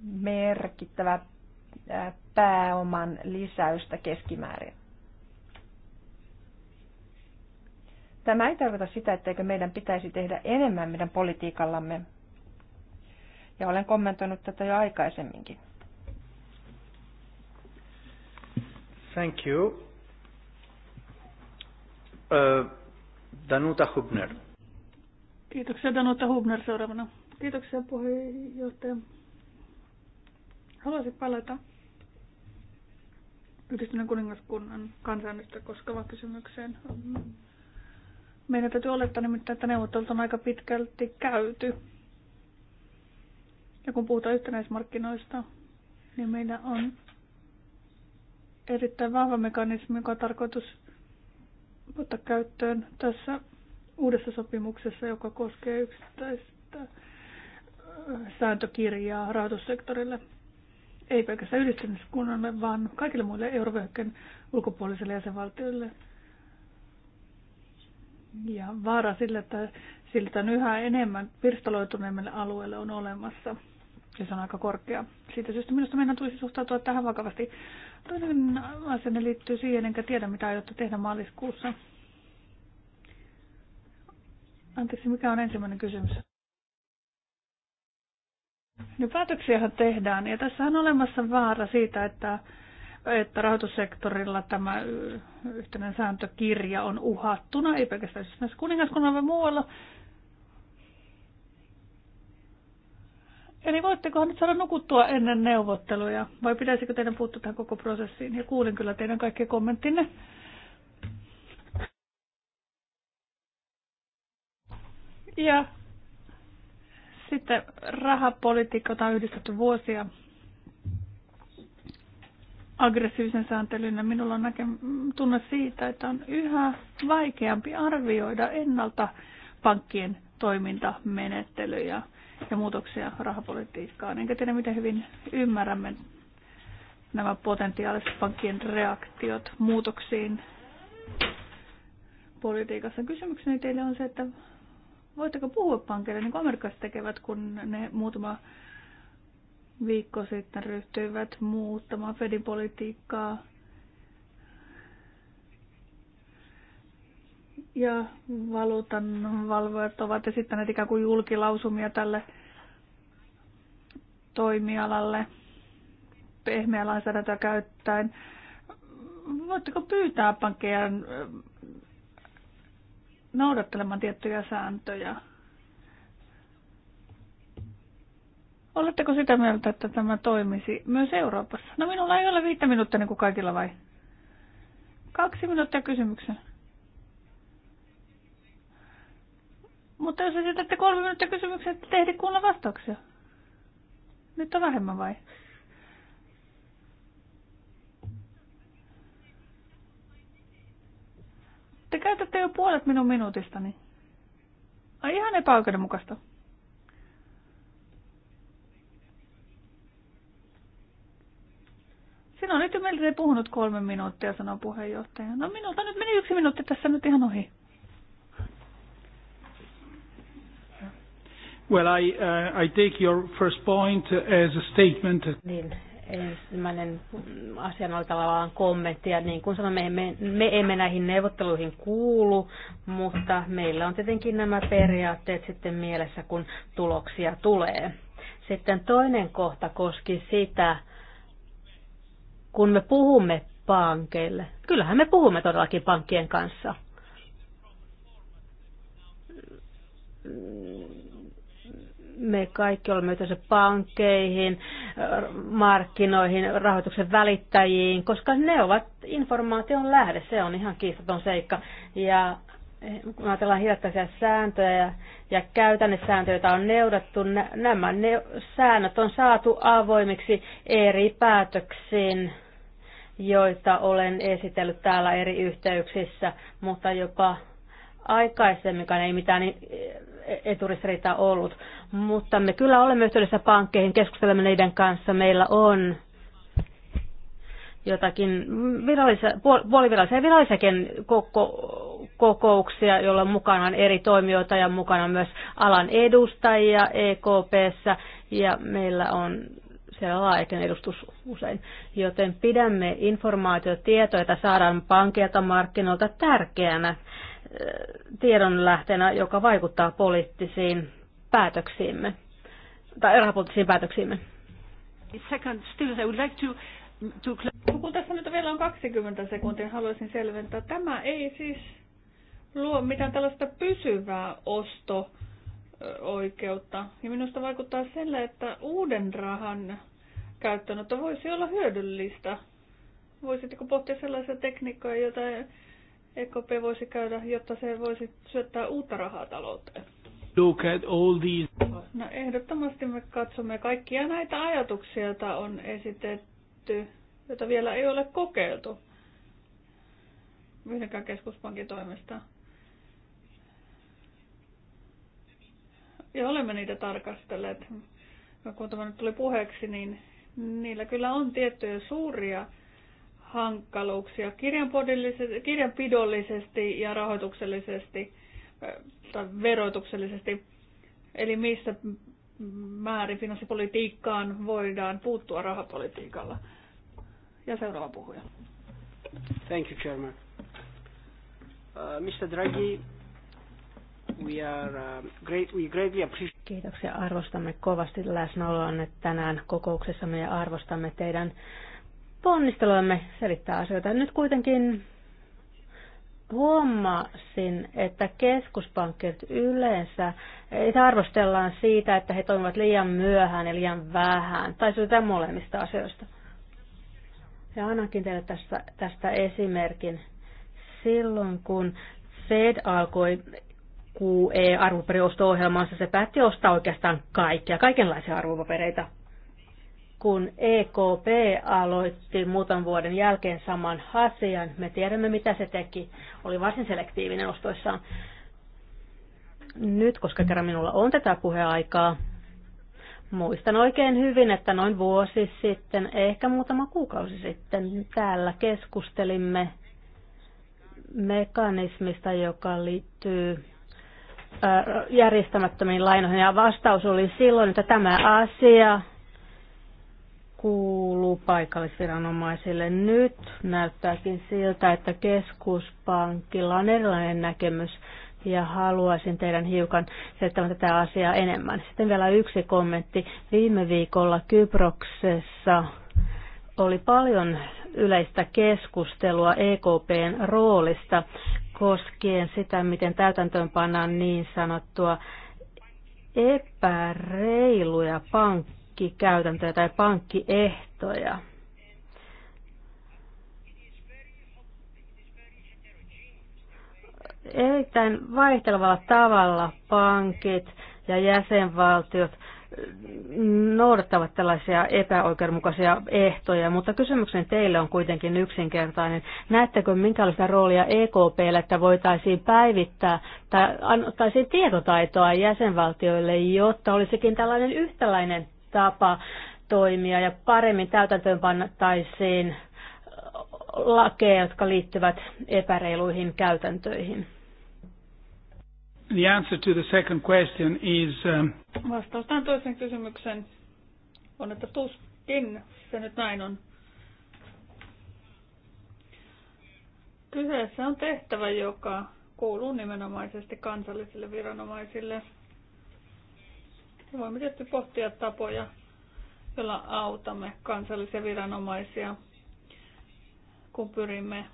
Speaker 2: merkittävää pääoman lisäystä keskimäärin. Tämä ei tarkoita sitä, etteikö meidän pitäisi tehdä enemmän meidän politiikallamme ja olen kommentoinut tätä jo aikaisemminkin.
Speaker 5: Thank you. Uh, Danuta Hubner.
Speaker 6: Kiitoksia Danuta Hubner seuraavana. Kiitoksia puheenjohtaja. Haluaisin palata yhdistyneen kuningaskunnan kansainvälistä koskevaan kysymykseen. Meidän täytyy olettaa nimittäin, että neuvottelut on aika pitkälti käyty. Ja kun puhutaan yhtenäismarkkinoista, niin meillä on erittäin vahva mekanismi, joka on tarkoitus ottaa käyttöön tässä uudessa sopimuksessa, joka koskee yksittäistä sääntökirjaa rahoitussektorille. Ei pelkästään yhdistymiskunnalle, vaan kaikille muille eurovyöhykkeen ulkopuolisille jäsenvaltioille. Ja vaara sillä, että siltä yhä enemmän pirstaloituneemmille alueelle on olemassa – ja se on aika korkea. Siitä syystä minusta meidän tulisi suhtautua tähän vakavasti. Toinen asia liittyy siihen, enkä tiedä mitä aiotte tehdä maaliskuussa. Anteeksi, mikä on ensimmäinen kysymys? No päätöksiähän tehdään ja tässä on olemassa vaara siitä, että, että rahoitussektorilla tämä yhtenäinen sääntökirja on uhattuna, ei pelkästään siis näissä kuningaskunnan vaan muualla. Eli voittekohan nyt saada nukuttua ennen neuvotteluja, vai pitäisikö teidän puuttua tähän koko prosessiin? Ja kuulin kyllä teidän kaikkien kommenttinne. Ja sitten rahapolitiikka, jota on yhdistetty vuosia aggressiivisen sääntelyn, ja minulla on näke, tunne siitä, että on yhä vaikeampi arvioida ennalta pankkien toimintamenettelyjä ja muutoksia rahapolitiikkaan. Enkä tiedä, miten hyvin ymmärrämme nämä potentiaaliset pankkien reaktiot muutoksiin politiikassa. Kysymykseni teille on se, että voitteko puhua pankeille, niin kuin amerikkalaiset tekevät, kun ne muutama viikko sitten ryhtyivät muuttamaan Fedin politiikkaa ja valuutan valvojat ovat esittäneet ikään kuin julkilausumia tälle toimialalle pehmeä lainsäädäntöä käyttäen. Voitteko pyytää pankkeja noudattelemaan tiettyjä sääntöjä? Oletteko sitä mieltä, että tämä toimisi myös Euroopassa? No minulla ei ole viittä minuuttia niin kuin kaikilla vai? Kaksi minuuttia kysymykseen. Mutta jos esitätte kolme minuuttia kysymyksiä, ette ehdi kuulla vastauksia. Nyt on vähemmän vai? Te käytätte jo puolet minun minuutistani. Ai ihan epäoikeudenmukaista. Sinä on nyt jo puhunut kolme minuuttia, sanoo puheenjohtaja. No minulta nyt meni yksi minuutti tässä nyt ihan ohi.
Speaker 4: Well, I, uh, I take your first point as a statement.
Speaker 3: Niin, ensimmäinen asian oli tavallaan kommentti, ja niin kuin sanoin, me emme, me emme näihin neuvotteluihin kuulu, mutta meillä on tietenkin nämä periaatteet sitten mielessä, kun tuloksia tulee. Sitten toinen kohta koski sitä, kun me puhumme pankeille. Kyllähän me puhumme todellakin pankkien kanssa me kaikki olemme yhteydessä pankkeihin, markkinoihin, rahoituksen välittäjiin, koska ne ovat informaation lähde. Se on ihan kiistaton seikka. Ja kun ajatellaan hiljattaisia sääntöjä ja, ja sääntöjä, joita on neudattu, nämä ne, säännöt on saatu avoimiksi eri päätöksiin, joita olen esitellyt täällä eri yhteyksissä, mutta jopa aikaisemminkaan ei mitään eturistiriitaa ollut, mutta me kyllä olemme yhteydessä pankkeihin, keskustelemme niiden kanssa, meillä on jotakin virallisia, puolivirallisia ja virallisiakin koko, kokouksia, joilla mukana on eri toimijoita ja mukana myös alan edustajia EKPssä ja meillä on siellä laajakin edustus usein. Joten pidämme informaatiotietoja, tietoja, joita saadaan pankilta markkinoilta tärkeänä tiedonlähteenä, joka vaikuttaa poliittisiin päätöksiimme tai rahapoliittisiin päätöksiimme.
Speaker 6: Kun tässä nyt vielä on 20 sekuntia, haluaisin selventää. Tämä ei siis luo mitään tällaista pysyvää osto-oikeutta. Ja minusta vaikuttaa sille, että uuden rahan käyttöönotto voisi olla hyödyllistä. Voisitteko pohtia sellaisia tekniikkoja, joita EKP voisi käydä, jotta se voisi syöttää uutta rahaa talouteen?
Speaker 4: Look at all these.
Speaker 6: No ehdottomasti me katsomme kaikkia näitä ajatuksia, joita on esitetty, joita vielä ei ole kokeiltu yhdenkään keskuspankin toimesta. Ja olemme niitä tarkastelleet. No, kun tämä nyt tuli puheeksi, niin niillä kyllä on tiettyjä suuria hankaluuksia kirjanpidollisesti ja rahoituksellisesti tai verotuksellisesti. Eli missä määrin finanssipolitiikkaan voidaan puuttua rahapolitiikalla. Ja seuraava puhuja.
Speaker 2: Thank you, Chairman. Uh, Mr. Draghi, we are, uh, great,
Speaker 3: we greatly appreciate... Kiitoksia. Arvostamme kovasti läsnäoloanne tänään kokouksessamme ja arvostamme teidän uh, ponnisteluamme selittää asioita. Nyt kuitenkin huomasin, että keskuspankit yleensä ei arvostellaan siitä, että he toimivat liian myöhään ja liian vähän, tai syytetään molemmista asioista. Ja annankin teille tästä, tästä esimerkin. Silloin kun Fed alkoi QE-arvopaperiosto-ohjelmaansa, se päätti ostaa oikeastaan kaikkia, kaikenlaisia arvopapereita kun EKP aloitti muutaman vuoden jälkeen saman asian, me tiedämme mitä se teki, oli varsin selektiivinen ostoissaan. Nyt, koska kerran minulla on tätä puheaikaa, muistan oikein hyvin, että noin vuosi sitten, ehkä muutama kuukausi sitten, täällä keskustelimme mekanismista, joka liittyy järjestämättömiin lainoihin. Ja vastaus oli silloin, että tämä asia kuuluu paikallisviranomaisille. Nyt näyttääkin siltä, että keskuspankilla on erilainen näkemys ja haluaisin teidän hiukan selittämään tätä asiaa enemmän. Sitten vielä yksi kommentti. Viime viikolla Kyproksessa oli paljon yleistä keskustelua EKPn roolista koskien sitä, miten täytäntöön pannaan niin sanottua epäreiluja pankkeja pankkikäytäntöjä tai pankkiehtoja. Erittäin vaihtelevalla tavalla pankit ja jäsenvaltiot noudattavat tällaisia epäoikeudenmukaisia ehtoja, mutta kysymykseni teille on kuitenkin yksinkertainen. Näettekö minkälaista roolia EKPllä, että voitaisiin päivittää tai annettaisiin tietotaitoa jäsenvaltioille, jotta olisikin tällainen yhtäläinen tapa toimia ja paremmin täytäntöönpantaisiin lakeja, jotka liittyvät epäreiluihin käytäntöihin?
Speaker 4: The answer to the second question is... Um...
Speaker 3: Vastaus tähän toiseen
Speaker 6: kysymykseen
Speaker 3: on, että tuskin
Speaker 6: se nyt näin on. Kyseessä on tehtävä, joka kuuluu nimenomaisesti kansallisille viranomaisille – ja voimme tietysti pohtia tapoja, joilla autamme kansallisia viranomaisia, kun pyrimme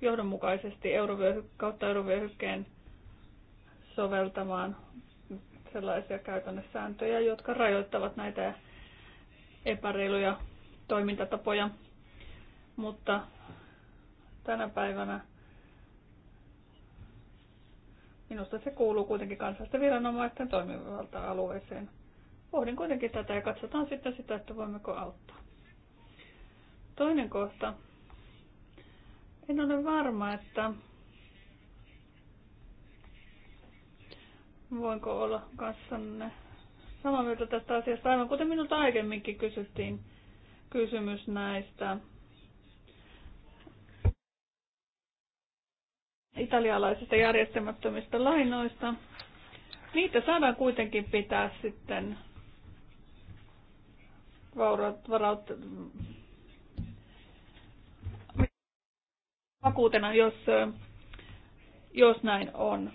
Speaker 6: johdonmukaisesti eurovyöhy- kautta eurovyöhykkeen soveltamaan sellaisia käytännössääntöjä, jotka rajoittavat näitä epäreiluja toimintatapoja. Mutta tänä päivänä minusta se kuuluu kuitenkin kansallisten viranomaisten toimivalta-alueeseen. Pohdin kuitenkin tätä ja katsotaan sitten sitä, että voimmeko auttaa. Toinen kohta. En ole varma, että voinko olla kanssanne samaa mieltä tästä asiasta. Aivan kuten minulta aiemminkin kysyttiin kysymys näistä italialaisista järjestämättömistä lainoista. Niitä saadaan kuitenkin pitää sitten varat, vakuutena, jos, jos näin on.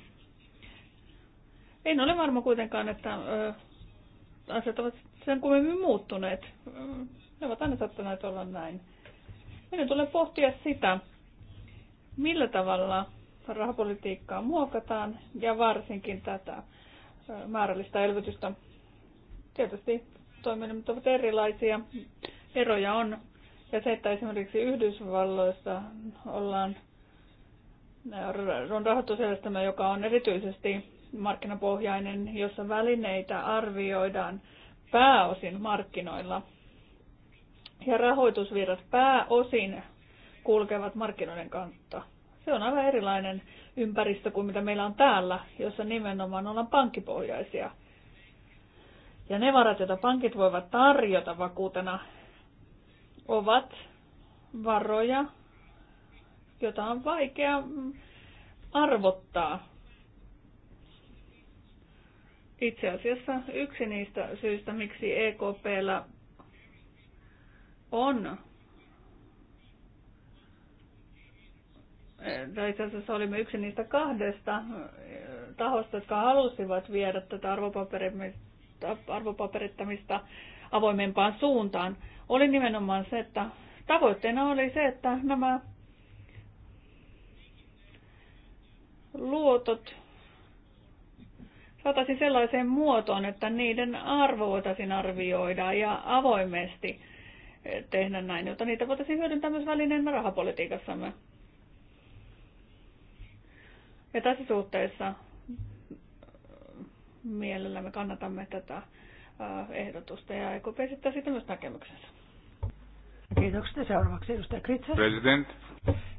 Speaker 6: En ole varma kuitenkaan, että ö, asiat ovat sen kummemmin muuttuneet. Ne ovat aina saattaneet olla näin. Meidän tulee pohtia sitä, millä tavalla rahapolitiikkaa muokataan ja varsinkin tätä määrällistä elvytystä. Tietysti toiminnot ovat erilaisia, eroja on. Ja se, että esimerkiksi Yhdysvalloissa ollaan on rahoitusjärjestelmä, joka on erityisesti markkinapohjainen, jossa välineitä arvioidaan pääosin markkinoilla. Ja rahoitusvirrat pääosin kulkevat markkinoiden kautta. Se on aivan erilainen ympäristö kuin mitä meillä on täällä, jossa nimenomaan ollaan pankkipohjaisia. Ja ne varat, joita pankit voivat tarjota vakuutena, ovat varoja, joita on vaikea arvottaa. Itse asiassa yksi niistä syistä, miksi EKPllä on, tai itse asiassa olimme yksi niistä kahdesta tahosta, jotka halusivat viedä tätä arvopaperimista arvopaperittamista avoimempaan suuntaan, oli nimenomaan se, että tavoitteena oli se, että nämä luotot saataisiin sellaiseen muotoon, että niiden arvo voitaisiin arvioida ja avoimesti tehdä näin, jotta niitä voitaisiin hyödyntää myös välineen rahapolitiikassamme. Ja tässä suhteessa mielellämme kannatamme tätä ehdotusta ja EKP esittää siitä myös näkemyksensä. Kiitoksia. Seuraavaksi edustaja Kritsas. President.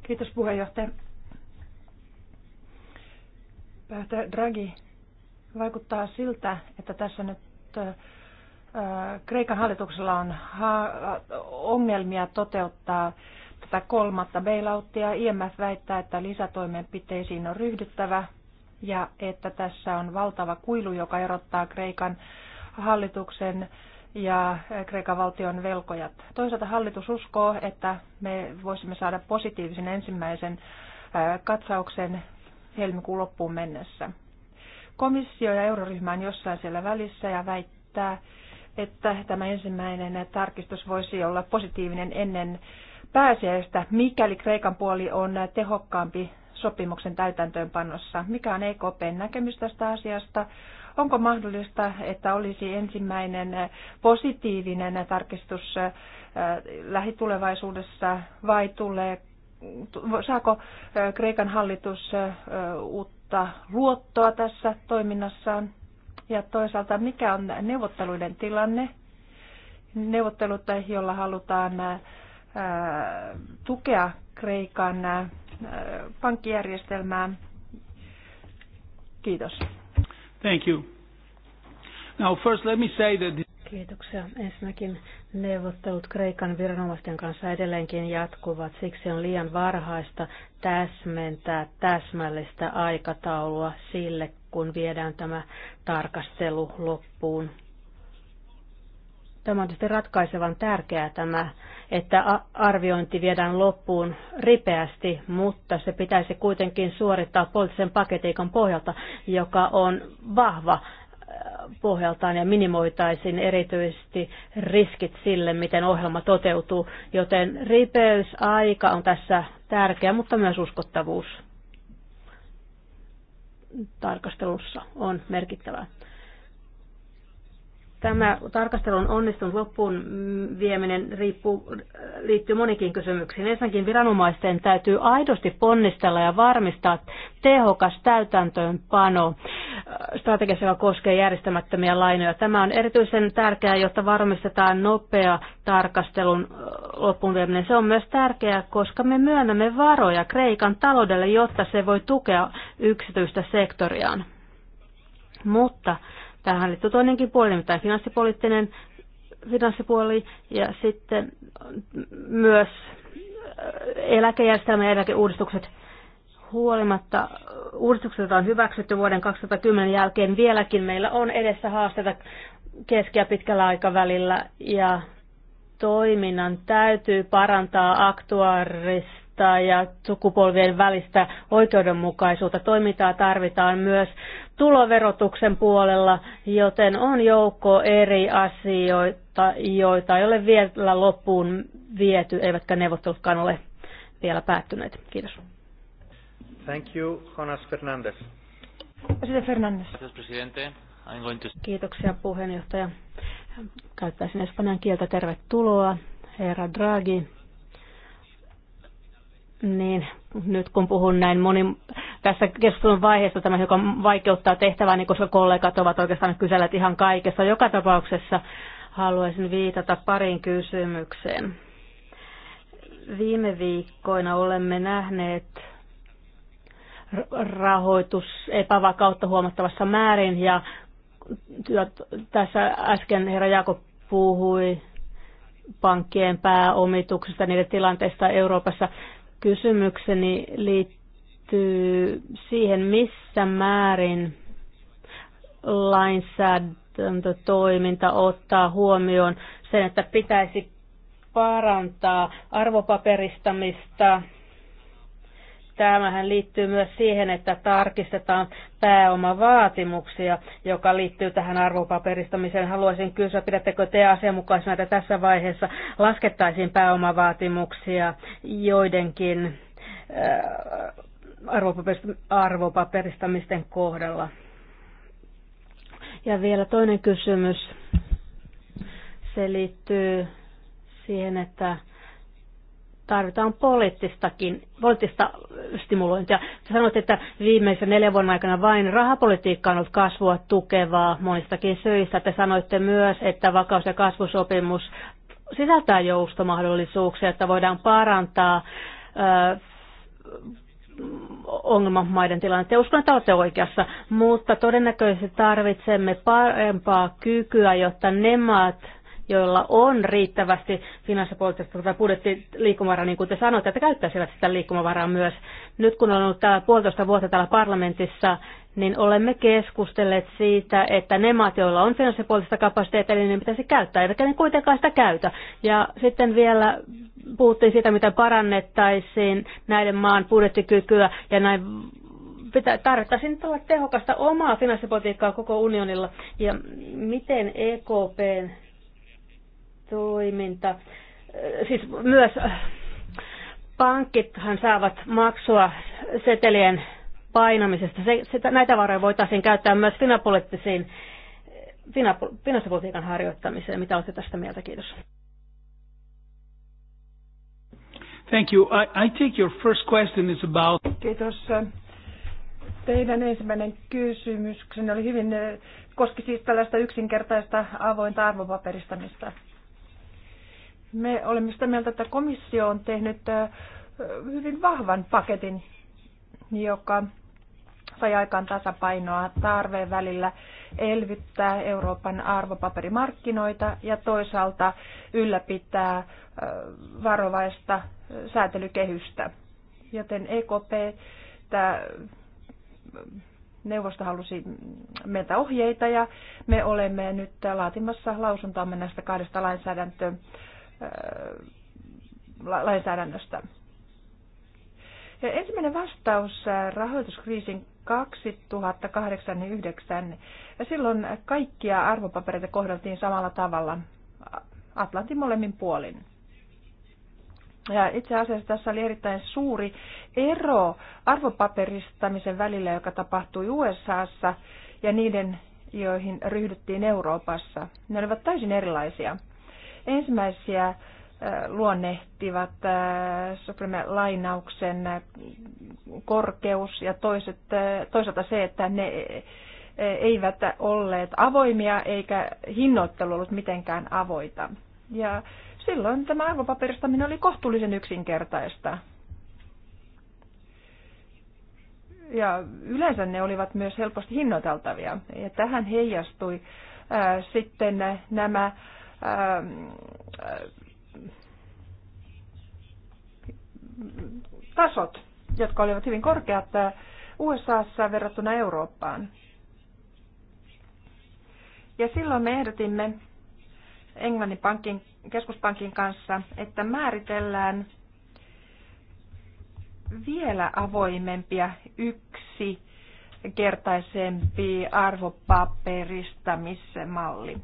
Speaker 6: Kiitos puheenjohtaja.
Speaker 2: Päätä Draghi vaikuttaa siltä, että tässä nyt Kreikan hallituksella on ongelmia toteuttaa tätä kolmatta bailouttia. IMF väittää, että lisätoimenpiteisiin on ryhdyttävä ja että tässä on valtava kuilu, joka erottaa Kreikan hallituksen ja Kreikan valtion velkojat. Toisaalta hallitus uskoo, että me voisimme saada positiivisen ensimmäisen katsauksen helmikuun loppuun mennessä. Komissio ja euroryhmä on jossain siellä välissä ja väittää, että tämä ensimmäinen tarkistus voisi olla positiivinen ennen pääsiäistä, mikäli Kreikan puoli on tehokkaampi sopimuksen täytäntöönpannossa. Mikä on EKPn näkemys tästä asiasta? Onko mahdollista, että olisi ensimmäinen positiivinen tarkistus äh, lähitulevaisuudessa vai tulee, saako äh, Kreikan hallitus äh, uutta luottoa tässä toiminnassaan? Ja toisaalta, mikä on neuvotteluiden tilanne? Neuvottelut, joilla halutaan tukea Kreikan
Speaker 3: pankkijärjestelmää. Kiitos.
Speaker 4: Thank you. Now first let me say that this...
Speaker 3: Kiitoksia. Ensinnäkin neuvottelut Kreikan viranomaisten kanssa edelleenkin jatkuvat. Siksi on liian varhaista täsmentää täsmällistä aikataulua sille, kun viedään tämä tarkastelu loppuun. Tämä on tietysti ratkaisevan tärkeää tämä, että arviointi viedään loppuun ripeästi, mutta se pitäisi kuitenkin suorittaa poliittisen paketiikan pohjalta, joka on vahva äh, pohjaltaan ja minimoitaisiin erityisesti riskit sille, miten ohjelma toteutuu, joten ripeys, aika on tässä tärkeä, mutta myös uskottavuus tarkastelussa on merkittävää. Tämä tarkastelun onnistunut loppuun vieminen riippuu, liittyy monikin kysymyksiin. Ensinnäkin viranomaisten täytyy aidosti ponnistella ja varmistaa tehokas täytäntöönpano äh, strategiassa, joka koskee järjestämättömiä lainoja. Tämä on erityisen tärkeää, jotta varmistetaan nopea tarkastelun äh, loppuun vieminen. Se on myös tärkeää, koska me myönnämme varoja Kreikan taloudelle, jotta se voi tukea yksityistä sektoriaan. Mutta Tähän liittyy toinenkin puoli, nimittäin finanssipoliittinen finanssipuoli ja sitten myös äh, eläkejärjestelmä ja eläkeuudistukset huolimatta uudistukset on hyväksytty vuoden 2010 jälkeen vieläkin meillä on edessä haasteita keski- ja pitkällä aikavälillä ja toiminnan täytyy parantaa aktuaarista vahvistaa ja sukupolvien välistä oikeudenmukaisuutta. Toimintaa tarvitaan myös tuloverotuksen puolella, joten on joukko eri asioita, joita ei ole vielä loppuun viety, eivätkä neuvottelutkaan ole vielä päättyneet. Kiitos.
Speaker 5: Thank you, Jonas Fernandes.
Speaker 3: Presidente Fernandes. Kiitoksia puheenjohtaja. Käyttäisin espanjan kieltä tervetuloa, herra Draghi. Niin, nyt kun puhun näin moni, tässä keskustelun vaiheessa tämä joka vaikeuttaa tehtävää, niin koska kollegat ovat oikeastaan kyselleet ihan kaikessa. Joka tapauksessa haluaisin viitata pariin kysymykseen. Viime viikkoina olemme nähneet rahoitus epävakautta huomattavassa määrin ja tässä äsken herra Jaakob puhui pankkien pääomituksesta, niiden tilanteesta Euroopassa. Kysymykseni liittyy siihen, missä määrin lainsäädäntötoiminta ottaa huomioon sen, että pitäisi parantaa arvopaperistamista Tämähän liittyy myös siihen, että tarkistetaan pääomavaatimuksia, joka liittyy tähän arvopaperistamiseen. Haluaisin kysyä, pidättekö te asianmukaisena, että tässä vaiheessa laskettaisiin pääomavaatimuksia joidenkin äh, arvopaperistamisten kohdalla? Ja vielä toinen kysymys. Se liittyy siihen, että tarvitaan poliittistakin, poliittista stimulointia. Sanoit, että viimeisen neljän vuoden aikana vain rahapolitiikka on ollut kasvua tukevaa monistakin syistä. Te sanoitte myös, että vakaus- ja kasvusopimus sisältää joustomahdollisuuksia, että voidaan parantaa ö, ongelmamaiden tilannetta. Uskon, että olette oikeassa, mutta todennäköisesti tarvitsemme parempaa kykyä, jotta ne maat, joilla on riittävästi finanssipoliittista tai budjettiliikkumavaraa, niin kuin te sanoitte, että käyttäisivät sitä liikkumavaraa myös. Nyt kun on ollut täällä puolitoista vuotta täällä parlamentissa, niin olemme keskustelleet siitä, että ne maat, joilla on finanssipoliittista kapasiteettia, niin ne pitäisi käyttää, eivätkä ne kuitenkaan sitä käytä. Ja sitten vielä puhuttiin siitä, mitä parannettaisiin näiden maan budjettikykyä ja näin pitää, tarvittaisiin olla tehokasta omaa finanssipolitiikkaa koko unionilla. Ja miten EKPn toiminta, äh, siis myös äh, pankkithan saavat maksua setelien painamisesta. Se, sitä, näitä varoja voitaisiin käyttää myös finanssipoliittisiin finanssipolitiikan harjoittamiseen. Mitä olette tästä mieltä? Kiitos.
Speaker 4: Thank you. I, I take your first question is about...
Speaker 2: Kiitos. Teidän ensimmäinen kysymyksenne oli hyvin, äh, koski siis tällaista yksinkertaista avointa arvopaperistamista. Me olemme sitä mieltä, että komissio on tehnyt hyvin vahvan paketin, joka sai aikaan tasapainoa tarveen välillä elvyttää Euroopan arvopaperimarkkinoita ja toisaalta ylläpitää varovaista säätelykehystä. Joten EKP tämä neuvosto halusi meiltä ohjeita ja me olemme nyt laatimassa lausuntoa näistä kahdesta lainsäädäntöä lainsäädännöstä. Ja ensimmäinen vastaus rahoituskriisin 2008-2009, ja silloin kaikkia arvopapereita kohdeltiin samalla tavalla Atlantin molemmin puolin. Ja itse asiassa tässä oli erittäin suuri ero arvopaperistamisen välillä, joka tapahtui USAssa ja niiden, joihin ryhdyttiin Euroopassa. Ne olivat täysin erilaisia ensimmäisiä äh, luonnehtivat äh, Supreme lainauksen äh, korkeus ja toiset, toisaalta se, että ne eivät olleet avoimia eikä hinnoittelu ollut mitenkään avoita.
Speaker 6: Ja silloin
Speaker 2: tämä arvopaperistaminen oli kohtuullisen yksinkertaista. Ja yleensä ne olivat myös helposti hinnoiteltavia. Ja tähän heijastui ää, sitten nämä ää, Ähm, äh, tasot, jotka olivat hyvin korkeat äh, USAssa verrattuna Eurooppaan. Ja silloin me ehdotimme Englannin pankin, keskuspankin kanssa, että määritellään vielä avoimempia yksi kertaisempi arvopaperistamismalli.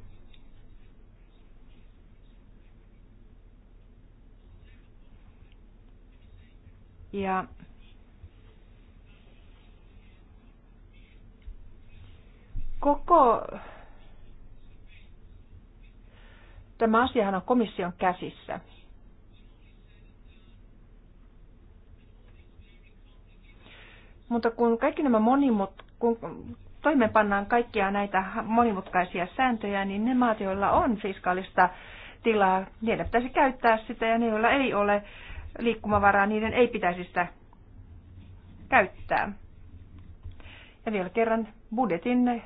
Speaker 2: Ja koko tämä asiahan on komission käsissä. Mutta kun kaikki nämä monimut, kun toimeenpannaan kaikkia näitä monimutkaisia sääntöjä, niin ne maat, joilla on fiskaalista tilaa, niiden pitäisi käyttää sitä ja ne, joilla ei ole, liikkumavaraa niiden ei pitäisi sitä käyttää. Ja vielä kerran budjetin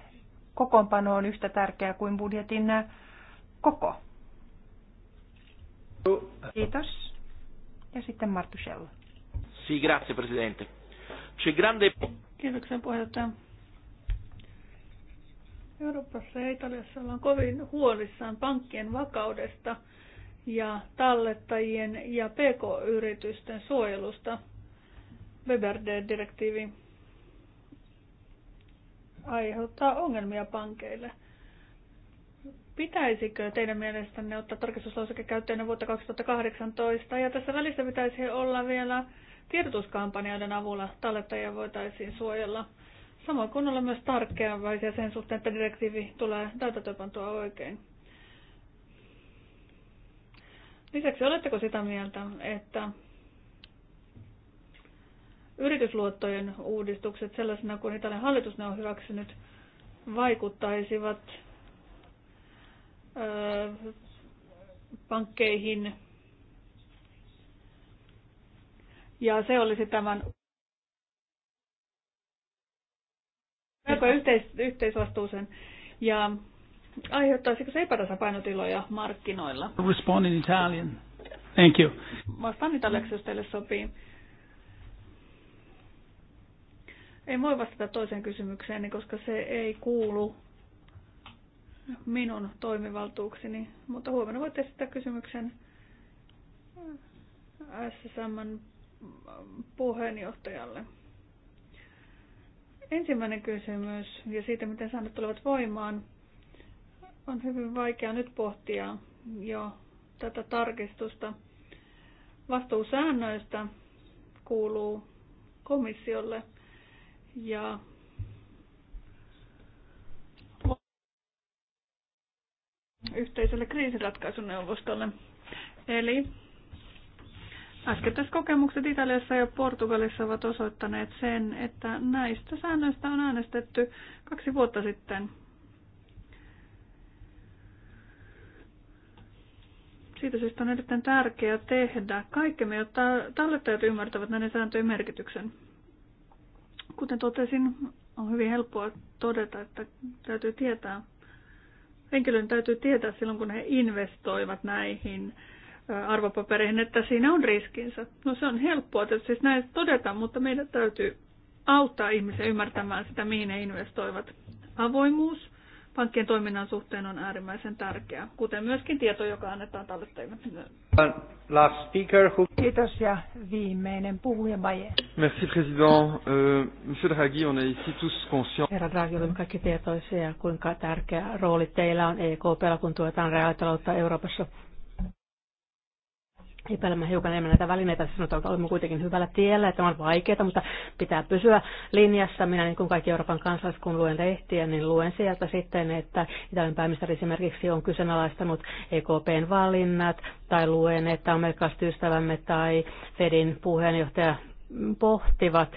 Speaker 2: kokoonpano on yhtä tärkeä kuin budjetin koko.
Speaker 6: Kiitos. Ja sitten Martusella.
Speaker 5: Sì, grazie Presidente. C'è grande...
Speaker 6: puheenjohtaja. Euroopassa ja Italiassa ollaan kovin huolissaan pankkien vakaudesta – ja tallettajien ja pk-yritysten suojelusta weberde direktiivi aiheuttaa ongelmia pankeille. Pitäisikö teidän mielestänne ottaa tarkistuslauseke käyttöön vuotta 2018 ja tässä välissä pitäisi olla vielä tiedotuskampanjoiden avulla tallettajia voitaisiin suojella. Samoin kun olla myös tarkkeavaisia sen suhteen, että direktiivi tulee täytäntöönpantua oikein. Lisäksi oletteko sitä mieltä, että yritysluottojen uudistukset sellaisena kuin Italian hallitus ne on hyväksynyt, vaikuttaisivat öö, pankkeihin ja se olisi tämän melko yhteis- yhteisvastuuseen. Ja Aiheuttaisiko se epätasapainotiloja markkinoilla?
Speaker 4: Respond in Italian. Thank
Speaker 6: you. Vastaan italiaksi, jos teille sopii. En voi vastata toiseen kysymykseen, koska se ei kuulu minun toimivaltuukseni, mutta huomenna voit esittää kysymyksen SSM puheenjohtajalle. Ensimmäinen kysymys ja siitä, miten säännöt tulevat voimaan – on hyvin vaikea nyt pohtia jo tätä tarkistusta. Vastuusäännöistä kuuluu komissiolle ja yhteiselle kriisiratkaisuneuvostolle. Eli äskettäiset kokemukset Italiassa ja Portugalissa ovat osoittaneet sen, että näistä säännöistä on äänestetty kaksi vuotta sitten – Siitä syystä on erittäin tärkeää tehdä kaikkemme, jotta tallettajat ymmärtävät näiden sääntöjen merkityksen. Kuten totesin, on hyvin helppoa todeta, että täytyy tietää, henkilön täytyy tietää silloin, kun he investoivat näihin arvopapereihin, että siinä on riskinsä. No se on helppoa että siis näin todeta, mutta meidän täytyy auttaa ihmisiä ymmärtämään sitä, mihin he investoivat. Avoimuus pankkien toiminnan suhteen on äärimmäisen tärkeää, kuten myöskin tieto, joka annetaan tallettajille.
Speaker 5: Last speaker, who... Kiitos ja
Speaker 3: viimeinen puhuja Baye.
Speaker 5: Merci président. Uh, monsieur Draghi, on est ici tous conscients. Herra
Speaker 3: Draghi, olemme kaikki tietoisia, kuinka tärkeä rooli teillä on EKPllä, kun tuetaan reaalitaloutta Euroopassa epäilemään hiukan enemmän näitä välineitä. Sanotaan, että olemme kuitenkin hyvällä tiellä, että on vaikeaa, mutta pitää pysyä linjassa. Minä niin kuin kaikki Euroopan kansalaiset, kun luen lehtiä, niin luen sieltä sitten, että Italian pääministeri esimerkiksi on kyseenalaistanut EKPn valinnat, tai luen, että amerikkalaiset ystävämme tai Fedin puheenjohtaja pohtivat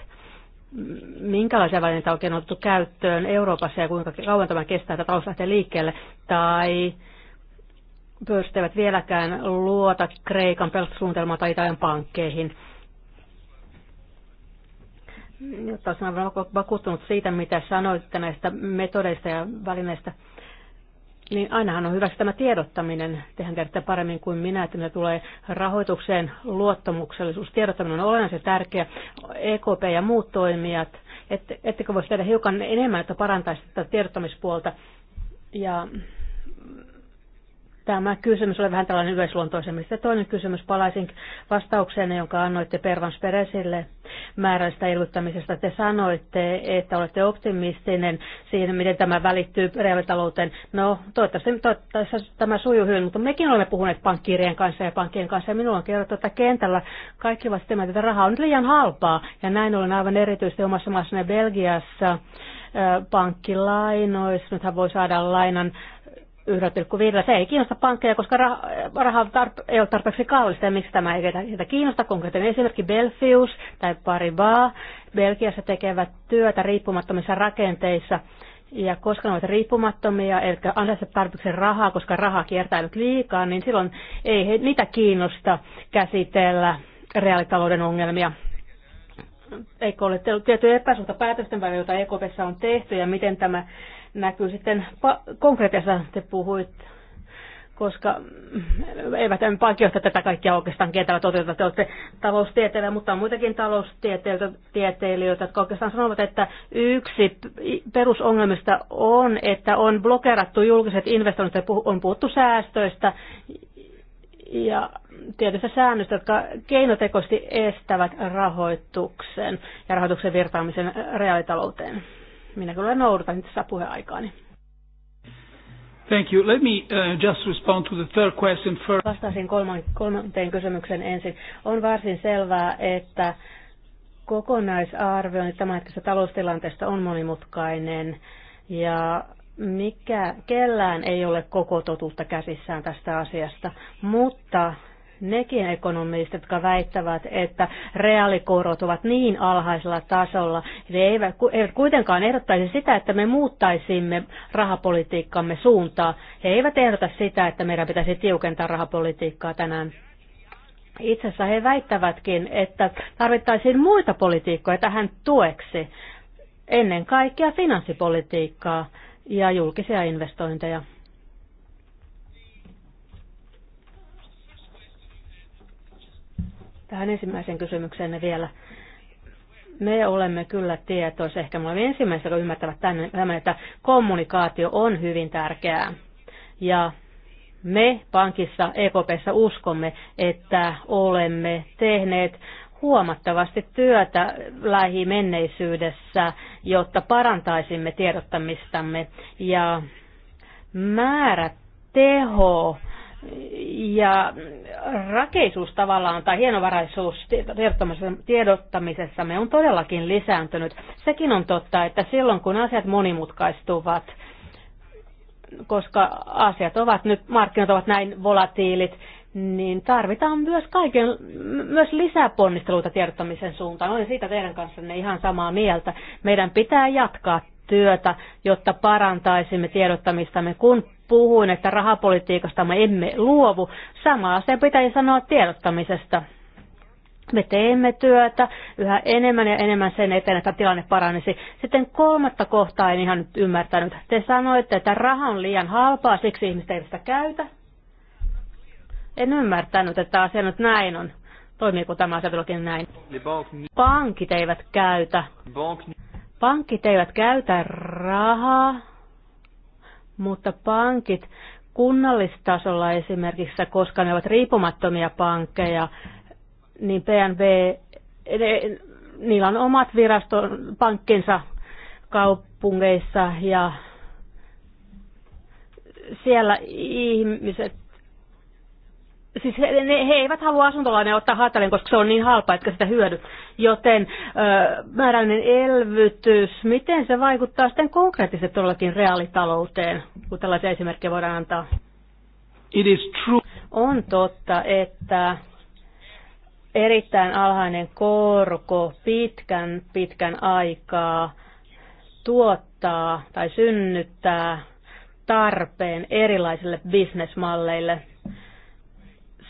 Speaker 3: minkälaisia välineitä on otettu käyttöön Euroopassa ja kuinka kauan tämä kestää, että talous lähtee liikkeelle, tai eivät vieläkään luota Kreikan pelastussuunnitelmaa tai Italian pankkeihin. Jotta olen vakuuttunut siitä, mitä sanoit näistä metodeista ja välineistä, niin ainahan on hyväksi tämä tiedottaminen. Tehän tiedätte paremmin kuin minä, että mitä tulee rahoitukseen, luottamuksellisuus. Tiedottaminen on olennaisen tärkeä. EKP ja muut toimijat, et, ettekö voisi tehdä hiukan enemmän, että parantaisi tätä tiedottamispuolta. Ja Tämä kysymys oli vähän tällainen yleisluontoisemmin. Sitten toinen kysymys palaisin vastaukseen, jonka annoitte Pervans Peresille määräistä elvyttämisestä. Te sanoitte, että olette optimistinen siihen, miten tämä välittyy reaalitalouteen. No, toivottavasti, toivottavasti tämä sujuu hyvin, mutta mekin olemme puhuneet pankkiirien kanssa ja pankkien kanssa, ja minulla on kerrottu, että kentällä kaikki ovat sitten, että raha on nyt liian halpaa, ja näin ollen aivan erityisesti omassa maassani Belgiassa pankkilainoissa. Nythän voi saada lainan 1,5. Se ei kiinnosta pankkeja, koska raha tarp- ei ole tarpeeksi kallista. Ja miksi tämä ei sitä kiinnosta? Konkreettinen esimerkki Belfius tai Paribas. Belgiassa tekevät työtä riippumattomissa rakenteissa. Ja koska ne ovat riippumattomia, eli ansaitse tarpeeksi rahaa, koska rahaa kiertää nyt liikaa, niin silloin ei he, niitä kiinnosta käsitellä reaalitalouden ongelmia. Eikö ole tietty epäsuhta päätösten välillä, joita EKPssä on tehty ja miten tämä näkyy sitten konkreettisesti te puhuit koska eivät pankkijohtajat tätä kaikkia oikeastaan kentällä toteuta. Te olette taloustieteilijöitä, mutta on muitakin taloustieteilijöitä, jotka oikeastaan sanovat, että yksi perusongelmista on, että on blokerattu julkiset investoinnit, on puhuttu säästöistä ja tietyistä säännöistä, jotka keinotekoisesti estävät rahoituksen ja rahoituksen virtaamisen reaalitalouteen. Minä kyllä noudatan tässä puheaikaani.
Speaker 4: Thank you. Let me uh, just respond to the third question
Speaker 3: first. Vastasin kolmanteen kysymykseen ensin. On varsin selvää, että kokonaisarviointi tämä tämänhetkisestä taloustilanteesta on monimutkainen ja mikä, kellään ei ole koko totuutta käsissään tästä asiasta, mutta nekin ekonomistit, jotka väittävät, että reaalikorot ovat niin alhaisella tasolla, ne eivät, eivät kuitenkaan ehdottaisi sitä, että me muuttaisimme rahapolitiikkamme suuntaa. He eivät ehdota sitä, että meidän pitäisi tiukentaa rahapolitiikkaa tänään. Itse asiassa he väittävätkin, että tarvittaisiin muita politiikkoja tähän tueksi, ennen kaikkea finanssipolitiikkaa ja julkisia investointeja. Tähän ensimmäiseen kysymykseen vielä. Me olemme kyllä tietoisia, ehkä me olemme ensimmäiset, jotka ymmärtävät tämän, että kommunikaatio on hyvin tärkeää. Ja me pankissa, EKPssä uskomme, että olemme tehneet huomattavasti työtä lähimenneisyydessä, jotta parantaisimme tiedottamistamme. Ja määrä teho ja rakeisuus tavallaan tai hienovaraisuus tiedottamisessamme on todellakin lisääntynyt. Sekin on totta, että silloin kun asiat monimutkaistuvat, koska asiat ovat nyt, markkinat ovat näin volatiilit, niin tarvitaan myös, kaiken, myös lisää ponnisteluita tiedottamisen suuntaan. Olen siitä teidän kanssanne ihan samaa mieltä. Meidän pitää jatkaa työtä, jotta parantaisimme tiedottamistamme, kun puhuin, että rahapolitiikasta me emme luovu. Sama se pitäisi sanoa tiedottamisesta. Me teemme työtä yhä enemmän ja enemmän sen eteen, että tilanne paranisi. Sitten kolmatta kohtaa en ihan nyt ymmärtänyt. Te sanoitte, että raha on liian halpaa, siksi ihmiset eivät sitä käytä. En ymmärtänyt, että asia nyt näin on. Toimiiko tämä asia todellakin näin? Pankit eivät käytä. Pankit eivät käytä rahaa mutta pankit kunnallistasolla esimerkiksi, koska ne ovat riippumattomia pankkeja, niin PNV, ne, niillä on omat viraston pankkinsa kaupungeissa ja siellä ihmiset Siis he, ne, he eivät halua asuntolainaa ottaa haitalleen, koska se on niin halpa, etkä sitä hyödy. Joten ö, määräinen elvytys, miten se vaikuttaa sitten konkreettisesti todellakin reaalitalouteen, kun tällaisia esimerkkejä voidaan antaa? It is true. On totta, että erittäin alhainen korko pitkän, pitkän aikaa tuottaa tai synnyttää tarpeen erilaisille bisnesmalleille –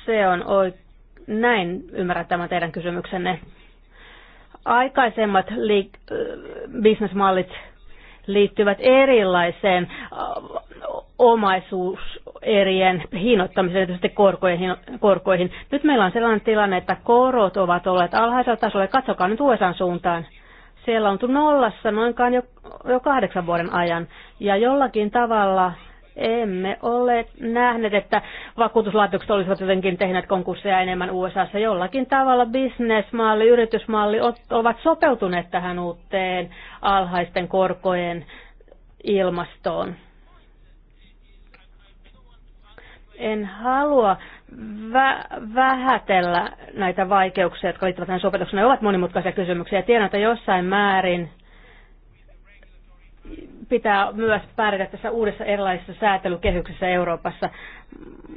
Speaker 3: se on oikein. Näin ymmärrän tämän teidän kysymyksenne. Aikaisemmat li- bisnesmallit liittyvät erilaiseen omaisuuserien hinnoittamiseen, erityisesti korkoihin, korkoihin. Nyt meillä on sellainen tilanne, että korot ovat olleet alhaisella tasolla. Katsokaa nyt USA suuntaan. Siellä on nollassa noinkaan jo, jo kahdeksan vuoden ajan. Ja jollakin tavalla emme ole nähneet, että vakuutuslaitokset olisivat jotenkin tehneet konkursseja enemmän USAssa. Jollakin tavalla bisnesmalli, yritysmalli ovat sopeutuneet tähän uuteen alhaisten korkojen ilmastoon. En halua vä- vähätellä näitä vaikeuksia, jotka liittyvät tähän sopetukseen. Ne ovat monimutkaisia kysymyksiä. Tiedän, että jossain määrin pitää myös pärjätä tässä uudessa erilaisessa säätelykehyksessä Euroopassa.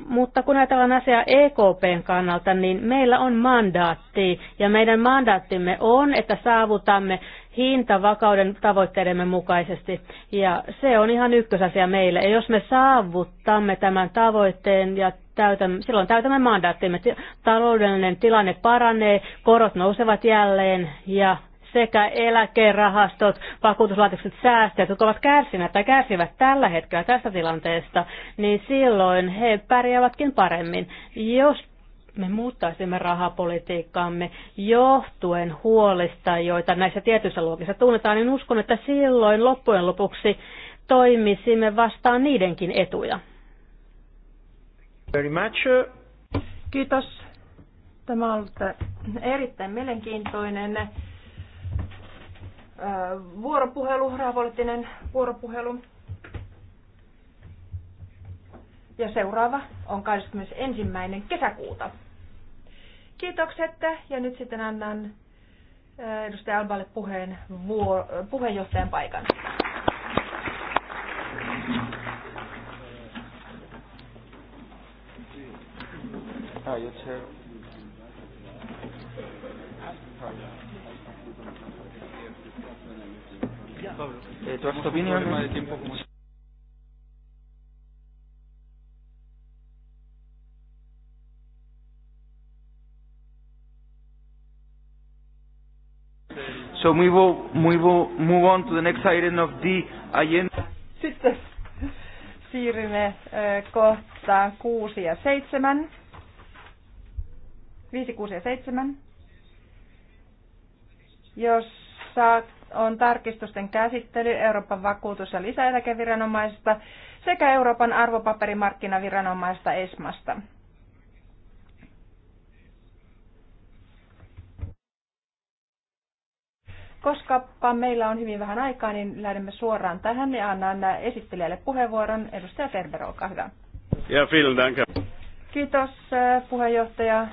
Speaker 3: Mutta kun ajatellaan asiaa EKPn kannalta, niin meillä on mandaatti, ja meidän mandaattimme on, että saavutamme hintavakauden tavoitteidemme mukaisesti, ja se on ihan ykkösasia meille. Ja jos me saavutamme tämän tavoitteen ja täytämme, silloin täytämme mandaattimme, taloudellinen tilanne paranee, korot nousevat jälleen, ja sekä eläkerahastot, vakuutuslaitokset, säästäjät, jotka ovat kärsineet tai kärsivät tällä hetkellä tästä tilanteesta, niin silloin he pärjäävätkin paremmin. Jos me muuttaisimme rahapolitiikkaamme johtuen huolista, joita näissä tietyissä luokissa tunnetaan, niin uskon, että silloin loppujen lopuksi toimisimme vastaan niidenkin etuja.
Speaker 5: Very much.
Speaker 3: Kiitos.
Speaker 2: Tämä on ollut erittäin mielenkiintoinen vuoropuhelu, rahapoliittinen vuoropuhelu. Ja seuraava on 21. kesäkuuta. Kiitokset ja nyt sitten annan edustaja Alballe puheen, puheenjohtajan paikan.
Speaker 1: Ah, you're Eh, ¿Tú has opinión? So we
Speaker 5: will, we will
Speaker 4: move on to the next item of the agenda.
Speaker 2: Sitten siirrymme kohtaan 6 ja 7. 5, 6 ja 7. Jossa on tarkistusten käsittely Euroopan vakuutus- ja lisäeläkeviranomaisesta sekä Euroopan arvopaperimarkkinaviranomaista ESMasta. Koska meillä on hyvin vähän aikaa, niin lähdemme suoraan tähän ja annan esittelijälle puheenvuoron. Edustaja Terber, olkaa hyvä.
Speaker 1: Ja vielen
Speaker 2: Kiitos äh, puheenjohtaja.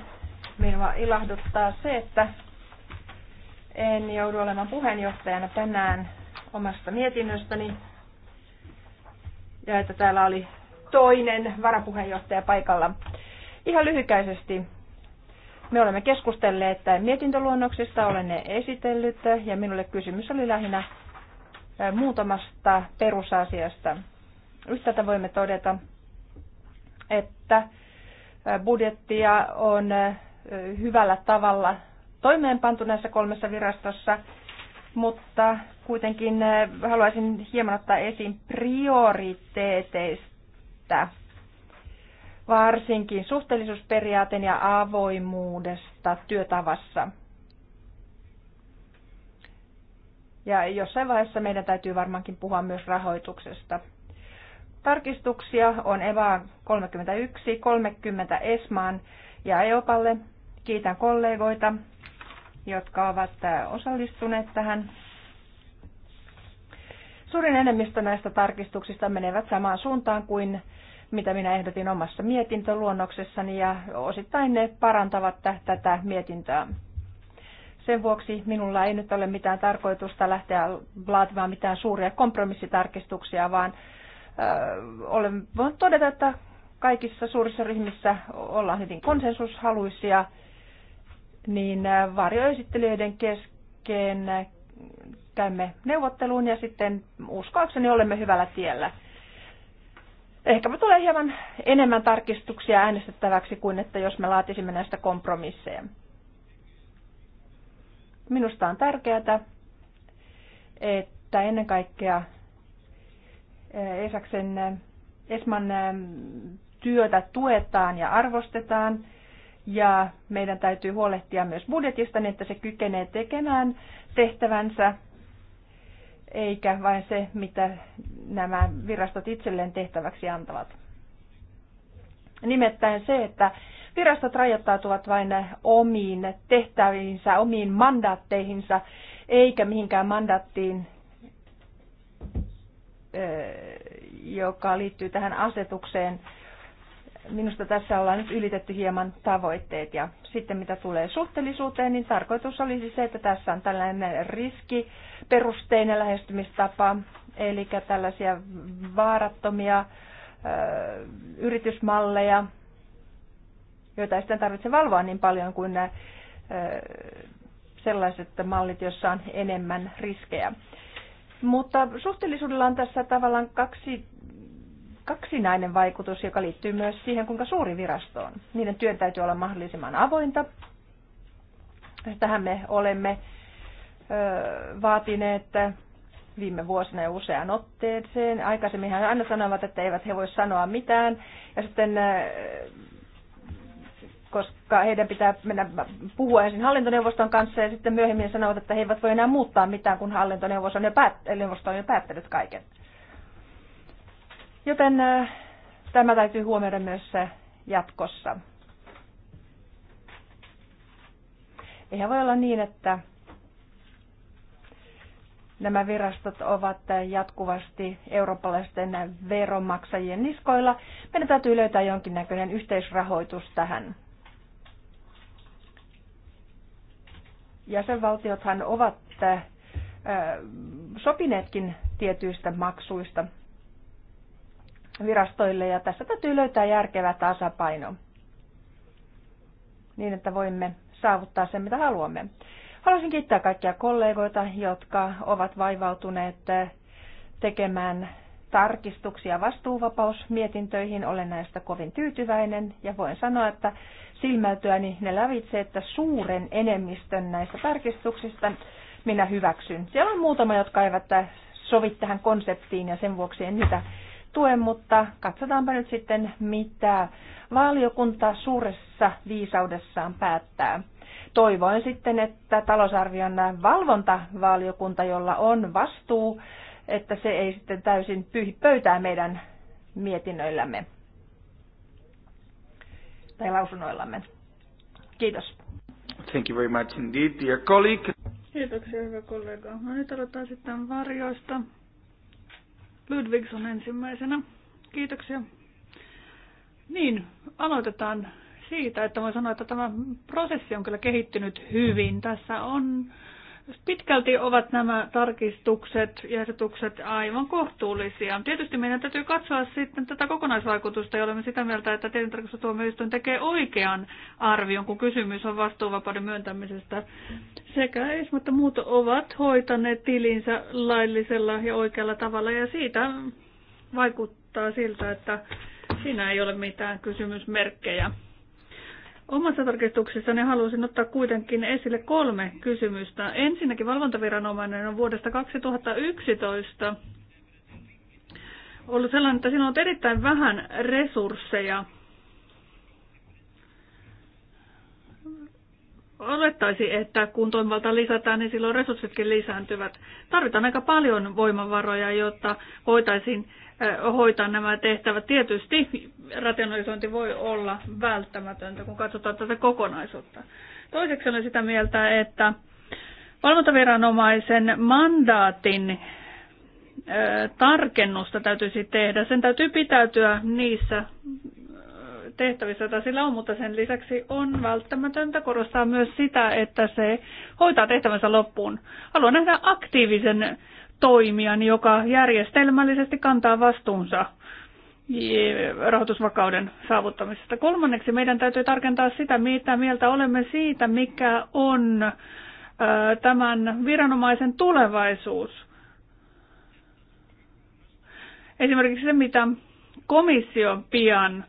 Speaker 2: Minua ilahduttaa se, että en joudu olemaan puheenjohtajana tänään omasta mietinnöstäni. Ja että täällä oli toinen varapuheenjohtaja paikalla. Ihan lyhykäisesti me olemme keskustelleet että mietintöluonnoksista, olen ne esitellyt ja minulle kysymys oli lähinnä muutamasta perusasiasta. Yhtäältä voimme todeta, että budjettia on hyvällä tavalla toimeenpantu näissä kolmessa virastossa, mutta kuitenkin äh, haluaisin hieman ottaa esiin prioriteeteista, varsinkin suhteellisuusperiaateen ja avoimuudesta työtavassa. Ja jossain vaiheessa meidän täytyy varmaankin puhua myös rahoituksesta. Tarkistuksia on EVA 31, 30 Esmaan ja EOPalle. Kiitän kollegoita jotka ovat äh, osallistuneet tähän. Suurin enemmistö näistä tarkistuksista menevät samaan suuntaan kuin mitä minä ehdotin omassa mietintöluonnoksessani ja osittain ne parantavat tätä mietintöä. Sen vuoksi minulla ei nyt ole mitään tarkoitusta lähteä laatimaan mitään suuria kompromissitarkistuksia, vaan äh, olen, voin todeta, että kaikissa suurissa ryhmissä ollaan hyvin konsensushaluisia niin äh, varjoesittelijöiden kesken äh, käymme neuvotteluun ja sitten uskoakseni olemme hyvällä tiellä. Ehkäpä tulee hieman enemmän tarkistuksia äänestettäväksi kuin että jos me laatisimme näistä kompromisseja. Minusta on tärkeää, että ennen kaikkea äh, Esaksen Esman työtä tuetaan ja arvostetaan – ja meidän täytyy huolehtia myös budjetista niin, että se kykenee tekemään tehtävänsä, eikä vain se, mitä nämä virastot itselleen tehtäväksi antavat. Nimittäin se, että virastot rajoittautuvat vain omiin tehtäviinsä, omiin mandaatteihinsa, eikä mihinkään mandaattiin, joka liittyy tähän asetukseen – minusta tässä ollaan nyt ylitetty hieman tavoitteet. Ja sitten mitä tulee suhteellisuuteen, niin tarkoitus olisi se, että tässä on tällainen riskiperusteinen lähestymistapa, eli tällaisia vaarattomia ö, yritysmalleja, joita ei sitten tarvitse valvoa niin paljon kuin nämä, sellaiset mallit, joissa on enemmän riskejä. Mutta suhteellisuudella on tässä tavallaan kaksi kaksinainen vaikutus, joka liittyy myös siihen, kuinka suuri virasto on. Niiden työn täytyy olla mahdollisimman avointa. Tähän me olemme vaatineet viime vuosina jo usean otteeseen. Aikaisemmin hän aina sanovat, että eivät he voi sanoa mitään. Ja sitten koska heidän pitää mennä puhua ensin hallintoneuvoston kanssa ja sitten myöhemmin sanovat, että he eivät voi enää muuttaa mitään, kun hallintoneuvosto on jo, päät- on jo päättänyt kaiken. Joten tämä täytyy huomioida myös jatkossa. Eihän voi olla niin, että nämä virastot ovat jatkuvasti eurooppalaisten veronmaksajien niskoilla. Meidän täytyy löytää jonkinnäköinen yhteisrahoitus tähän. Jäsenvaltiothan ovat sopineetkin tietyistä maksuista virastoille ja tässä täytyy löytää järkevä tasapaino niin, että voimme saavuttaa sen, mitä haluamme. Haluaisin kiittää kaikkia kollegoita, jotka ovat vaivautuneet tekemään tarkistuksia vastuuvapausmietintöihin. Olen näistä kovin tyytyväinen ja voin sanoa, että silmältyäni ne lävitse, että suuren enemmistön näistä tarkistuksista minä hyväksyn. Siellä on muutama, jotka eivät sovi tähän konseptiin ja sen vuoksi en niitä tuen, mutta katsotaanpa nyt sitten, mitä valiokunta suuressa viisaudessaan päättää. Toivoin sitten, että talousarvion valvontavaliokunta, jolla on vastuu, että se ei sitten täysin pyhi pöytää meidän mietinnöillämme
Speaker 6: tai lausunnoillamme. Kiitos.
Speaker 4: Thank you very much indeed, dear colleague.
Speaker 6: Kiitoksia, hyvä kollega. No nyt aloitetaan sitten varjoista. Ludvigsson ensimmäisenä. Kiitoksia. Niin, aloitetaan siitä, että voin sanoa, että tämä prosessi on kyllä kehittynyt hyvin. Tässä on Pitkälti ovat nämä tarkistukset ja ehdotukset aivan kohtuullisia. Tietysti meidän täytyy katsoa sitten tätä kokonaisvaikutusta ja olemme sitä mieltä, että tilintarkastustuomioistuin tekee oikean arvion, kun kysymys on vastuuvapauden myöntämisestä. Sekä EIS, mutta muut ovat hoitaneet tilinsä laillisella ja oikealla tavalla ja siitä vaikuttaa siltä, että siinä ei ole mitään kysymysmerkkejä. Omassa ne haluaisin ottaa kuitenkin esille kolme kysymystä. Ensinnäkin valvontaviranomainen on vuodesta 2011 ollut sellainen, että siinä on erittäin vähän resursseja olettaisi, että kun toimivalta lisätään, niin silloin resurssitkin lisääntyvät. Tarvitaan aika paljon voimavaroja, jotta voitaisiin hoitaa nämä tehtävät. Tietysti rationalisointi voi olla välttämätöntä, kun katsotaan tätä kokonaisuutta. Toiseksi olen sitä mieltä, että valvontaviranomaisen mandaatin tarkennusta täytyisi tehdä. Sen täytyy pitäytyä niissä tehtävissä, joita sillä on, mutta sen lisäksi on välttämätöntä korostaa myös sitä, että se hoitaa tehtävänsä loppuun. Haluan nähdä aktiivisen toimijan, joka järjestelmällisesti kantaa vastuunsa rahoitusvakauden saavuttamisesta. Kolmanneksi meidän täytyy tarkentaa sitä, mitä mieltä olemme siitä, mikä on tämän viranomaisen tulevaisuus. Esimerkiksi se, mitä komissio pian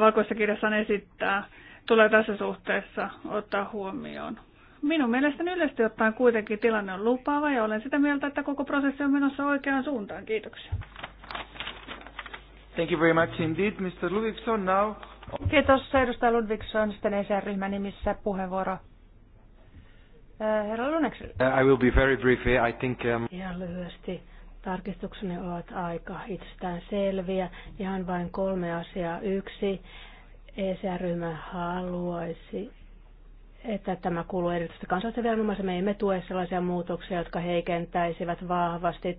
Speaker 6: valkoisessa kirjassaan esittää, tulee tässä suhteessa ottaa huomioon. Minun mielestäni yleisesti ottaen kuitenkin tilanne on lupaava ja olen sitä mieltä, että koko prosessi on menossa oikeaan suuntaan. Kiitoksia.
Speaker 4: Thank you very much indeed, Mr.
Speaker 2: Ludvigson. Now... Kiitos, edustaja Ludvigson. Sitten ESR-ryhmän nimissä puheenvuoro.
Speaker 3: Herra Lunekselle.
Speaker 5: Uh, I will be very brief. I think... Um...
Speaker 3: Ihan lyhyesti Tarkistukseni ovat aika itsestään selviä. Ihan vain kolme asiaa. Yksi, ECR-ryhmä haluaisi, että tämä kuuluu erityisesti kansallisen viranomaisen. Me emme tue sellaisia muutoksia, jotka heikentäisivät vahvasti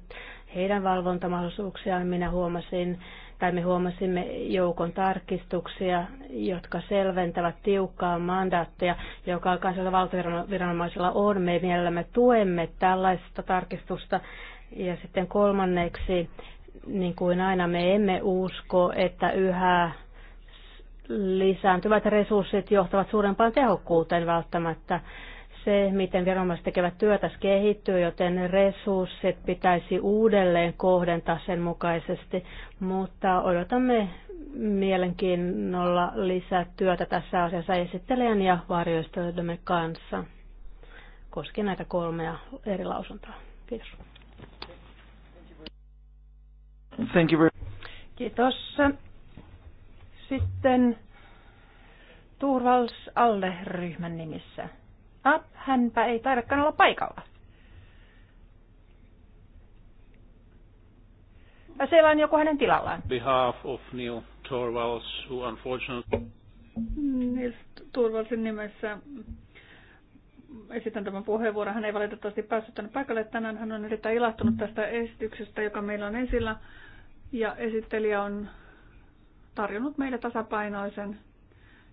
Speaker 3: heidän valvontamahdollisuuksiaan. Minä huomasin, tai me huomasimme joukon tarkistuksia, jotka selventävät tiukkaa mandaattia, joka kansallisella valtaviranomaisella on. Me mielellämme tuemme tällaista tarkistusta ja sitten kolmanneksi, niin kuin aina me emme usko, että yhä lisääntyvät resurssit johtavat suurempaan tehokkuuteen välttämättä. Se, miten viranomaiset tekevät työtä, kehittyy, joten resurssit pitäisi uudelleen kohdentaa sen mukaisesti, mutta odotamme mielenkiinnolla lisää työtä tässä asiassa esittelijän ja varjoistoidemme kanssa koskien näitä kolmea eri lausuntoa. Kiitos. Thank you very... Kiitos.
Speaker 2: Sitten Turvals alle ryhmän nimissä. Ah, hänpä ei taidakaan olla paikalla.
Speaker 6: Ja siellä on joku hänen tilallaan.
Speaker 4: Behalf of Neil Torvalds, who unfortunately...
Speaker 6: Neil Torvaldsin nimessä esitän tämän puheenvuoron. Hän ei valitettavasti päässyt tänne paikalle. Tänään hän on erittäin ilahtunut tästä esityksestä, joka meillä on esillä. Ja esittelijä on tarjonnut meille tasapainoisen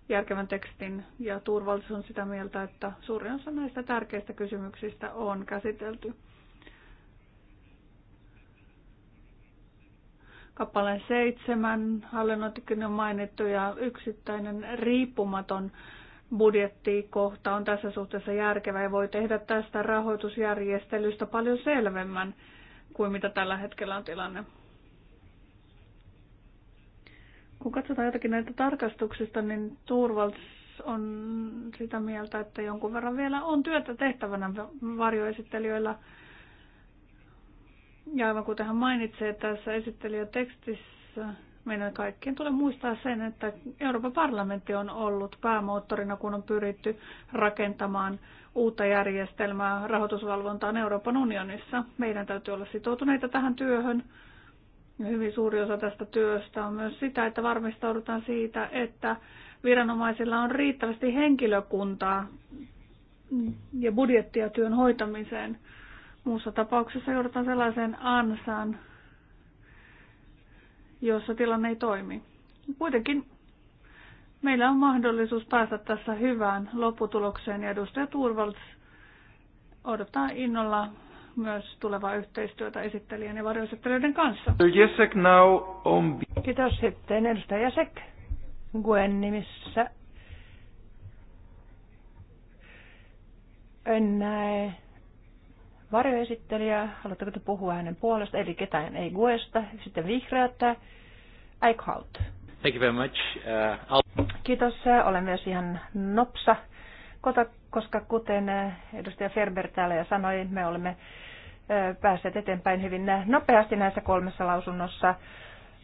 Speaker 6: järkevän tekstin ja turvallisuus on sitä mieltä, että suurin osa näistä tärkeistä kysymyksistä on käsitelty. Kappaleen seitsemän hallinnointikin on mainittu ja yksittäinen riippumaton budjettikohta on tässä suhteessa järkevä ja voi tehdä tästä rahoitusjärjestelystä paljon selvemmän kuin mitä tällä hetkellä on tilanne. Kun katsotaan jotakin näitä tarkastuksista, niin Turvals on sitä mieltä, että jonkun verran vielä on työtä tehtävänä varjoesittelijöillä. Ja aivan kuten hän mainitsee tässä esittelijätekstissä, tekstissä, meidän kaikkien tulee muistaa sen, että Euroopan parlamentti on ollut päämoottorina, kun on pyritty rakentamaan uutta järjestelmää rahoitusvalvontaan Euroopan unionissa. Meidän täytyy olla sitoutuneita tähän työhön. Hyvin suuri osa tästä työstä on myös sitä, että varmistaudutaan siitä, että viranomaisilla on riittävästi henkilökuntaa ja budjettia työn hoitamiseen. Muussa tapauksessa joudutaan sellaiseen ansaan, jossa tilanne ei toimi. Kuitenkin meillä on mahdollisuus päästä tässä hyvään lopputulokseen ja edustaja Turvalds odottaa innolla myös tulevaa yhteistyötä esittelijän ja varjoesittelijöiden kanssa.
Speaker 5: Jesek now on...
Speaker 6: Kiitos sitten edustaja
Speaker 2: Jesek Gwen nimissä. En näe varjoesittelijä. Haluatteko te puhua hänen puolesta? Eli ketään ei Guesta. Sitten vihreätä. Eichhout.
Speaker 5: Thank you very much. Uh, I'll...
Speaker 2: Kiitos. Olen myös ihan nopsa, Kota, koska kuten edustaja Ferber täällä ja sanoi, me olemme päässeet eteenpäin hyvin nopeasti näissä kolmessa lausunnossa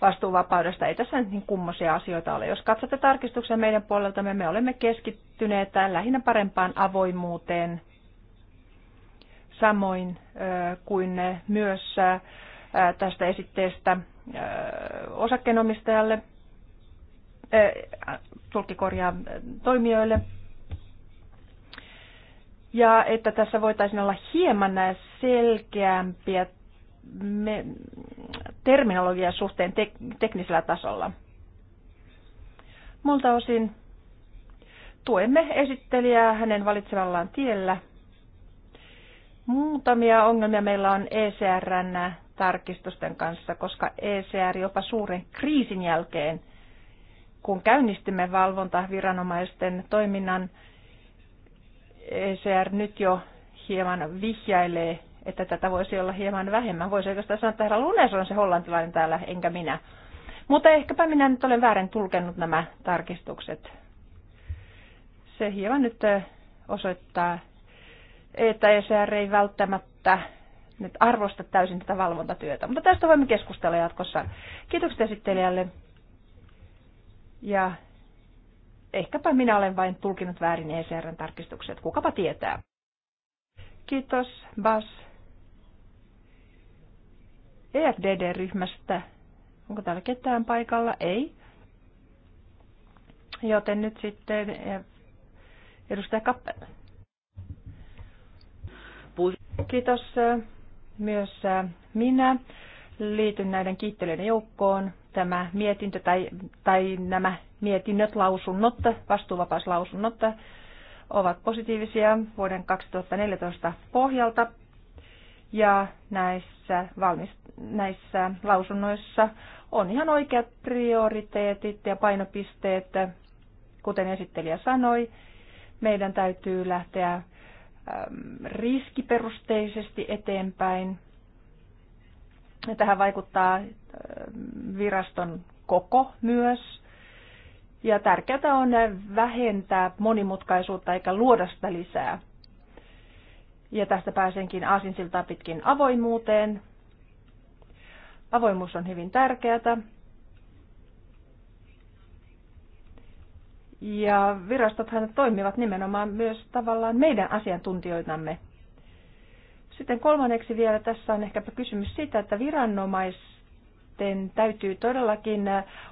Speaker 2: vastuuvapaudesta. Ei tässä niin kummoisia asioita ole. Jos katsotte tarkistuksen meidän puoleltamme, me olemme keskittyneet lähinnä parempaan avoimuuteen samoin kuin myös tästä esitteestä osakkeenomistajalle, tulkikorjaa toimijoille. Ja että tässä voitaisiin olla hieman selkeämpiä terminologia suhteen tek, teknisellä tasolla. Multa osin tuemme esittelijää hänen valitsemallaan tiellä Muutamia ongelmia meillä on ECRn tarkistusten kanssa, koska ECR jopa suuren kriisin jälkeen, kun käynnistimme valvontaviranomaisten toiminnan, ECR nyt jo hieman vihjailee, että tätä voisi olla hieman vähemmän. Voisi oikeastaan sanoa, että herra Lunes on se hollantilainen täällä, enkä minä. Mutta ehkäpä minä nyt olen väärin tulkenut nämä tarkistukset. Se hieman nyt osoittaa että ESR ei välttämättä nyt arvosta täysin tätä valvontatyötä. Mutta tästä voimme keskustella jatkossa. Kiitokset esittelijälle. Ja ehkäpä minä olen vain tulkinut väärin ECRn tarkistukset. Kukapa tietää. Kiitos, Bas. EFDD-ryhmästä. Onko täällä ketään paikalla? Ei. Joten nyt sitten e edustaja Kappel. Kiitos myös äh, minä. Liityn näiden kiittelyiden joukkoon. Tämä mietintö tai, tai nämä mietinnöt, lausunnot, vastuuvapauslausunnot ovat positiivisia vuoden 2014 pohjalta. Ja näissä, valmis, näissä lausunnoissa on ihan oikeat prioriteetit ja painopisteet, kuten esittelijä sanoi. Meidän täytyy lähteä Ähm, riskiperusteisesti eteenpäin. Ja tähän vaikuttaa ähm, viraston koko myös. Ja tärkeää on vähentää monimutkaisuutta eikä luoda sitä lisää. Ja tästä pääsenkin aasinsiltaa pitkin avoimuuteen. Avoimuus on hyvin tärkeää Ja virastothan toimivat nimenomaan myös tavallaan meidän asiantuntijoitamme. Sitten kolmanneksi vielä tässä on ehkäpä kysymys siitä, että viranomaisten täytyy todellakin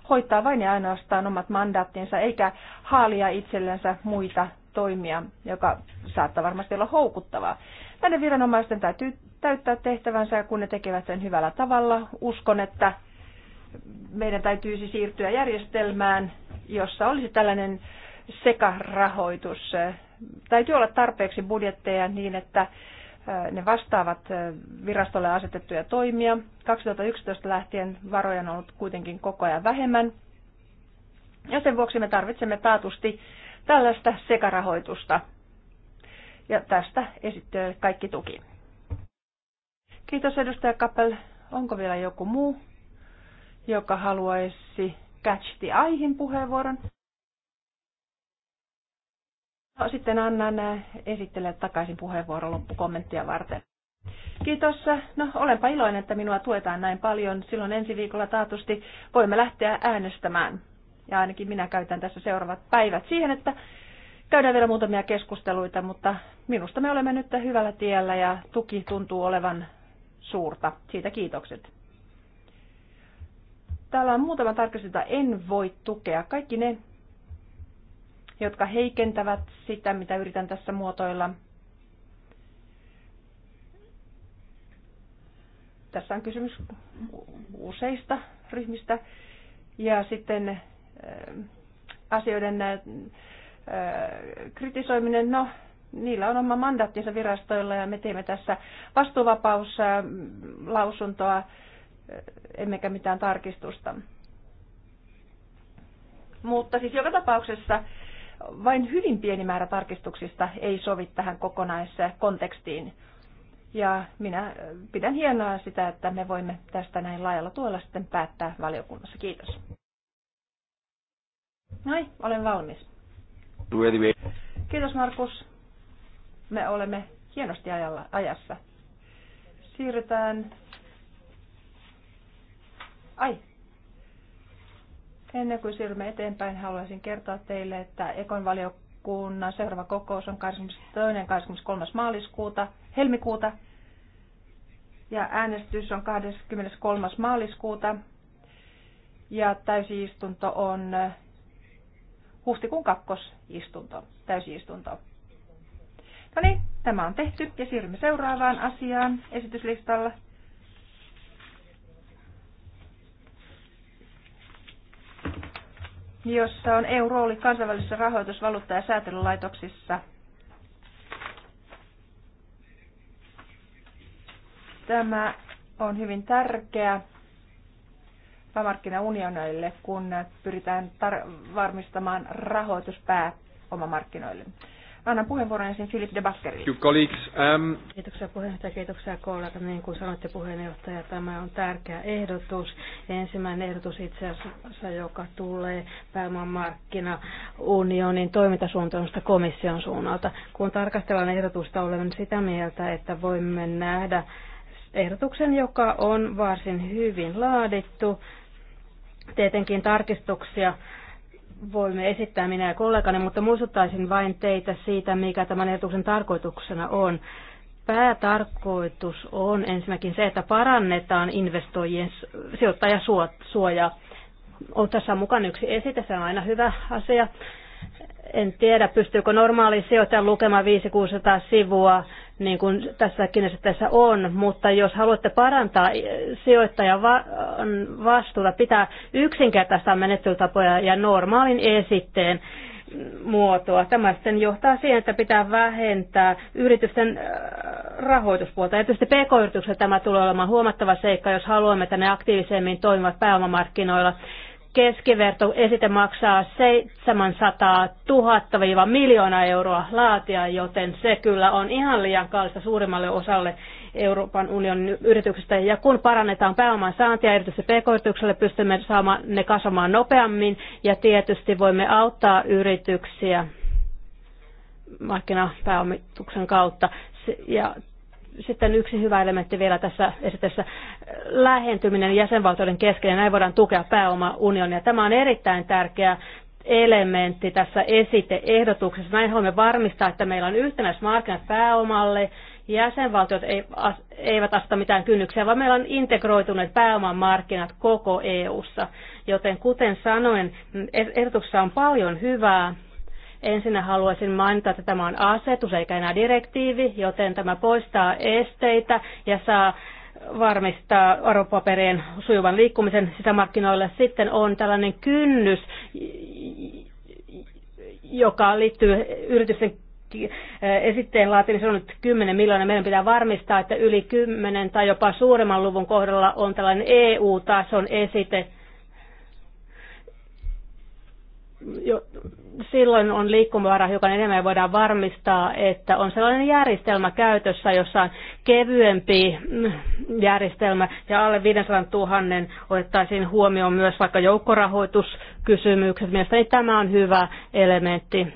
Speaker 2: hoitaa vain ja ainoastaan omat mandaattinsa, eikä haalia itsellensä muita toimia, joka saattaa varmasti olla houkuttavaa. Näiden viranomaisten täytyy täyttää tehtävänsä, kun ne tekevät sen hyvällä tavalla. Uskon, että meidän täytyisi siirtyä järjestelmään, jossa olisi tällainen sekarahoitus. Täytyy olla tarpeeksi budjetteja niin, että ne vastaavat virastolle asetettuja toimia. 2011 lähtien varoja on ollut kuitenkin koko ajan vähemmän. Ja sen vuoksi me tarvitsemme taatusti tällaista sekarahoitusta. Ja tästä esittyy kaikki tuki. Kiitos edustaja Kappel. Onko vielä joku muu, joka haluaisi Catch the Eyehin puheenvuoron. No, sitten annan äh, esittelijä takaisin puheenvuoron loppukommenttia varten. Kiitos. No, olenpa iloinen, että minua tuetaan näin paljon. Silloin ensi viikolla taatusti voimme lähteä äänestämään. Ja ainakin minä käytän tässä seuraavat päivät siihen, että käydään vielä muutamia keskusteluita, mutta minusta me olemme nyt hyvällä tiellä ja tuki tuntuu olevan suurta. Siitä kiitokset. Täällä on muutama tarkistus, jota en voi tukea. Kaikki ne, jotka heikentävät sitä, mitä yritän tässä muotoilla. Tässä on kysymys useista ryhmistä. Ja sitten äh, asioiden äh, kritisoiminen, no niillä on oma mandaattinsa virastoilla ja me teemme tässä vastuuvapauslausuntoa äh, emmekä mitään tarkistusta. Mutta siis joka tapauksessa vain hyvin pieni määrä tarkistuksista ei sovi tähän kontekstiin. Ja minä pidän hienoa sitä, että me voimme tästä näin laajalla tuolla sitten päättää valiokunnassa. Kiitos. Noi, olen valmis. Kiitos Markus. Me olemme hienosti ajalla, ajassa. Siirrytään Ai. Ennen kuin siirrymme eteenpäin, haluaisin kertoa teille, että Ekon valiokunnan seuraava kokous on 22. 23. maaliskuuta, helmikuuta. Ja äänestys on 23. maaliskuuta. Ja täysiistunto on eh, huhtikuun kakkosistunto, täysiistunto. No niin, tämä on tehty ja siirrymme seuraavaan asiaan esityslistalla. jossa on EU-rooli kansainvälisissä rahoitusvaluutta- ja säätelylaitoksissa. Tämä on hyvin tärkeä rahamarkkinaunionille, kun pyritään tar- varmistamaan rahoituspääomamarkkinoille. markkinoille. Annan puheenvuoron
Speaker 3: ensin Philip de Baskerille. Um... Kiitoksia puheenjohtaja, kiitoksia kollega. Niin kuin sanoitte puheenjohtaja, tämä on tärkeä ehdotus. Ensimmäinen ehdotus itse asiassa, joka tulee pääomamarkkinaunionin toimintasuuntausta komission suunnalta. Kun tarkastellaan ehdotusta, olemme sitä mieltä, että voimme nähdä ehdotuksen, joka on varsin hyvin laadittu. Tietenkin tarkistuksia voimme esittää minä ja kollegani, mutta muistuttaisin vain teitä siitä, mikä tämän ehdotuksen tarkoituksena on. Päätarkoitus on ensinnäkin se, että parannetaan investoijien sijoittajasuojaa. On tässä mukana yksi esite, se on aina hyvä asia. En tiedä, pystyykö normaali sijoittaja lukemaan 5 600 sivua niin kuin tässäkin esitteessä on, mutta jos haluatte parantaa sijoittajan vastuuta, pitää yksinkertaistaa menettelytapoja ja normaalin esitteen muotoa. Tämä sitten johtaa siihen, että pitää vähentää yritysten äh, rahoituspuolta. Ja tietysti pk-yrityksellä tämä tulee olemaan huomattava seikka, jos haluamme, että ne aktiivisemmin toimivat pääomamarkkinoilla keskiverto esite maksaa 700 000 miljoonaa euroa laatia, joten se kyllä on ihan liian kallista suurimmalle osalle Euroopan unionin yrityksestä. Ja kun parannetaan pääoman saantia, erityisesti pk-yritykselle, pystymme saamaan ne kasvamaan nopeammin ja tietysti voimme auttaa yrityksiä markkinapääomituksen kautta. Ja sitten yksi hyvä elementti vielä tässä esitessä, lähentyminen jäsenvaltioiden kesken, ja näin voidaan tukea pääomaunionia. Tämä on erittäin tärkeä elementti tässä esiteehdotuksessa. Näin haluamme varmistaa, että meillä on yhtenäiset markkinat pääomalle, jäsenvaltiot eivät asta mitään kynnyksiä, vaan meillä on integroituneet markkinat koko EU-ssa. Joten kuten sanoin, ehdotuksessa on paljon hyvää, Ensinnä haluaisin mainita, että tämä on asetus eikä enää direktiivi, joten tämä poistaa esteitä ja saa varmistaa arvopaperien sujuvan liikkumisen sisämarkkinoille. Sitten on tällainen kynnys, joka liittyy yritysten esitteen laatimiseen. on nyt 10 miljoonaa. Meidän pitää varmistaa, että yli 10 tai jopa suuremman luvun kohdalla on tällainen EU-tason esite, silloin on liikkumavara hiukan enemmän ja voidaan varmistaa, että on sellainen järjestelmä käytössä, jossa on kevyempi järjestelmä ja alle 500 000 otettaisiin huomioon myös vaikka joukkorahoituskysymykset. Mielestäni tämä on hyvä elementti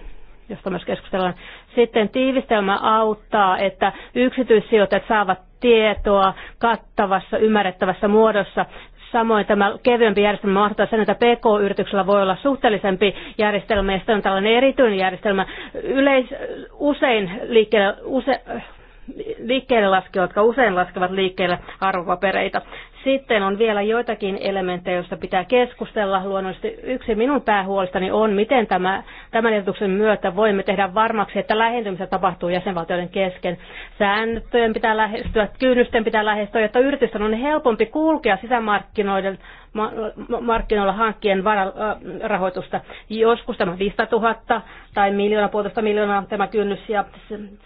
Speaker 3: josta myös keskustellaan. Sitten tiivistelmä auttaa, että yksityissijoittajat saavat tietoa kattavassa, ymmärrettävässä muodossa Samoin tämä kevyempi järjestelmä mahtaa sen, että PK-yrityksellä voi olla suhteellisempi järjestelmä ja sitten on tällainen erityinen järjestelmä. Yleis, usein liikkeelle, use, liikkeelle laskevat, jotka usein laskevat liikkeelle arvopapereita. Sitten on vielä joitakin elementtejä, joista pitää keskustella. Luonnollisesti yksi minun päähuolistani on, miten tämä, tämän ehdotuksen myötä voimme tehdä varmaksi, että lähentymistä tapahtuu jäsenvaltioiden kesken. Sääntöjen pitää lähestyä, kynnysten pitää lähestyä, jotta yritysten on helpompi kulkea sisämarkkinoiden markkinoilla hankkien äh, rahoitusta. Joskus tämä 500 000 tai miljoona, puolitoista miljoonaa tämä kynnys ja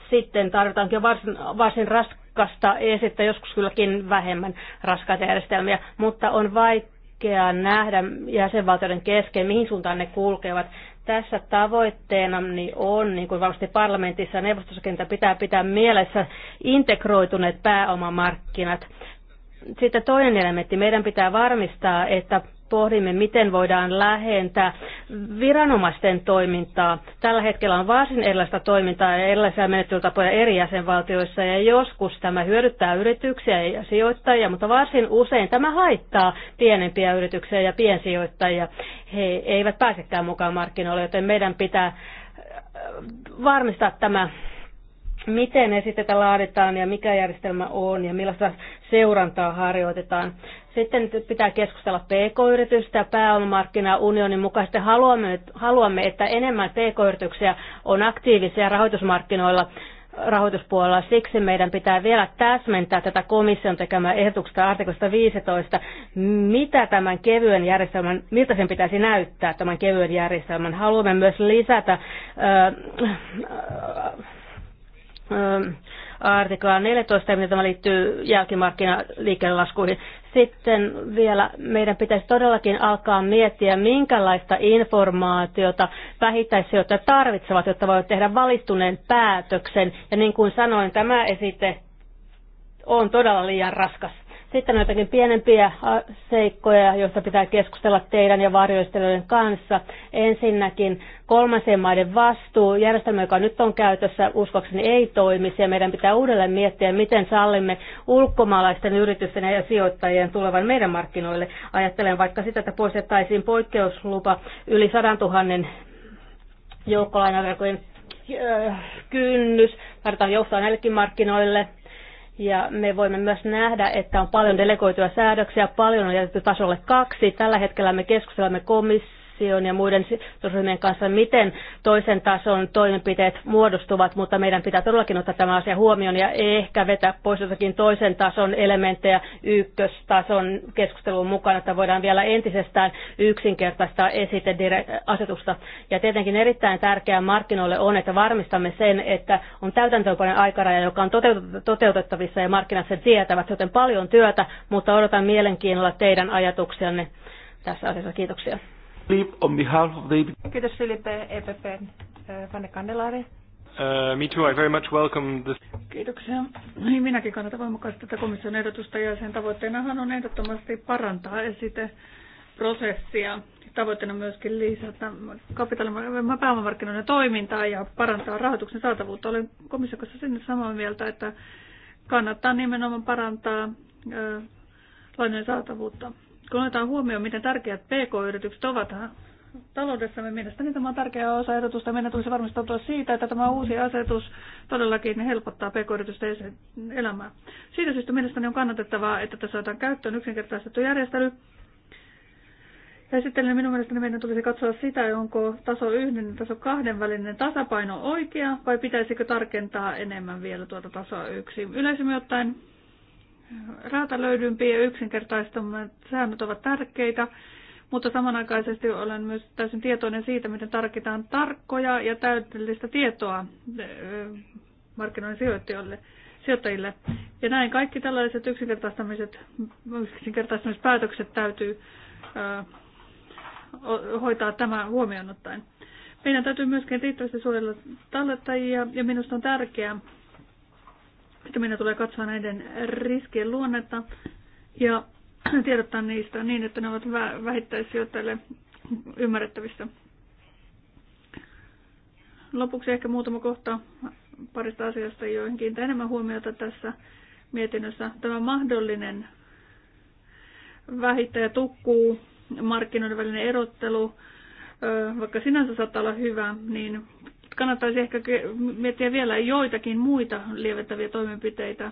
Speaker 3: sitten tarvitaankin varsin, varsin raskaita raskasta ja sitten joskus kylläkin vähemmän raskaita järjestelmiä, mutta on vaikea nähdä jäsenvaltioiden kesken, mihin suuntaan ne kulkevat. Tässä tavoitteena niin on, niin kuin varmasti parlamentissa ja neuvostossakin, pitää pitää mielessä integroituneet pääomamarkkinat. Sitten toinen elementti. Meidän pitää varmistaa, että pohdimme, miten voidaan lähentää viranomaisten toimintaa. Tällä hetkellä on varsin erilaista toimintaa ja erilaisia menettelytapoja eri jäsenvaltioissa ja joskus tämä hyödyttää yrityksiä ja sijoittajia, mutta varsin usein tämä haittaa pienempiä yrityksiä ja piensijoittajia. He eivät pääsekään mukaan markkinoille, joten meidän pitää äh, varmistaa tämä miten esitetä laaditaan ja mikä järjestelmä on ja millaista seurantaa harjoitetaan. Sitten pitää keskustella pk-yritystä ja pääomamarkkinaunionin mukaisesti. Haluamme, haluamme, että enemmän pk-yrityksiä on aktiivisia rahoitusmarkkinoilla rahoituspuolella. Siksi meidän pitää vielä täsmentää tätä komission tekemää ehdotuksesta artiklasta 15, mitä tämän kevyen järjestelmän, miltä sen pitäisi näyttää tämän kevyen järjestelmän. Haluamme myös lisätä äh, äh, artiklaan 14, mitä tämä liittyy jälkimarkkinaliikkeen laskuihin. Sitten vielä meidän pitäisi todellakin alkaa miettiä, minkälaista informaatiota vähittäissijoittajat tarvitsevat, jotta voivat tehdä valistuneen päätöksen. Ja niin kuin sanoin, tämä esite on todella liian raskas. Sitten jotakin pienempiä seikkoja, joista pitää keskustella teidän ja varjoistelijoiden kanssa. Ensinnäkin kolmansien maiden vastuu. Järjestelmä, joka nyt on käytössä, uskokseni ei toimisi ja meidän pitää uudelleen miettiä, miten sallimme ulkomaalaisten yritysten ja sijoittajien tulevan meidän markkinoille. Ajattelen vaikka sitä, että poistettaisiin poikkeuslupa yli 100 000 joukkolainaverkojen kynnys, tarvitaan joustoa näillekin markkinoille – ja me voimme myös nähdä, että on paljon delegoituja säädöksiä, paljon on jätetty tasolle kaksi. Tällä hetkellä me keskustelemme komissio Sion ja muiden sidosryhmien kanssa, miten toisen tason toimenpiteet muodostuvat, mutta meidän pitää todellakin ottaa tämä asia huomioon ja ehkä vetää pois jotakin toisen tason elementtejä ykköstason keskusteluun mukana, että voidaan vielä entisestään yksinkertaista esiteasetusta. Ja tietenkin erittäin tärkeää markkinoille on, että varmistamme sen, että on täytäntöönpanon aikaraja, joka on toteutettavissa ja markkinat sen tietävät, joten paljon työtä, mutta odotan mielenkiinnolla teidän ajatuksianne tässä asiassa. Kiitoksia.
Speaker 5: Philip on behalf of the...
Speaker 3: E Kiitos Filipe,
Speaker 6: EPP, äh, Vanne Kannelaari.
Speaker 5: Uh, me too, I very much welcome this.
Speaker 6: Kiitoksia. Niin, minäkin kannatan voimakkaasti tätä komission ehdotusta ja sen tavoitteenahan on ehdottomasti parantaa esiteprosessia. Tavoitteena myöskin lisätä kapitaalimarkkinoiden pääomamarkkinoiden toimintaa ja parantaa rahoituksen saatavuutta. Olen komission kanssa sinne samaa mieltä, että kannattaa nimenomaan parantaa lainojen saatavuutta. Kun otetaan huomioon, miten tärkeät PK-yritykset ovat taloudessamme, mielestäni tämä on tärkeä osa ehdotusta. Meidän tulisi varmistautua siitä, että tämä uusi asetus todellakin helpottaa pk-yritysten elämää. Siitä syystä mielestäni on kannatettavaa, että tässä otetaan käyttöön yksinkertaistettu järjestely. sitten minun mielestäni meidän tulisi katsoa sitä, onko taso yhden ja taso kahden välinen tasapaino oikea vai pitäisikö tarkentaa enemmän vielä tuota tasoa yksi. Yleisemmin ottaen räätälöidympi ja yksinkertaistumat säännöt ovat tärkeitä, mutta samanaikaisesti olen myös täysin tietoinen siitä, miten tarkitaan tarkkoja ja täydellistä tietoa eh, markkinoiden sijoittajille. sijoittajille. Ja näin kaikki tällaiset yksinkertaistamiset, yksinkertaistamispäätökset täytyy eh, hoitaa tämä huomioon ottaen. Meidän täytyy myöskin riittävästi suojella tallettajia ja minusta on tärkeää, sitten meidän tulee katsoa näiden riskien luonnetta ja tiedottaa niistä niin, että ne ovat vähittäissijoittajille ymmärrettävissä. Lopuksi ehkä muutama kohta parista asiasta, joihin kiinnitän enemmän huomiota tässä mietinnössä. Tämä mahdollinen vähittäjä tukkuu, markkinoiden välinen erottelu, vaikka sinänsä saattaa olla hyvä, niin kannattaisi ehkä miettiä vielä joitakin muita lieventäviä toimenpiteitä.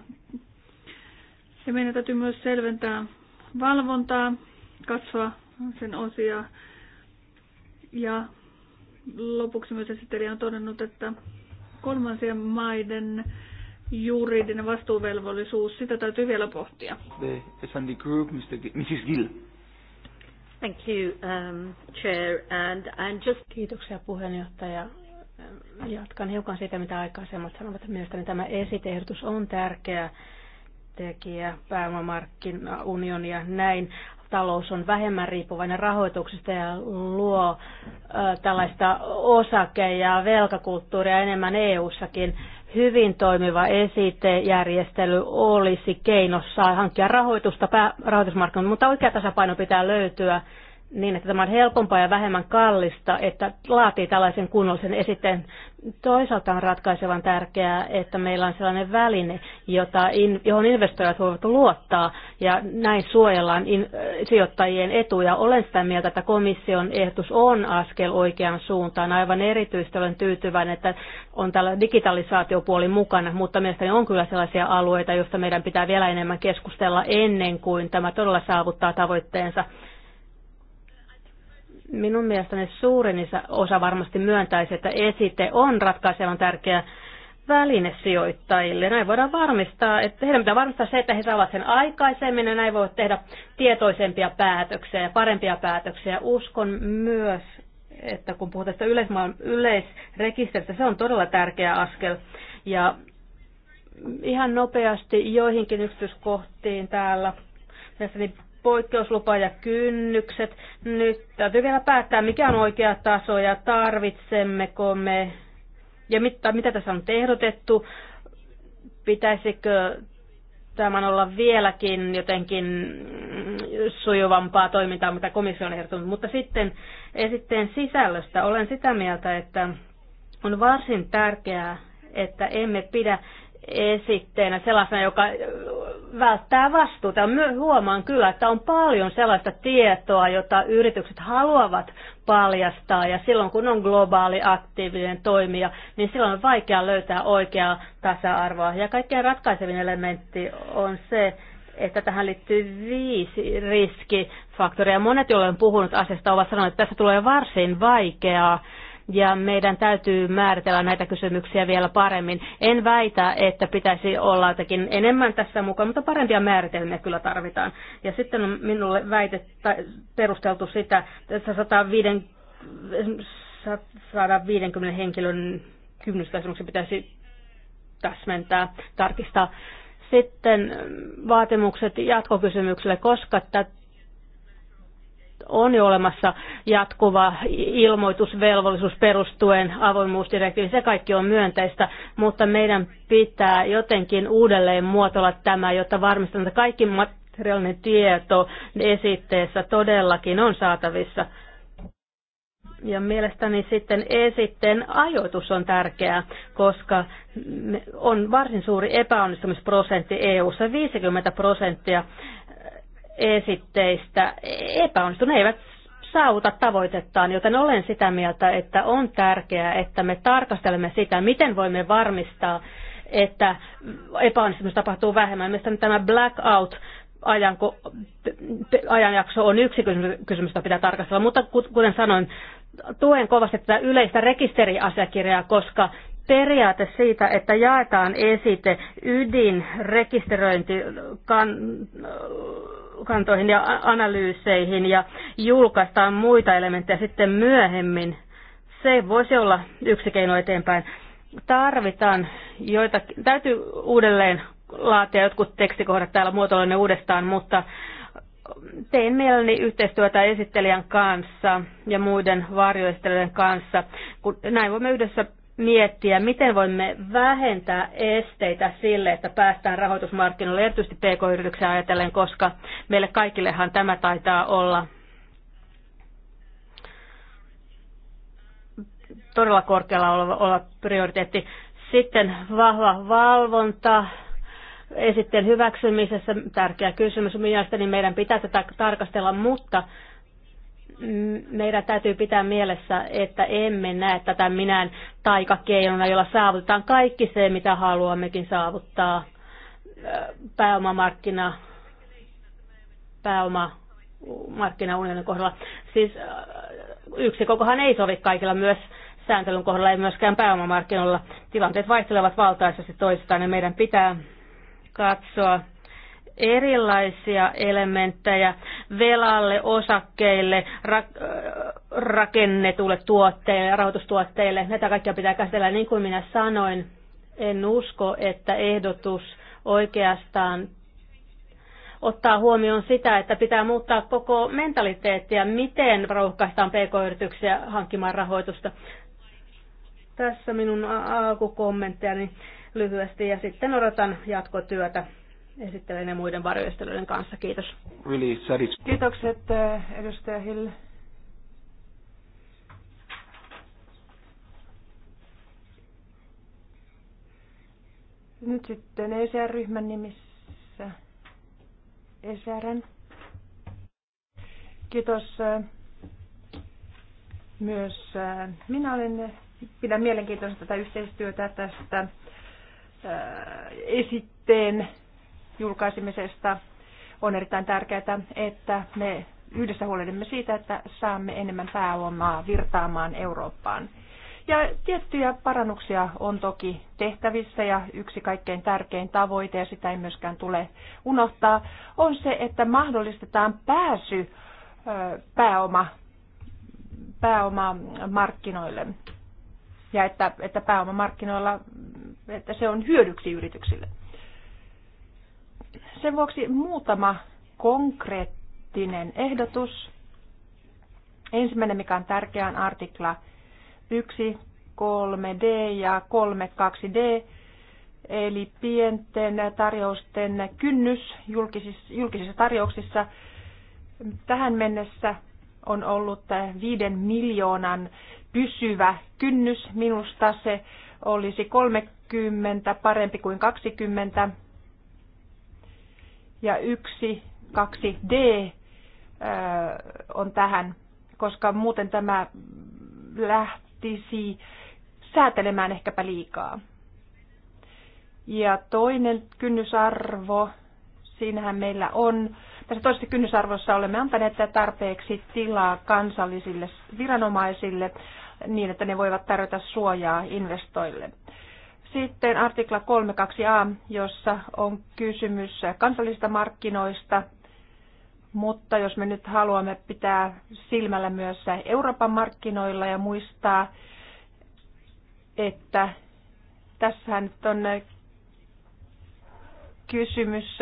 Speaker 6: Ja meidän täytyy myös selventää valvontaa, katsoa sen osia. Ja lopuksi myös esittelijä on todennut, että kolmansien maiden juridinen vastuuvelvollisuus, sitä täytyy vielä pohtia.
Speaker 4: The Group, Mr. G- Mrs. Gill.
Speaker 3: Thank you, um, Chair, and and just... Kiitoksia puheenjohtaja. Jatkan hiukan siitä, mitä aikaisemmat sanovat. Mielestäni tämä esitehdotus on tärkeä tekijä ja näin. Talous on vähemmän riippuvainen rahoituksesta ja luo ö, tällaista osake- ja velkakulttuuria enemmän EU-sakin. Hyvin toimiva esitejärjestely olisi keinossa hankkia rahoitusta pää- rahoitusmarkkinoille, mutta oikea tasapaino pitää löytyä niin, että tämä on helpompaa ja vähemmän kallista, että laatii tällaisen kunnollisen esitteen. Toisaalta on ratkaisevan tärkeää, että meillä on sellainen väline, jota in, johon investoijat voivat luottaa, ja näin suojellaan in, sijoittajien etuja. Olen sitä mieltä, että komission ehdotus on askel oikeaan suuntaan. Aivan erityisesti olen tyytyväinen, että on tällä digitalisaatiopuoli mukana, mutta mielestäni on kyllä sellaisia alueita, joista meidän pitää vielä enemmän keskustella ennen kuin tämä todella saavuttaa tavoitteensa Minun mielestäni suurin osa varmasti myöntäisi, että esite on ratkaisevan tärkeä väline sijoittajille. Näin voidaan varmistaa, että heidän pitää varmistaa se, että he saavat sen aikaisemmin ja näin voivat tehdä tietoisempia päätöksiä ja parempia päätöksiä. Uskon myös, että kun puhutaan tästä yleisrekisteristä, se on todella tärkeä askel. Ja ihan nopeasti joihinkin yksityiskohtiin täällä. Mielestäni poikkeuslupa ja kynnykset. Nyt täytyy vielä päättää, mikä on oikea taso ja tarvitsemmeko me ja mit, mitä tässä on ehdotettu. Pitäisikö tämän olla vieläkin jotenkin sujuvampaa toimintaa, mitä komissio on ehdottanut. Mutta sitten esitteen sisällöstä olen sitä mieltä, että on varsin tärkeää, että emme pidä esitteenä sellaisena, joka välttää vastuuta. Huomaan kyllä, että on paljon sellaista tietoa, jota yritykset haluavat paljastaa ja silloin kun on globaali aktiivinen toimija, niin silloin on vaikea löytää oikeaa tasa-arvoa. Ja kaikkein ratkaisevin elementti on se, että tähän liittyy viisi riskifaktoria. Monet, joille olen puhunut asiasta, ovat sanoneet, että tässä tulee varsin vaikeaa ja meidän täytyy määritellä näitä kysymyksiä vielä paremmin. En väitä, että pitäisi olla jotakin enemmän tässä mukaan, mutta parempia määritelmiä kyllä tarvitaan. Ja sitten on minulle väitettä, perusteltu sitä, että 150 henkilön kynnystä pitäisi täsmentää, tarkistaa. Sitten mm, vaatimukset jatkokysymykselle, koska tätä on jo olemassa jatkuva ilmoitusvelvollisuus perustuen avoimuusdirektiiviin. Se kaikki on myönteistä, mutta meidän pitää jotenkin uudelleen muotoilla tämä, jotta varmistetaan, että kaikki materiaalinen tieto esitteessä todellakin on saatavissa. Ja mielestäni sitten esitteen ajoitus on tärkeää, koska on varsin suuri epäonnistumisprosentti EU-ssa, 50 prosenttia esitteistä epäonnistuneet eivät saavuta tavoitettaan, joten olen sitä mieltä, että on tärkeää, että me tarkastelemme sitä, miten voimme varmistaa, että epäonnistumista tapahtuu vähemmän. Mielestäni tämä blackout ajanjakso on yksi kysymys, jota pitää tarkastella, mutta kuten sanoin, tuen kovasti tätä yleistä rekisteriasiakirjaa, koska periaate siitä, että jaetaan esite ydin rekisteröinti kan, kantoihin ja analyyseihin ja julkaistaan muita elementtejä sitten myöhemmin. Se voisi olla yksi keino eteenpäin. Tarvitaan joitakin, täytyy uudelleen laatia jotkut tekstikohdat täällä muotoilen uudestaan, mutta tein mielelläni yhteistyötä esittelijän kanssa ja muiden varjoistelijoiden kanssa. Kun näin voimme yhdessä miettiä, miten voimme vähentää esteitä sille, että päästään rahoitusmarkkinoille, erityisesti pk-yrityksiä ajatellen, koska meille kaikillehan tämä taitaa olla todella korkealla oleva, oleva prioriteetti. Sitten vahva valvonta, esitteen hyväksymisessä tärkeä kysymys. Mielestäni meidän pitää tätä tarkastella, mutta meidän täytyy pitää mielessä, että emme näe tätä minään taikakeinona, jolla saavutetaan kaikki se, mitä haluammekin saavuttaa. Pääomamarkkina, pääomamarkkinaunionin kohdalla. Siis yksi kokohan ei sovi kaikilla myös sääntelyn kohdalla, ei myöskään pääomamarkkinoilla. Tilanteet vaihtelevat valtaisesti toistaan ja meidän pitää katsoa erilaisia elementtejä velalle, osakkeille, rak- rakennetulle tuotteille, rahoitustuotteille. Näitä kaikkia pitää käsitellä. Niin kuin minä sanoin, en usko, että ehdotus oikeastaan ottaa huomioon sitä, että pitää muuttaa koko mentaliteettiä, miten rohkaistaan pk-yrityksiä hankkimaan rahoitusta. Tässä minun alkukommenttiani lyhyesti ja sitten odotan jatkotyötä esittelen ja muiden varjoistelujen kanssa. Kiitos. Really Kiitokset eh, edustaja Hill.
Speaker 2: Nyt sitten ECR-ryhmän nimissä ECRn. Kiitos. Eh, myös eh, minä olen, pidän mielenkiintoista tätä yhteistyötä tästä esitteen julkaisemisesta. On erittäin tärkeää, että me yhdessä huolehdimme siitä, että saamme enemmän pääomaa virtaamaan Eurooppaan. Ja tiettyjä parannuksia on toki tehtävissä ja yksi kaikkein tärkein tavoite, ja sitä ei myöskään tule unohtaa, on se, että mahdollistetaan pääsy pääoma, pääomamarkkinoille ja että, että pääomamarkkinoilla että se on hyödyksi yrityksille. Sen vuoksi muutama konkreettinen ehdotus. Ensimmäinen, mikä on tärkeä, on artikla 1, 3D ja 3, 2D, eli pienten tarjousten kynnys julkisissa, julkisissa tarjouksissa. Tähän mennessä on ollut 5 miljoonan pysyvä kynnys. Minusta se olisi 30 parempi kuin 20 ja 1, 2D äh, on tähän, koska muuten tämä lähtisi säätelemään ehkäpä liikaa. Ja toinen kynnysarvo, siinähän meillä on, tässä toisessa kynnysarvossa olemme antaneet tarpeeksi tilaa kansallisille viranomaisille niin, että ne voivat tarjota suojaa investoille. Sitten artikla 3.2a, jossa on kysymys kansallisista markkinoista, mutta jos me nyt haluamme pitää silmällä myös Euroopan markkinoilla ja muistaa, että tässähän nyt on kysymys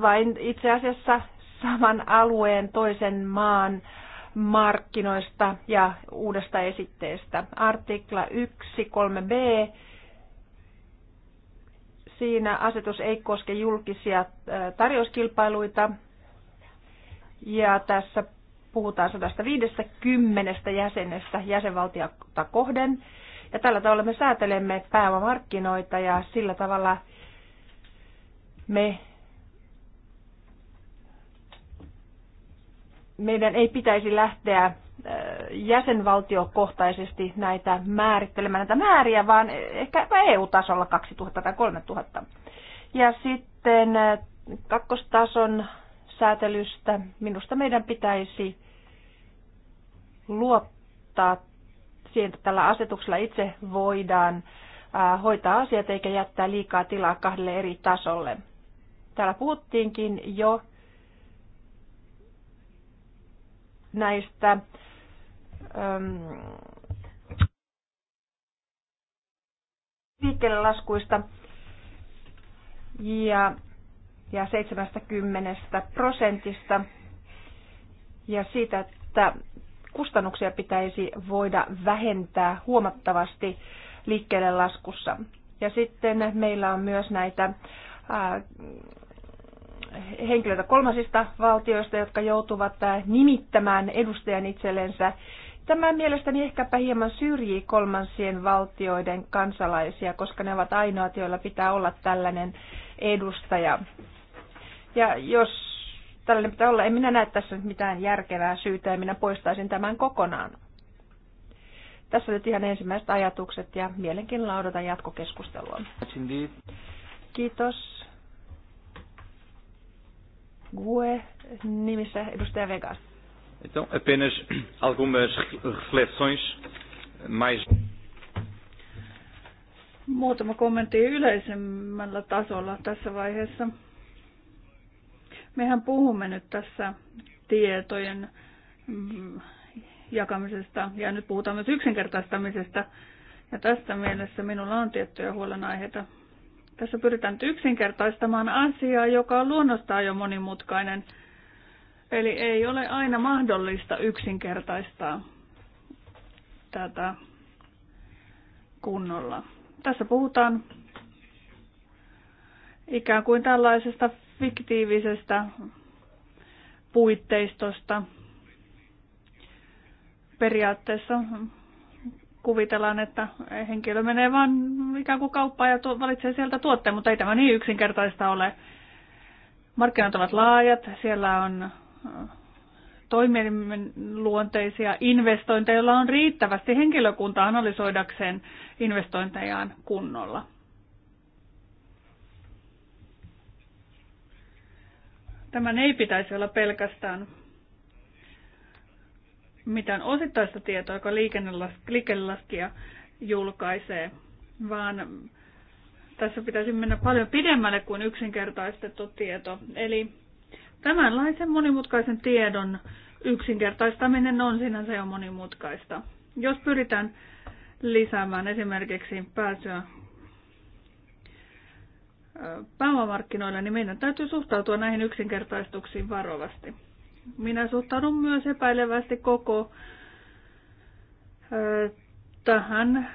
Speaker 2: vain itse asiassa saman alueen toisen maan markkinoista ja uudesta esitteestä. Artikla 13 b Siinä asetus ei koske julkisia tarjouskilpailuita. Ja tässä puhutaan 150 jäsenestä jäsenvaltiota kohden. Ja tällä tavalla me säätelemme pääomamarkkinoita ja sillä tavalla me meidän ei pitäisi lähteä äh, jäsenvaltiokohtaisesti näitä määrittelemään näitä määriä, vaan ehkä EU-tasolla 2000 tai 3000. Ja sitten äh, kakkostason säätelystä minusta meidän pitäisi luottaa siihen, että tällä asetuksella itse voidaan äh, hoitaa asiat eikä jättää liikaa tilaa kahdelle eri tasolle. Täällä puhuttiinkin jo näistä ähm, liikkeelle laskuista ja, ja 70 prosentista ja siitä, että kustannuksia pitäisi voida vähentää huomattavasti liikkeelle laskussa. Ja sitten meillä on myös näitä äh, henkilöitä kolmasista valtioista, jotka joutuvat äh, nimittämään edustajan itsellensä. Tämä mielestäni ehkäpä hieman syrjii kolmansien valtioiden kansalaisia, koska ne ovat ainoat, joilla pitää olla tällainen edustaja. Ja jos tällainen pitää olla, en minä näe tässä nyt mitään järkevää syytä ja minä poistaisin tämän kokonaan. Tässä nyt ihan ensimmäiset ajatukset ja mielenkiinnolla odotan jatkokeskustelua. Kiitos. GUE nimissä edustaja Vegas.
Speaker 5: Então, apenas algumas reflexões mais...
Speaker 6: Muutama kommentti yleisemmällä tasolla tässä vaiheessa. Mehän puhumme nyt tässä tietojen mm, jakamisesta ja nyt puhutaan myös yksinkertaistamisesta. Ja tästä mielessä minulla on tiettyjä huolenaiheita tässä pyritään nyt yksinkertaistamaan asiaa, joka on luonnostaan jo monimutkainen. Eli ei ole aina mahdollista yksinkertaistaa tätä kunnolla. Tässä puhutaan ikään kuin tällaisesta fiktiivisestä puitteistosta. Periaatteessa kuvitellaan, että henkilö menee vaan ikään kuin kauppaan ja valitsee sieltä tuotteen, mutta ei tämä niin yksinkertaista ole. Markkinat ovat laajat, siellä on äh, toimielimen luonteisia investointeja, joilla on riittävästi henkilökunta analysoidakseen investointejaan kunnolla. Tämän ei pitäisi olla pelkästään mitään osittaista tietoa, joka liikennelaskija julkaisee, vaan tässä pitäisi mennä paljon pidemmälle kuin yksinkertaistettu tieto. Eli tämänlaisen monimutkaisen tiedon yksinkertaistaminen on sinänsä jo monimutkaista. Jos pyritään lisäämään esimerkiksi pääsyä pääomamarkkinoille, niin meidän täytyy suhtautua näihin yksinkertaistuksiin varovasti. Minä suhtaudun myös epäilevästi koko ö, tähän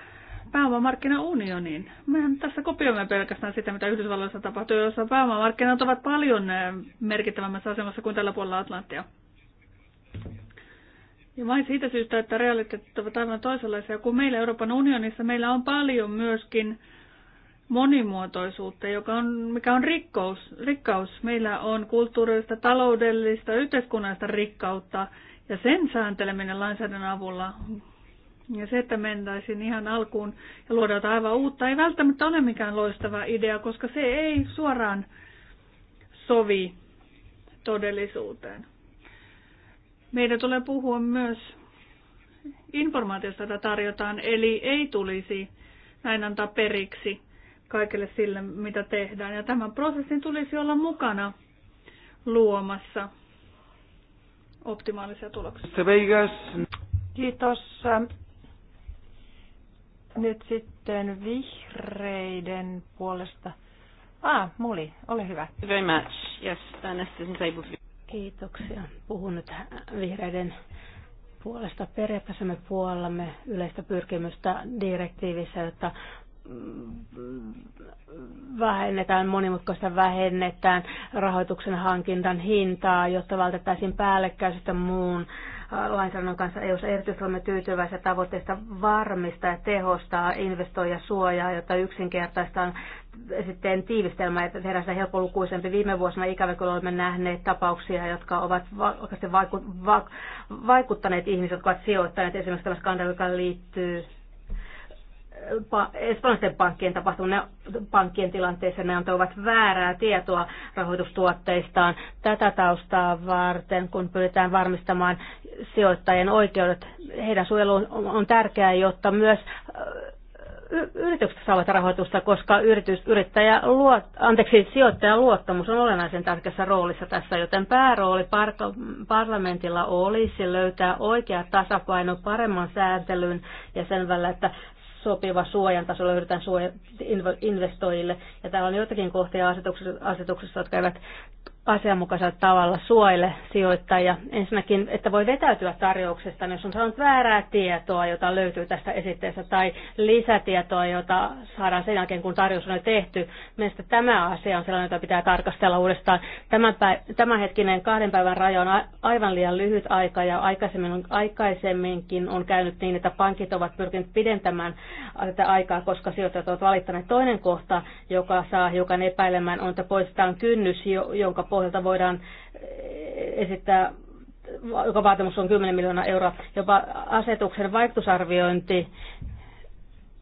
Speaker 6: pääomamarkkinaunioniin. Mehän tässä kopioimme pelkästään sitä, mitä Yhdysvalloissa tapahtuu, jossa pääomamarkkinat ovat paljon merkittävämmässä asemassa kuin tällä puolella Atlanttia. Ja vain siitä syystä, että realiteetit ovat aivan toisenlaisia kuin meillä Euroopan unionissa. Meillä on paljon myöskin monimuotoisuutta, joka on, mikä on rikkous, rikkaus. Meillä on kulttuurista, taloudellista, yhteiskunnallista rikkautta ja sen säänteleminen lainsäädännön avulla ja se, että mentäisiin ihan alkuun ja luoda aivan uutta, ei välttämättä ole mikään loistava idea, koska se ei suoraan sovi todellisuuteen. Meidän tulee puhua myös informaatiosta, jota tarjotaan, eli ei tulisi näin antaa periksi kaikelle sille, mitä tehdään. Ja tämän prosessin tulisi olla mukana luomassa optimaalisia tuloksia. Kiitos. Nyt sitten
Speaker 3: vihreiden puolesta. Ah, Muli, ole hyvä. Very much. Yes, is able Kiitoksia. Puhun nyt vihreiden puolesta periaatteessa me puollamme yleistä pyrkimystä direktiivissä, jotta vähennetään, monimutkaista vähennetään rahoituksen hankintan hintaa, jotta vältettäisiin päällekkäisyyttä muun lainsäädännön kanssa EU-ssa. Erityisesti olemme tyytyväisiä tavoitteista varmistaa ja tehostaa suojaa jotta yksinkertaistaan sitten tiivistelmä, että tehdään sitä helpolukuisempi. Viime vuosina ikävä kyllä olemme nähneet tapauksia, jotka ovat oikeasti vaikuttaneet ihmiset, jotka ovat sijoittaneet esimerkiksi tämä skandaali, joka liittyy espanjalaisten pankkien tapahtuneen pankkien tilanteessa ne antoivat väärää tietoa rahoitustuotteistaan. Tätä taustaa varten, kun pyritään varmistamaan sijoittajien oikeudet, heidän suojeluun on tärkeää, jotta myös yritykset saavat rahoitusta, koska yritys, yrittäjä luot, anteeksi, sijoittajan luottamus on olennaisen tärkeässä roolissa tässä, joten päärooli parlamentilla olisi löytää oikea tasapaino paremman sääntelyn ja sen välillä, että sopiva suojan taso löydetään suoja investoijille. Ja täällä on joitakin kohtia asetuksessa, asetuksessa jotka eivät asianmukaisella tavalla suojele sijoittajia. Ensinnäkin, että voi vetäytyä tarjouksesta, niin jos on saanut väärää tietoa, jota löytyy tästä esitteestä, tai lisätietoa, jota saadaan sen jälkeen, kun tarjous on jo tehty. Mielestäni tämä asia on sellainen, jota pitää tarkastella uudestaan. Tämän päiv- tämänhetkinen kahden päivän raja on aivan liian lyhyt aika, ja aikaisemmin on, aikaisemminkin on käynyt niin, että pankit ovat pyrkineet pidentämään tätä aikaa, koska sijoittajat ovat valittaneet toinen kohta, joka saa hiukan epäilemään, on, että poistetaan kynnys, jonka pohjalta voidaan eh, esittää, joka vaatimus on 10 miljoonaa euroa. Jopa asetuksen vaikutusarviointi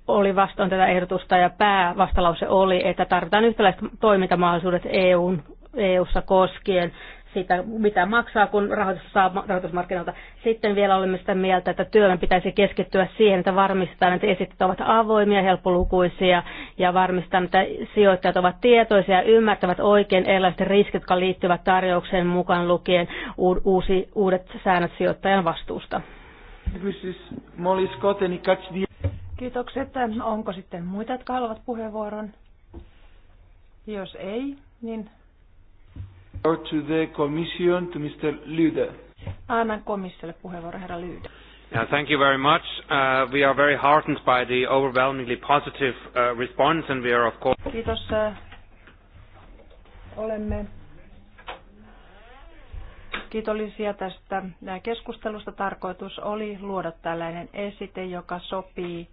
Speaker 3: oli vastoin tätä ehdotusta ja päävastalause oli, että tarvitaan yhtäläiset toimintamahdollisuudet EUn, EU-ssa koskien sitä, mitä maksaa, kun rahoitus saa rahoitusmarkkinoilta. Sitten vielä olemme sitä mieltä, että työn pitäisi keskittyä siihen, että varmistetaan, että esitteet ovat avoimia, helppolukuisia ja varmistetaan, että sijoittajat ovat tietoisia ja ymmärtävät oikein erilaiset riskit, jotka liittyvät tarjoukseen mukaan lukien uusi, uudet säännöt sijoittajan vastuusta.
Speaker 2: Kiitokset. Onko sitten muita, jotka haluavat puheenvuoron? Jos ei, niin
Speaker 4: Or to the commission, to Mr. Lüde.
Speaker 2: Annan komissiolle puheenvuoro, herra
Speaker 5: Lüde. Yeah, thank you very much. Uh, we are very heartened by the overwhelmingly positive uh, response and we are of course... Kiitos. Uh,
Speaker 2: olemme kiitollisia tästä uh, keskustelusta. Tarkoitus oli luoda tällainen esite, joka sopii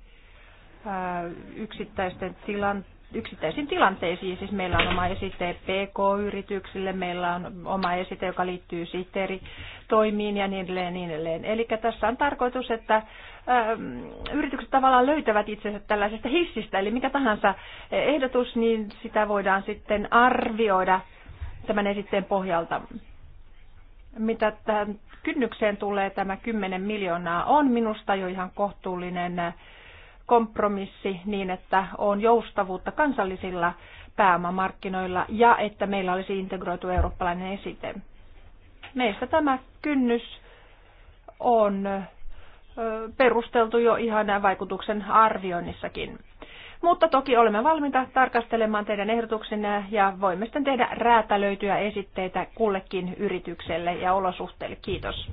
Speaker 2: uh, yksittäisten tilanteiden yksittäisiin tilanteisiin. Siis meillä on oma esite PK-yrityksille, meillä on oma esite, joka liittyy sihteeri toimiin ja niin edelleen. Niin edelleen. Eli tässä on tarkoitus, että ähm, yritykset tavallaan löytävät itsensä tällaisesta hissistä, eli mikä tahansa ehdotus, niin sitä voidaan sitten arvioida tämän esitteen pohjalta. Mitä tähän kynnykseen tulee, tämä 10 miljoonaa on minusta jo ihan kohtuullinen kompromissi niin, että on joustavuutta kansallisilla pääomamarkkinoilla ja että meillä olisi integroitu eurooppalainen esite. Meistä tämä kynnys on perusteltu jo ihan vaikutuksen arvioinnissakin. Mutta toki olemme valmiita tarkastelemaan teidän ehdotuksenne ja voimme sitten tehdä räätälöityjä esitteitä kullekin yritykselle ja olosuhteille. Kiitos.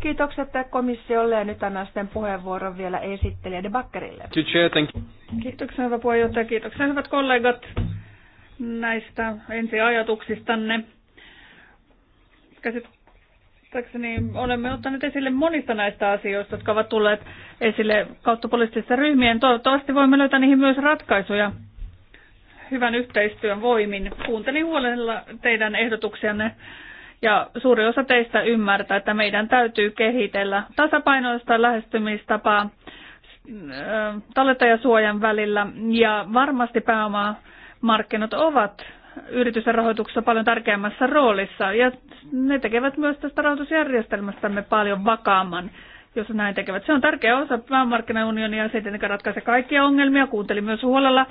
Speaker 2: Kiitokset
Speaker 6: komissiolle ja nyt annan sitten puheenvuoron vielä esittelijä De Bakkerille. Kiitoksia hyvä puheenjohtaja, kiitoksia hyvät kollegat näistä ensiajatuksistanne. Käsittääkseni olemme ottaneet esille monista näistä asioista, jotka ovat tulleet esille kautta poliittisten ryhmien. Toivottavasti voimme löytää niihin myös ratkaisuja hyvän yhteistyön voimin. Kuuntelin huolella teidän ehdotuksianne ja suuri osa teistä ymmärtää, että meidän täytyy kehitellä tasapainoista lähestymistapaa äh, talletajasuojan välillä. Ja varmasti pääomamarkkinat ovat yritysten rahoituksessa paljon tärkeämmässä roolissa. Ja ne tekevät myös tästä rahoitusjärjestelmästämme paljon vakaamman, jos näin tekevät. Se on tärkeä osa pääomamarkkinaunionia ja se ei ratkaise kaikkia ongelmia. Kuuntelin myös huolella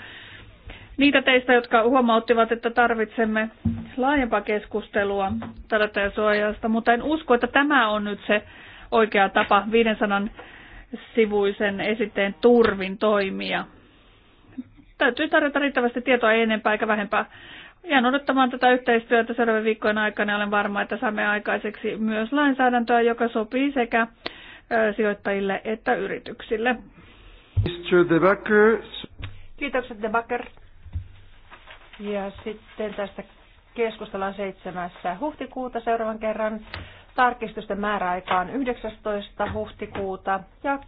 Speaker 6: niitä teistä, jotka huomauttivat, että tarvitsemme laajempaa keskustelua suojasta, mutta en usko, että tämä on nyt se oikea tapa 500 sivuisen esitteen turvin toimia. Täytyy tarjota riittävästi tietoa ei enempää eikä vähempää. Jään odottamaan tätä yhteistyötä seuraavien viikkojen aikana olen varma, että saamme aikaiseksi myös lainsäädäntöä, joka sopii sekä sijoittajille että yrityksille.
Speaker 5: Mr. De
Speaker 2: Kiitokset De ja sitten tästä keskustellaan 7. huhtikuuta seuraavan kerran. Tarkistusten määräaika on 19. huhtikuuta ja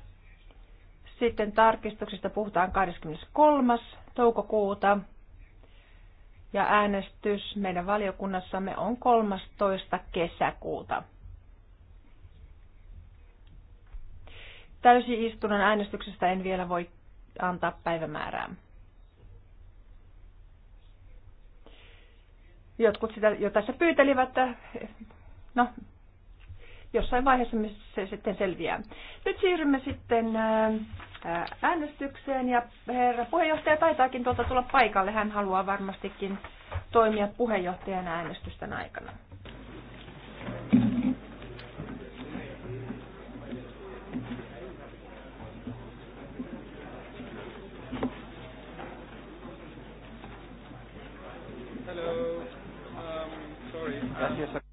Speaker 2: sitten tarkistuksista puhutaan 23. toukokuuta. Ja äänestys meidän valiokunnassamme on 13. kesäkuuta. täysi istunnon äänestyksestä en vielä voi antaa päivämäärää. Jotkut sitä jo tässä pyytelivät, no jossain vaiheessa se sitten selviää. Nyt siirrymme sitten äänestykseen ja herra puheenjohtaja taitaakin tuolta tulla paikalle. Hän haluaa varmastikin toimia puheenjohtajan äänestysten aikana.
Speaker 5: Gracias. A...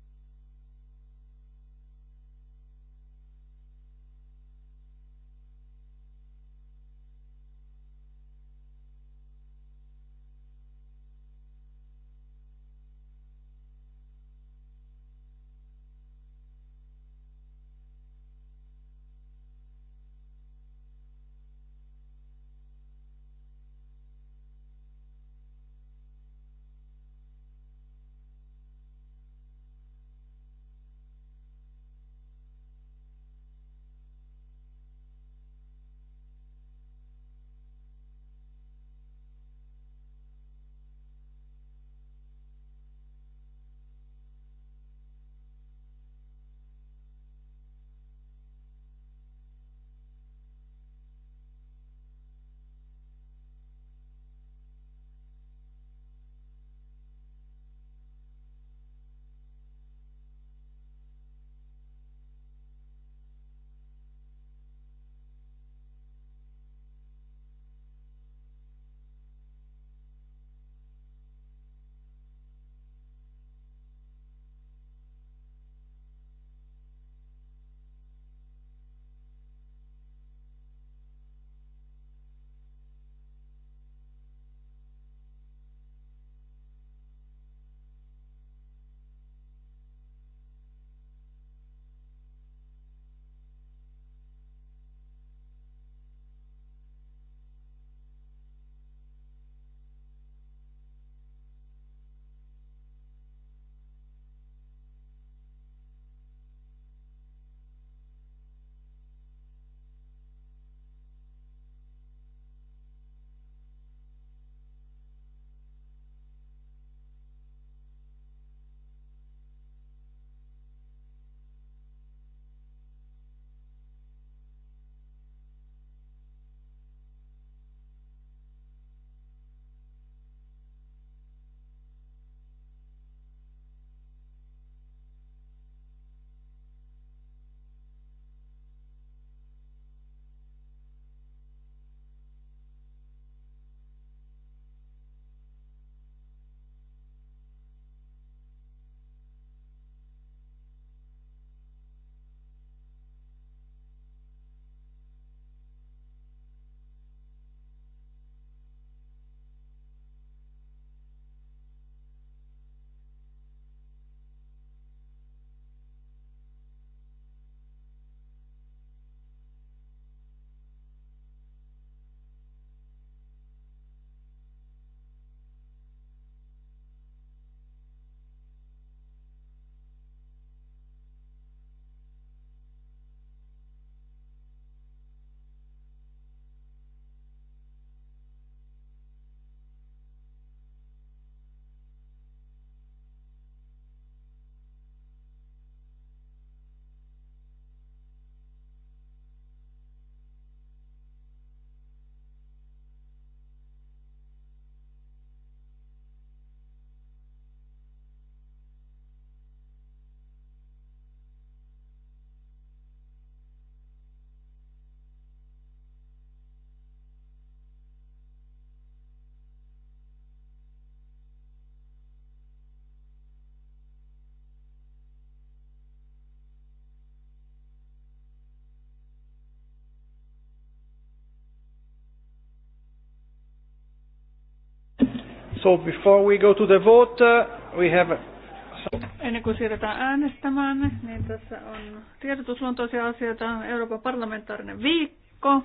Speaker 5: So before we go to the vote, uh, we have...
Speaker 6: Ennen kuin siirretään äänestämään, niin tässä on tiedotusluontoisia asioita. Euroopan parlamentaarinen viikko.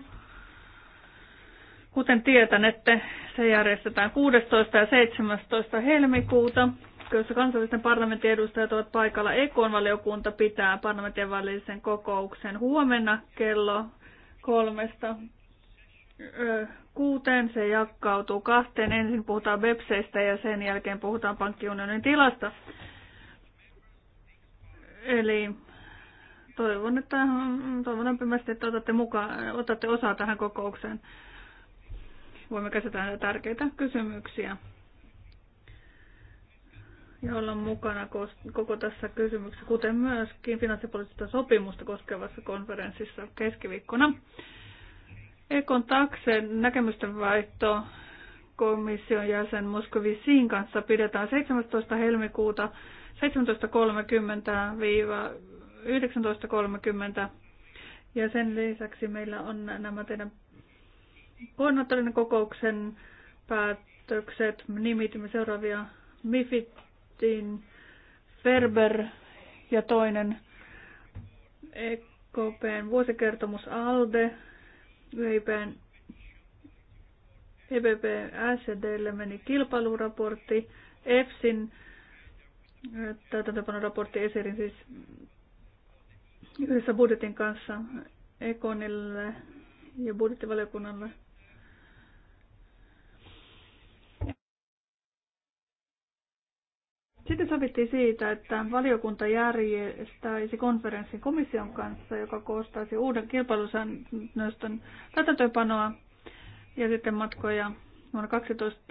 Speaker 6: Kuten tietänette, se järjestetään 16. ja 17. helmikuuta, jossa kansallisten parlamentin edustajat ovat paikalla. Ekon valiokunta pitää parlamentin välisen kokouksen huomenna kello kolmesta kuuteen, se jakautuu kahteen. Ensin puhutaan BEPSeistä ja sen jälkeen puhutaan pankkiunionin tilasta. Eli toivon, että toivon lämpimästi, että otatte, mukaan, otatte osaa tähän kokoukseen. Voimme käsitellä näitä tärkeitä kysymyksiä ja olla mukana koko tässä kysymyksessä, kuten myöskin finanssipoliittista sopimusta koskevassa konferenssissa keskiviikkona. Ekon taksen näkemysten vaihto komission jäsen Moskovisiin kanssa pidetään 17. helmikuuta 17.30-19.30. Ja sen lisäksi meillä on nämä teidän koordinaattorinen kokouksen päätökset. Nimitimme seuraavia Mifitin Ferber ja toinen EKPn vuosikertomus ALDE VIPn EPP SDlle meni kilpailuraportti, EFSin täytäntöpanoraportti ESERin siis yhdessä budjetin kanssa Ekonille ja budjettivaliokunnalle Sitten sovittiin siitä, että valiokunta järjestäisi konferenssin komission kanssa, joka koostaisi uuden kilpailusäännöstön täytäntöönpanoa ja sitten matkoja vuonna 12,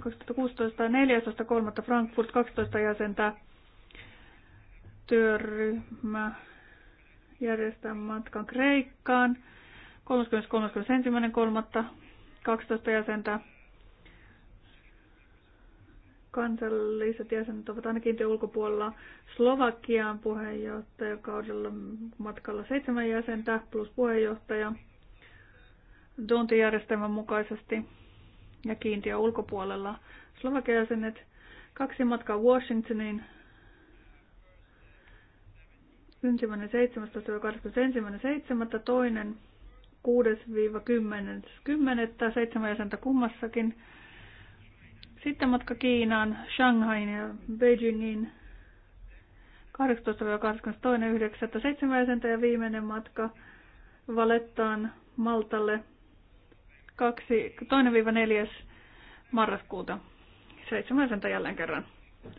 Speaker 6: 2016 14.3. Frankfurt 12 jäsentä työryhmä järjestää matkan Kreikkaan 30.31.3. 12 jäsentä kansalliset jäsenet ovat ainakin kiintiön ulkopuolella. Slovakian puheenjohtajakaudella matkalla seitsemän jäsentä plus puheenjohtaja tuntijärjestelmän mukaisesti ja kiintiä ulkopuolella Slovakian jäsenet. Kaksi matkaa Washingtoniin. 1.17.21.7. toinen 6-10.10. Seitsemän jäsentä kummassakin. Sitten matka Kiinaan, Shanghain ja Beijingin 18-22.9. ja viimeinen matka Valettaan Maltalle 2-4. marraskuuta. 7. jälleen kerran.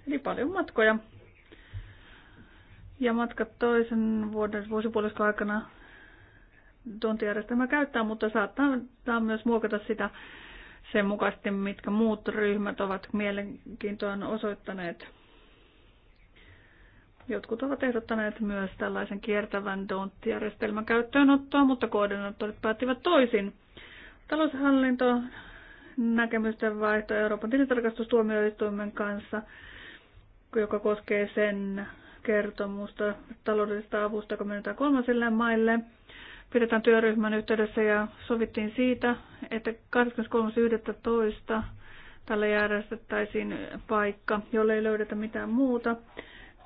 Speaker 6: Eli paljon matkoja. Ja matkat toisen vuoden vuosipuoliskon aikana tuontijärjestelmä käyttää, mutta saattaa myös muokata sitä sen mukaisesti, mitkä muut ryhmät ovat mielenkiintoa osoittaneet. Jotkut ovat ehdottaneet myös tällaisen kiertävän DONT-järjestelmän käyttöönottoa, mutta koordinaattorit päättivät toisin. Taloushallinto näkemysten vaihto Euroopan tilintarkastustuomioistuimen kanssa, joka koskee sen kertomusta taloudellisesta avusta, kun menetään kolmasille maille – pidetään työryhmän yhteydessä ja sovittiin siitä, että 23.11. tälle järjestettäisiin paikka, jolle ei löydetä mitään muuta.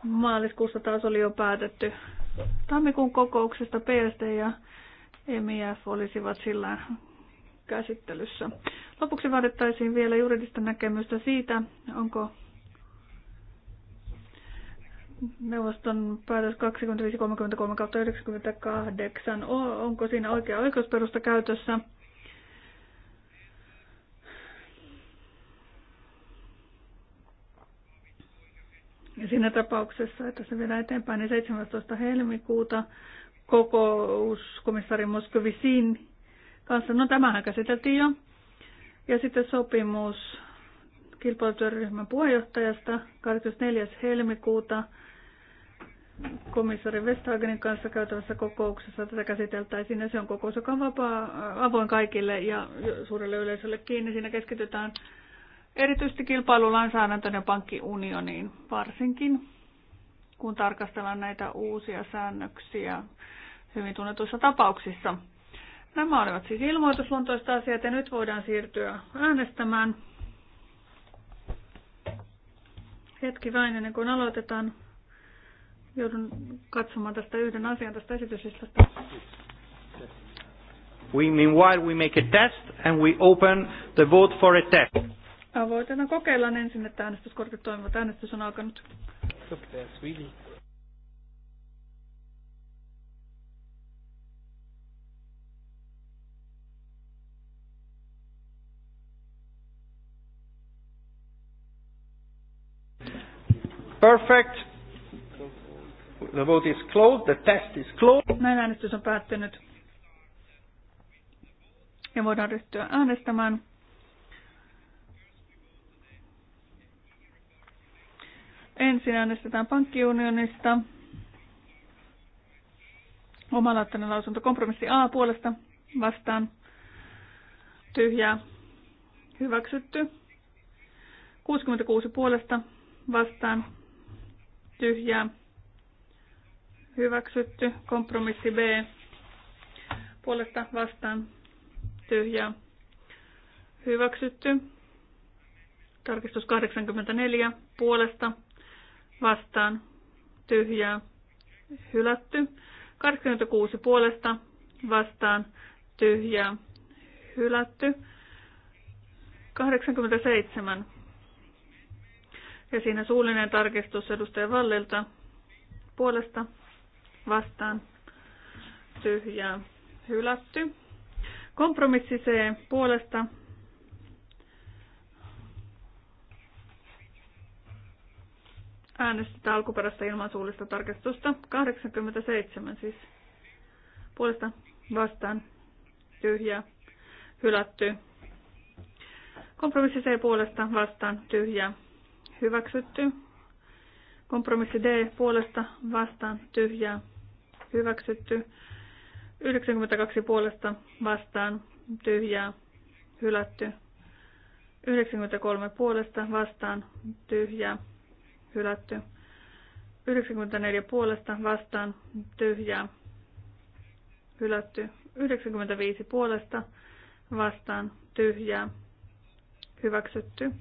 Speaker 6: Maaliskuussa taas oli jo päätetty tammikuun kokouksesta PST ja MIF olisivat sillä käsittelyssä. Lopuksi vaadittaisiin vielä juridista näkemystä siitä, onko neuvoston päätös 2533-98, onko siinä oikea oikeusperusta käytössä? Ja siinä tapauksessa, että se vielä eteenpäin, niin 17. helmikuuta kokous komissaari kanssa. No tämähän käsiteltiin jo. Ja sitten sopimus kilpailutyöryhmän puheenjohtajasta 24. helmikuuta komissori Vestagenin kanssa käytävässä kokouksessa tätä käsiteltäisiin ja se on kokous, joka on vapaa, avoin kaikille ja suurelle yleisölle kiinni. Siinä keskitytään erityisesti kilpailulainsäädäntöön ja pankkiunioniin varsinkin, kun tarkastellaan näitä uusia säännöksiä hyvin tunnetuissa tapauksissa. Nämä olivat siis ilmoitusluontoista asiat ja nyt voidaan siirtyä äänestämään. Hetki vain ennen kuin aloitetaan. Joudun katsomaan tästä yhden asian tästä esityslistasta.
Speaker 5: We meanwhile we make a test and we open the vote for a test.
Speaker 6: Avoitetaan kokeillaan ensin, että äänestyskortit toimivat. Äänestys on alkanut.
Speaker 5: perfect. The vote is closed. The test is
Speaker 6: closed. Näin äänestys on päättynyt. Ja voidaan ryhtyä äänestämään. Ensin äänestetään pankkiunionista. Omalaattainen lausunto kompromissi A puolesta vastaan. Tyhjää. Hyväksytty. 66 puolesta vastaan. Tyhjää Hyväksytty. Kompromissi B. Puolesta vastaan. Tyhjää. Hyväksytty. Tarkistus 84. Puolesta vastaan. Tyhjää. Hylätty. 86 puolesta vastaan. Tyhjää. Hylätty. 87. Ja siinä suullinen tarkistus edustaja Vallilta puolesta vastaan tyhjää hylätty. Kompromissi C puolesta äänestetään alkuperäistä ilmansuullista tarkastusta tarkistusta. 87 siis puolesta vastaan tyhjää hylätty. Kompromissi C puolesta vastaan tyhjää hyväksytty. Kompromissi D puolesta vastaan tyhjää hyväksytty. 92 puolesta vastaan tyhjää hylätty. 93 puolesta vastaan tyhjää hylätty. 94 puolesta vastaan tyhjää hylätty. 95 puolesta vastaan tyhjää hyväksytty.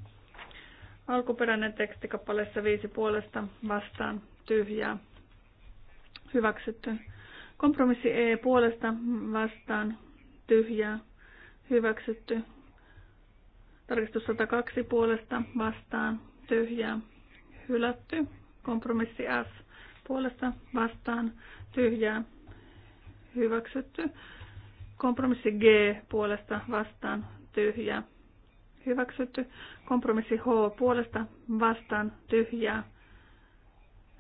Speaker 6: Alkuperäinen tekstikappaleessa viisi puolesta vastaan tyhjää Hyväksytty. Kompromissi E puolesta vastaan tyhjää. Hyväksytty. Tarkistus 102 puolesta vastaan tyhjää. Hylätty. Kompromissi S puolesta vastaan tyhjää. Hyväksytty. Kompromissi G puolesta vastaan tyhjää. Hyväksytty. Kompromissi H puolesta vastaan tyhjää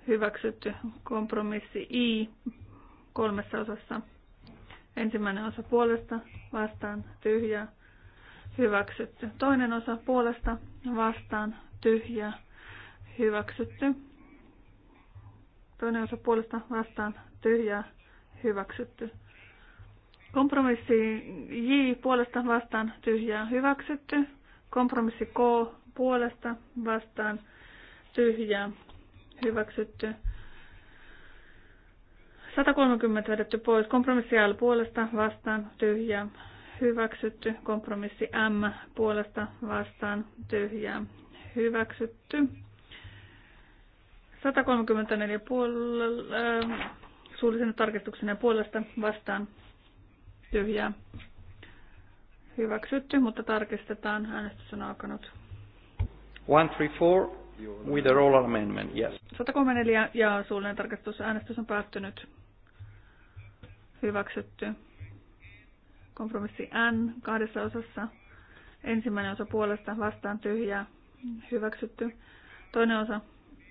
Speaker 6: hyväksytty kompromissi I kolmessa osassa. Ensimmäinen osa puolesta, vastaan, tyhjä hyväksytty. Toinen osa puolesta, vastaan, tyhjä hyväksytty. Toinen osa puolesta, vastaan, tyhjä hyväksytty. Kompromissi J puolesta, vastaan, tyhjää, hyväksytty. Kompromissi K puolesta, vastaan, tyhjää, hyväksytty. 130 vedetty pois. Kompromissi L puolesta vastaan tyhjää. Hyväksytty. Kompromissi M puolesta vastaan tyhjää. Hyväksytty. 134 puolella, äh, suullisen tarkistuksen puolesta vastaan tyhjää. Hyväksytty, mutta tarkistetaan. Äänestys on alkanut.
Speaker 5: 134 With the roll amendment, yes.
Speaker 6: 134 ja suullinen tarkastus. Äänestys on päättynyt. Hyväksytty. Kompromissi N kahdessa osassa. Ensimmäinen osa puolesta vastaan tyhjää. Hyväksytty. Toinen osa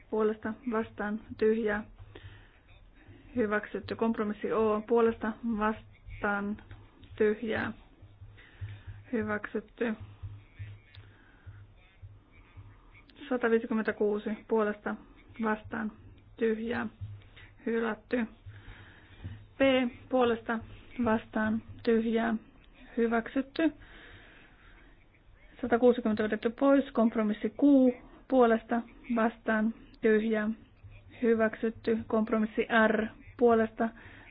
Speaker 6: puolesta vastaan tyhjää. Hyväksytty. Kompromissi O puolesta vastaan tyhjää. Hyväksytty. 156 puolesta vastaan tyhjää hylätty. P puolesta vastaan tyhjää hyväksytty. 160 otettu pois, kompromissi Q puolesta vastaan tyhjää hyväksytty. Kompromissi R puolesta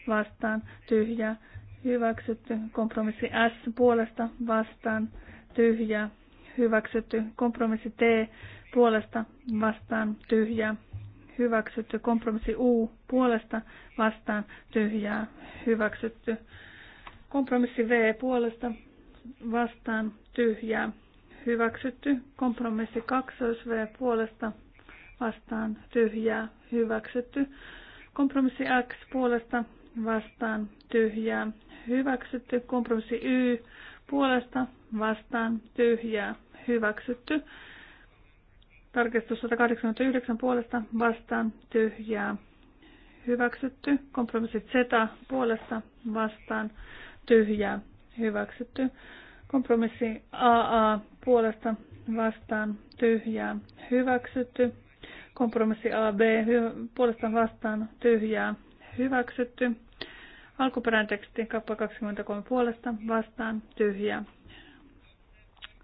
Speaker 6: vastaan tyhjää hyväksytty. Kompromissi S puolesta vastaan tyhjää hyväksytty. Kompromissi T puolesta vastaan tyhjää hyväksytty. Kompromissi U puolesta vastaan tyhjää hyväksytty. Kompromissi V puolesta vastaan tyhjää hyväksytty. Kompromissi 2 V puolesta vastaan tyhjää hyväksytty. Kompromissi X puolesta vastaan tyhjää hyväksytty. Kompromissi Y puolesta vastaan tyhjää hyväksytty. Tarkistus 189 puolesta vastaan tyhjää hyväksytty. kompromissi Z puolesta vastaan tyhjää hyväksytty. Kompromissi AA puolesta vastaan tyhjää hyväksytty. Kompromissi AB puolesta vastaan tyhjää hyväksytty. Alkuperäinen teksti kappa 23 puolesta vastaan tyhjää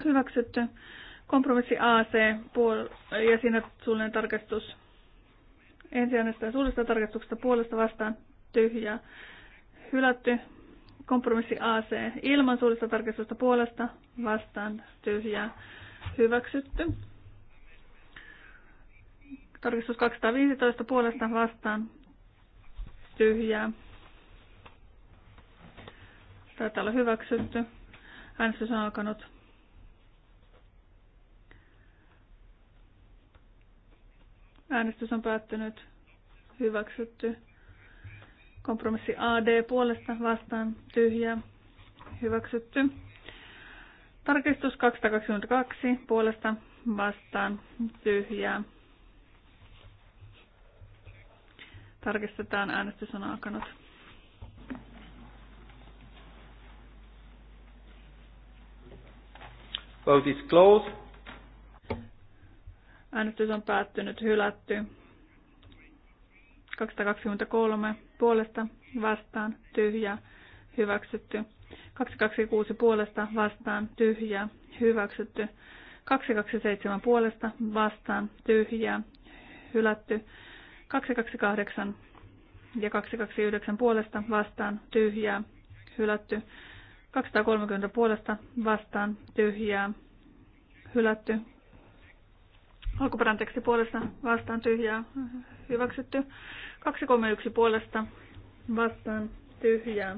Speaker 6: hyväksytty. Kompromissi AC puol- ja siinä suullinen tarkastus. ensiannesta ja suullisesta tarkastuksesta puolesta vastaan tyhjää. Hylätty. Kompromissi AC ilman suullista tarkastusta puolesta vastaan tyhjää. Hyväksytty. Tarkistus 215 puolesta vastaan tyhjää. Taitaa olla hyväksytty. Äänestys on alkanut. Äänestys on päättynyt. Hyväksytty. Kompromissi AD puolesta vastaan tyhjä, Hyväksytty. Tarkistus 222 puolesta vastaan tyhjää. Tarkistetaan, äänestys on alkanut.
Speaker 5: Vote is closed.
Speaker 6: Äänestys on päättynyt, hylätty. 223 puolesta vastaan tyhjä hyväksytty. 226 puolesta vastaan tyhjä hyväksytty. 227 puolesta vastaan tyhjä hylätty. 228 ja 229 puolesta vastaan tyhjä hylätty. 230 puolesta vastaan tyhjä hylätty. Alkuperän teksti puolesta vastaan tyhjää hyväksytty. 231 puolesta vastaan tyhjää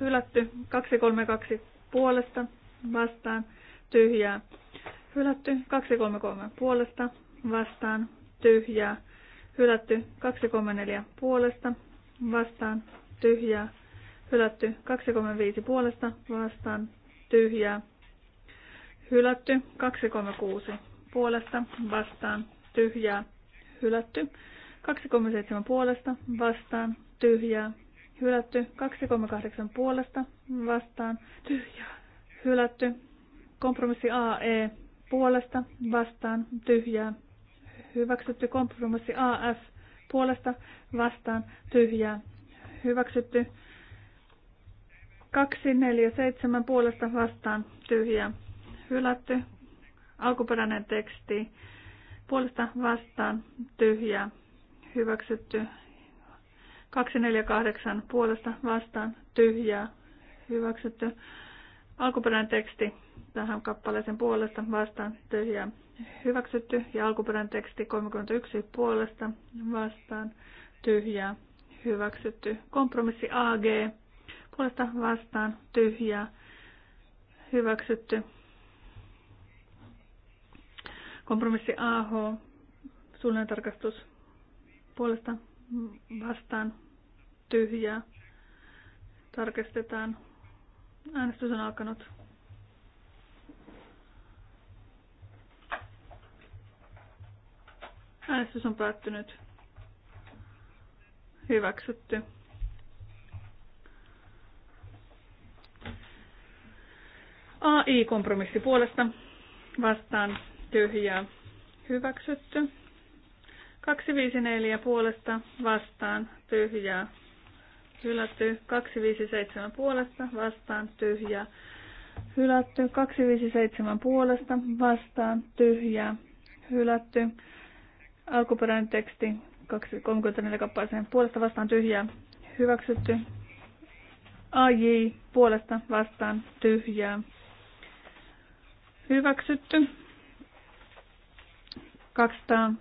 Speaker 6: hylätty. 232 puolesta vastaan tyhjää hylätty. 233 puolesta vastaan tyhjää hylätty. 234 puolesta vastaan tyhjää hylätty. 235 puolesta vastaan tyhjää hylätty. 236 puolesta vastaan tyhjää hylätty. 237 puolesta vastaan tyhjää hylätty. 238 puolesta vastaan tyhjää hylätty. Kompromissi AE puolesta vastaan tyhjää hyväksytty. Kompromissi AF puolesta vastaan tyhjää hyväksytty. 247 puolesta vastaan tyhjää hylätty. Alkuperäinen teksti puolesta vastaan tyhjä hyväksytty. 248 puolesta vastaan tyhjä hyväksytty. Alkuperäinen teksti tähän kappaleeseen puolesta vastaan tyhjä hyväksytty ja alkuperäinen teksti 31 puolesta vastaan tyhjä hyväksytty. Kompromissi AG puolesta vastaan tyhjä hyväksytty. Kompromissi AH, suullinen tarkastus puolesta vastaan tyhjää. Tarkistetaan. Äänestys on alkanut. Äänestys on päättynyt. Hyväksytty. AI-kompromissi puolesta vastaan tyhjää hyväksytty. 254 puolesta vastaan tyhjää hylätty. 257 puolesta vastaan tyhjää hylätty. 257 puolesta vastaan tyhjää hylätty. Alkuperäinen teksti 34 kappaleeseen puolesta vastaan tyhjää hyväksytty. AJ puolesta vastaan tyhjää hyväksytty. 200.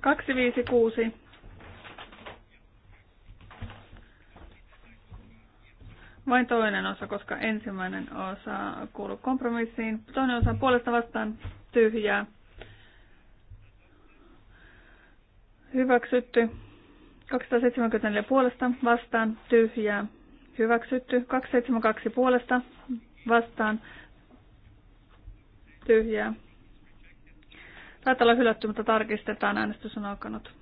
Speaker 6: Kaksi viisi kuusi. Vain toinen osa, koska ensimmäinen osa kuuluu kompromissiin. Toinen osa puolesta vastaan tyhjää. Hyväksytty. 274 puolesta vastaan tyhjää. Hyväksytty. 272 puolesta vastaan. Tyhjää. Taitaa olla hylätty, mutta tarkistetaan. Äänestys on alkanut.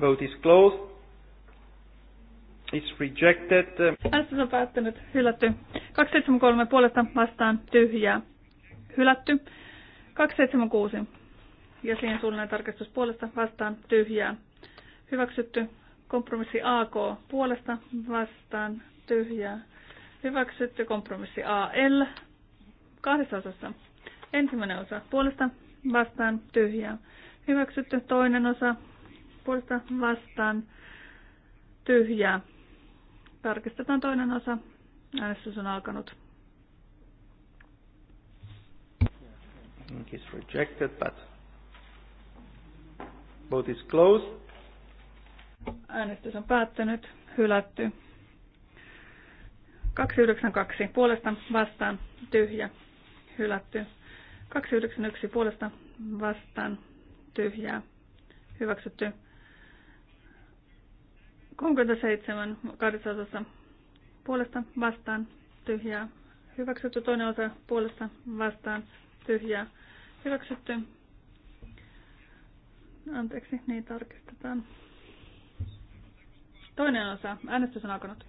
Speaker 5: Vote is closed. It's rejected.
Speaker 6: Äänestys on päättynyt. Hylätty. 273 puolesta vastaan. Tyhjää. Hylätty. 276. Ja siihen suunnilleen tarkistus puolesta vastaan. Tyhjää. Hyväksytty. Kompromissi AK puolesta vastaan tyhjää. Hyväksytty. Kompromissi AL kahdessa osassa. Ensimmäinen osa puolesta vastaan tyhjää. Hyväksytty. Toinen osa puolesta vastaan tyhjää. Tarkistetaan toinen osa. Äänestys on alkanut.
Speaker 5: It's rejected, but vote is closed. Äänestys on
Speaker 6: päättynyt. Hylätty. 292 puolesta vastaan tyhjä. Hylätty. 291 puolesta vastaan tyhjää. Hyväksytty. 37 kahdessa puolesta vastaan tyhjää. Hyväksytty toinen osa puolesta vastaan tyhjää. Hyväksytty. Anteeksi, niin tarkistetaan. Toinen osa. Äänestys on alkanut.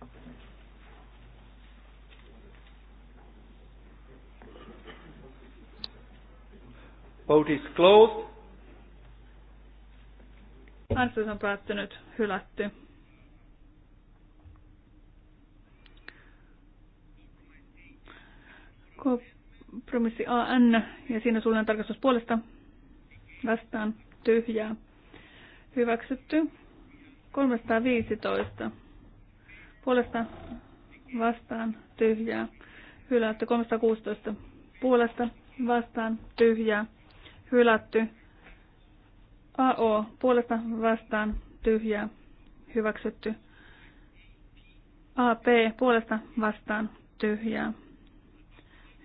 Speaker 5: Vote is closed.
Speaker 6: Äänestys on päättynyt. Hylätty. Kompromissi AN ja siinä suullinen tarkastus puolesta vastaan tyhjää. Hyväksytty. 315. Puolesta vastaan tyhjää. Hylätty 316. Puolesta vastaan tyhjää. Hylätty. AO. Puolesta vastaan tyhjää. Hyväksytty. AP. Puolesta vastaan tyhjää.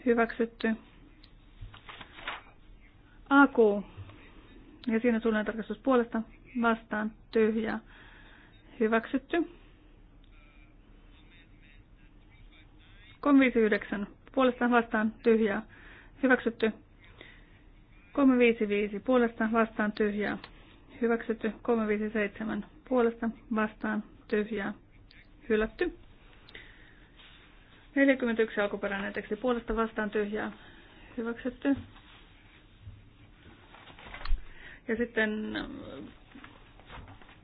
Speaker 6: Hyväksytty. AQ. Ja siinä tulee tarkastus puolesta vastaan tyhjää Hyväksytty. 359. Puolestaan vastaan tyhjää. Hyväksytty. 355. Puolestaan vastaan tyhjää. Hyväksytty. 357. Puolesta vastaan tyhjää. Hylätty. 41 alkuperäinen teksti puolesta vastaan tyhjää. Hyväksytty. Ja sitten,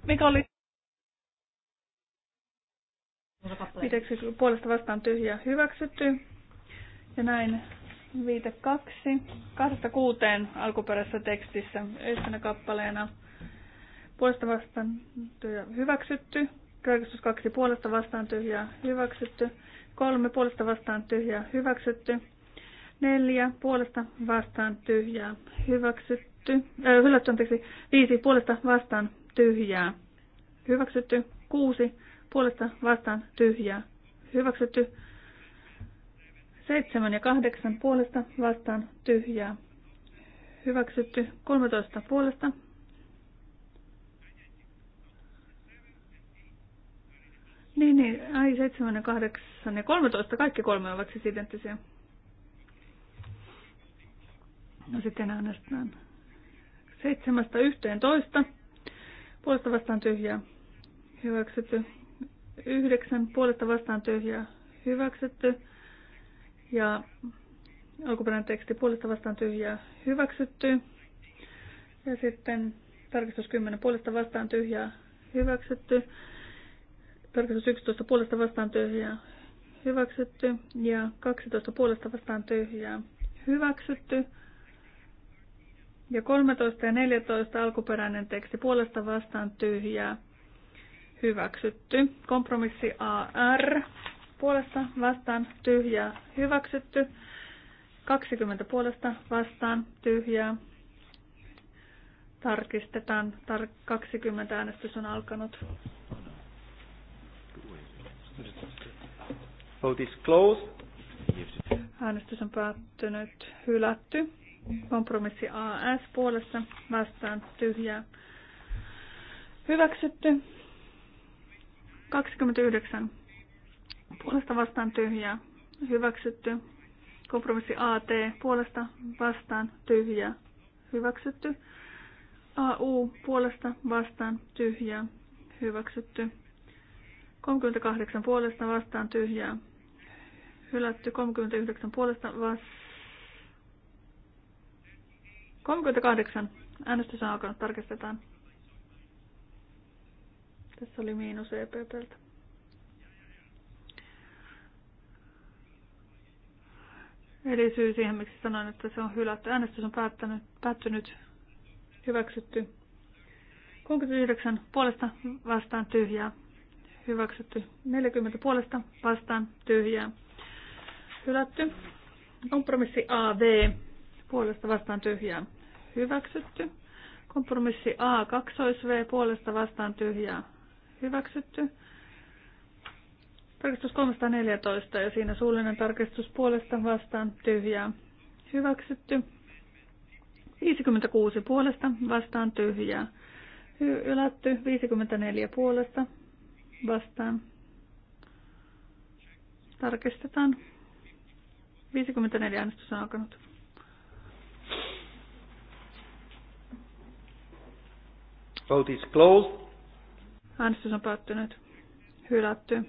Speaker 6: mikä oli Viiteksi puolesta vastaan tyhjä hyväksytty. Ja näin viite kaksi. Kahdesta kuuteen alkuperäisessä tekstissä yhtenä kappaleena. Puolesta vastaan tyhjä hyväksytty. Kaikistus kaksi puolesta vastaan tyhjä hyväksytty. Kolme puolesta vastaan tyhjä hyväksytty. Neljä puolesta vastaan tyhjä hyväksytty. Äh, hylätty anteeksi. Viisi puolesta vastaan tyhjää hyväksytty. Kuusi puolesta vastaan tyhjää hyväksytty. 7 ja 8 puolesta vastaan tyhjää hyväksytty. 13 puolesta Niin, niin. Ai, 7 ja 8 ja 13. Kaikki kolme ovat siis identtisiä. No sitten äänestetään 7 11. Puolesta vastaan tyhjää. Hyväksytty yhdeksän puolesta vastaan tyhjää hyväksytty. Ja alkuperäinen teksti puolesta vastaan tyhjää hyväksytty. Ja sitten tarkistus 10 puolesta vastaan tyhjää hyväksytty. Tarkistus 11 puolesta vastaan tyhjää hyväksytty. Ja 12 puolesta vastaan tyhjää hyväksytty. Ja 13 ja 14 alkuperäinen teksti puolesta vastaan tyhjää hyväksytty. Kompromissi AR puolesta vastaan tyhjää hyväksytty. 20 puolesta vastaan tyhjää. Tarkistetaan. Tar- 20 äänestys on alkanut.
Speaker 5: Vote is closed.
Speaker 6: Äänestys on päättynyt. Hylätty. Kompromissi AS puolesta vastaan tyhjää. Hyväksytty. 29 puolesta vastaan tyhjää, hyväksytty. Kompromissi AT puolesta vastaan tyhjää, hyväksytty. AU puolesta vastaan tyhjää, hyväksytty. 38 puolesta vastaan tyhjää, hylätty. 39 puolesta vastaan 38. Äänestys on alkanut. Tarkistetaan. Tässä oli miinus EPPltä. Eli syy siihen, miksi sanoin, että se on hylätty. Äänestys on päättänyt, päättynyt, hyväksytty. 39 puolesta vastaan tyhjää, hyväksytty. 40 puolesta vastaan tyhjää, hylätty. Kompromissi AV puolesta vastaan tyhjää, hyväksytty. Kompromissi A, 2V puolesta vastaan tyhjää, hyväksytty. Tarkistus 314 ja siinä suullinen tarkistus puolesta vastaan tyhjää hyväksytty. 56 puolesta vastaan tyhjää ylätty. 54 puolesta vastaan tarkistetaan. 54 äänestys on alkanut.
Speaker 5: Vote is closed.
Speaker 6: Äänestys on päättynyt. Hylätty.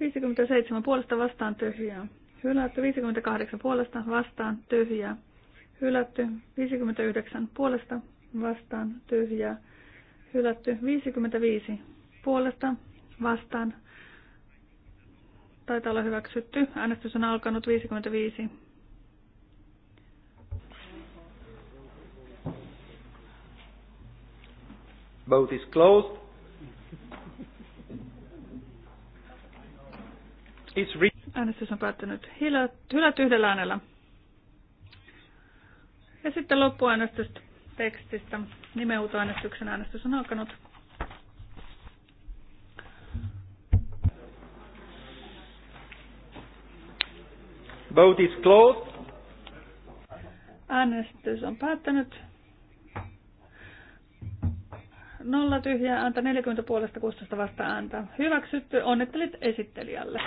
Speaker 6: 57 puolesta vastaan tyhjää. Hylätty 58 puolesta vastaan tyhjää. Hylätty 59 puolesta vastaan tyhjää. Hylätty 55 puolesta vastaan. Taitaa olla hyväksytty. Äänestys on alkanut 55.
Speaker 5: Vote is closed. It's re- Äänestys on päättynyt
Speaker 6: hylät yhdellä äänellä. Ja sitten loppuäänestys tekstistä. Nimenhuutoäänestyksen äänestys on alkanut.
Speaker 5: Vote is closed.
Speaker 6: Äänestys on päättänyt. Nolla tyhjää ääntä, 40 puolesta 16 vasta ääntä. Hyväksytty,
Speaker 3: onnettelit esittelijälle.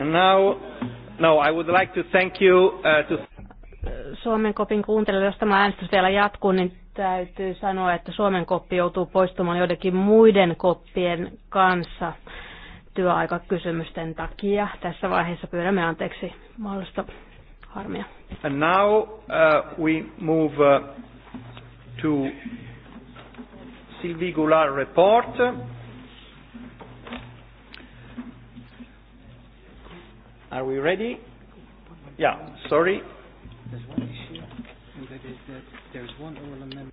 Speaker 5: now, no, I would like to thank you uh, to...
Speaker 3: Suomen kopin kuuntelijoille, jos tämä äänestys vielä jatkuu, niin täytyy sanoa, että Suomen koppi joutuu poistumaan joidenkin muiden koppien kanssa työaikakysymysten takia. Tässä vaiheessa pyydämme anteeksi mahdollista harmia.
Speaker 5: And now uh, we move uh, to Sylvie Goulard report. Are we ready? Yeah, sorry. There's one
Speaker 1: issue, and that is that there's one oral amendment.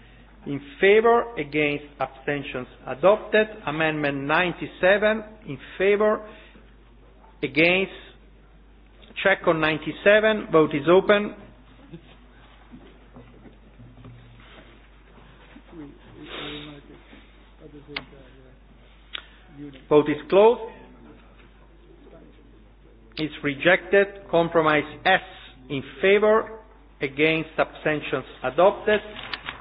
Speaker 5: In favor, against, abstentions adopted. Amendment 97, in favor, against, check on 97, vote is open. Vote is closed. Is rejected. Compromise S in favor, against, abstentions adopted.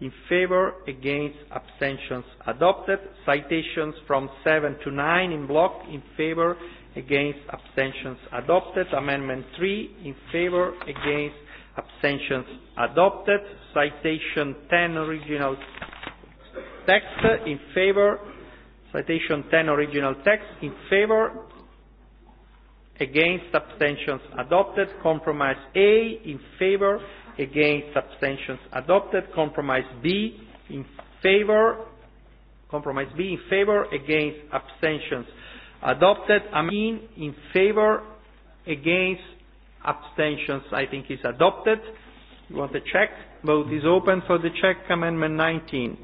Speaker 5: in favor, against, abstentions adopted. Citations from 7 to 9 in block, in favor, against, abstentions adopted. Amendment 3, in favor, against, abstentions adopted. Citation 10, original text, in favor. Citation 10, original text, in favor, against, abstentions adopted. Compromise A, in favor, against abstentions adopted. Compromise B in favor. Compromise B in favor against abstentions adopted. Amin in favor against abstentions I think is adopted. You want to check? Vote is open for the check amendment 19.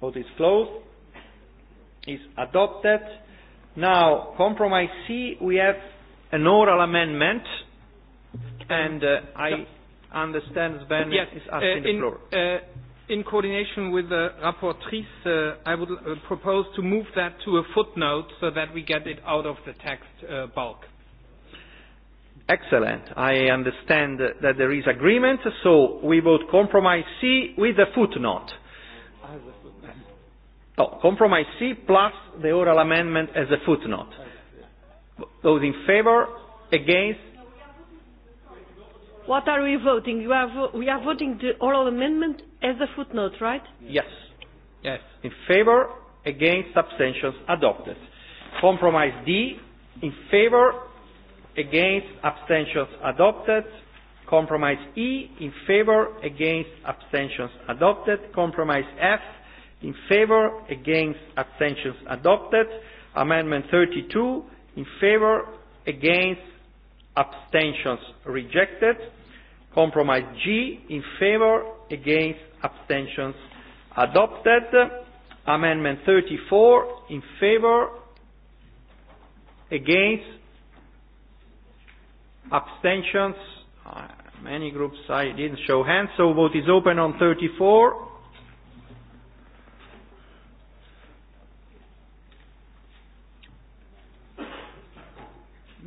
Speaker 5: Vote is closed. Is adopted. Now, compromise C, we have an oral amendment, and uh, I yeah. understand Sven yes. is uh, asking uh, the in, the floor. Uh, in coordination with the rapporteur, uh, I would uh, propose to move that to a footnote so that we get it out of the text uh, bulk. Excellent. I understand that there is agreement, so we vote compromise C with a footnote. Oh, compromise C plus the oral amendment as a footnote. Those in favor, against.
Speaker 6: What are we voting? You are vo we are voting the oral amendment as a footnote,
Speaker 5: right? Yes. Yes. In favor, against, abstentions, adopted. Compromise D, in favor, against, abstentions, adopted. Compromise E, in favor, against, abstentions, adopted. Compromise F, in favor, against, abstentions adopted. Amendment 32, in favor, against, abstentions rejected. Compromise G, in favor, against, abstentions adopted. Amendment 34, in favor, against, abstentions. Uh, many groups I didn't show hands, so vote is open on 34.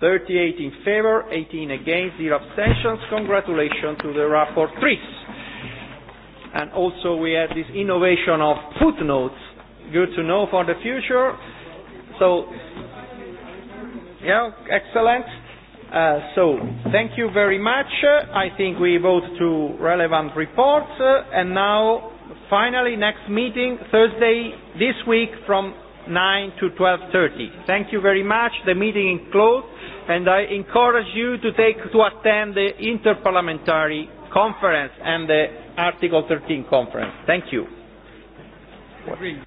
Speaker 5: 38 in favor, 18 against, 0 abstentions. Congratulations to the rapporteurs. And also we had this innovation of footnotes. Good to know for the future. So, yeah, excellent. Uh, so, thank you very much. Uh, I think we vote to relevant reports. Uh, and now, finally, next meeting, Thursday this week from 9 to 12.30. Thank you very much. The meeting is closed and I encourage you to, take, to attend the Interparliamentary Conference and the Article 13 Conference. Thank you. Agreed.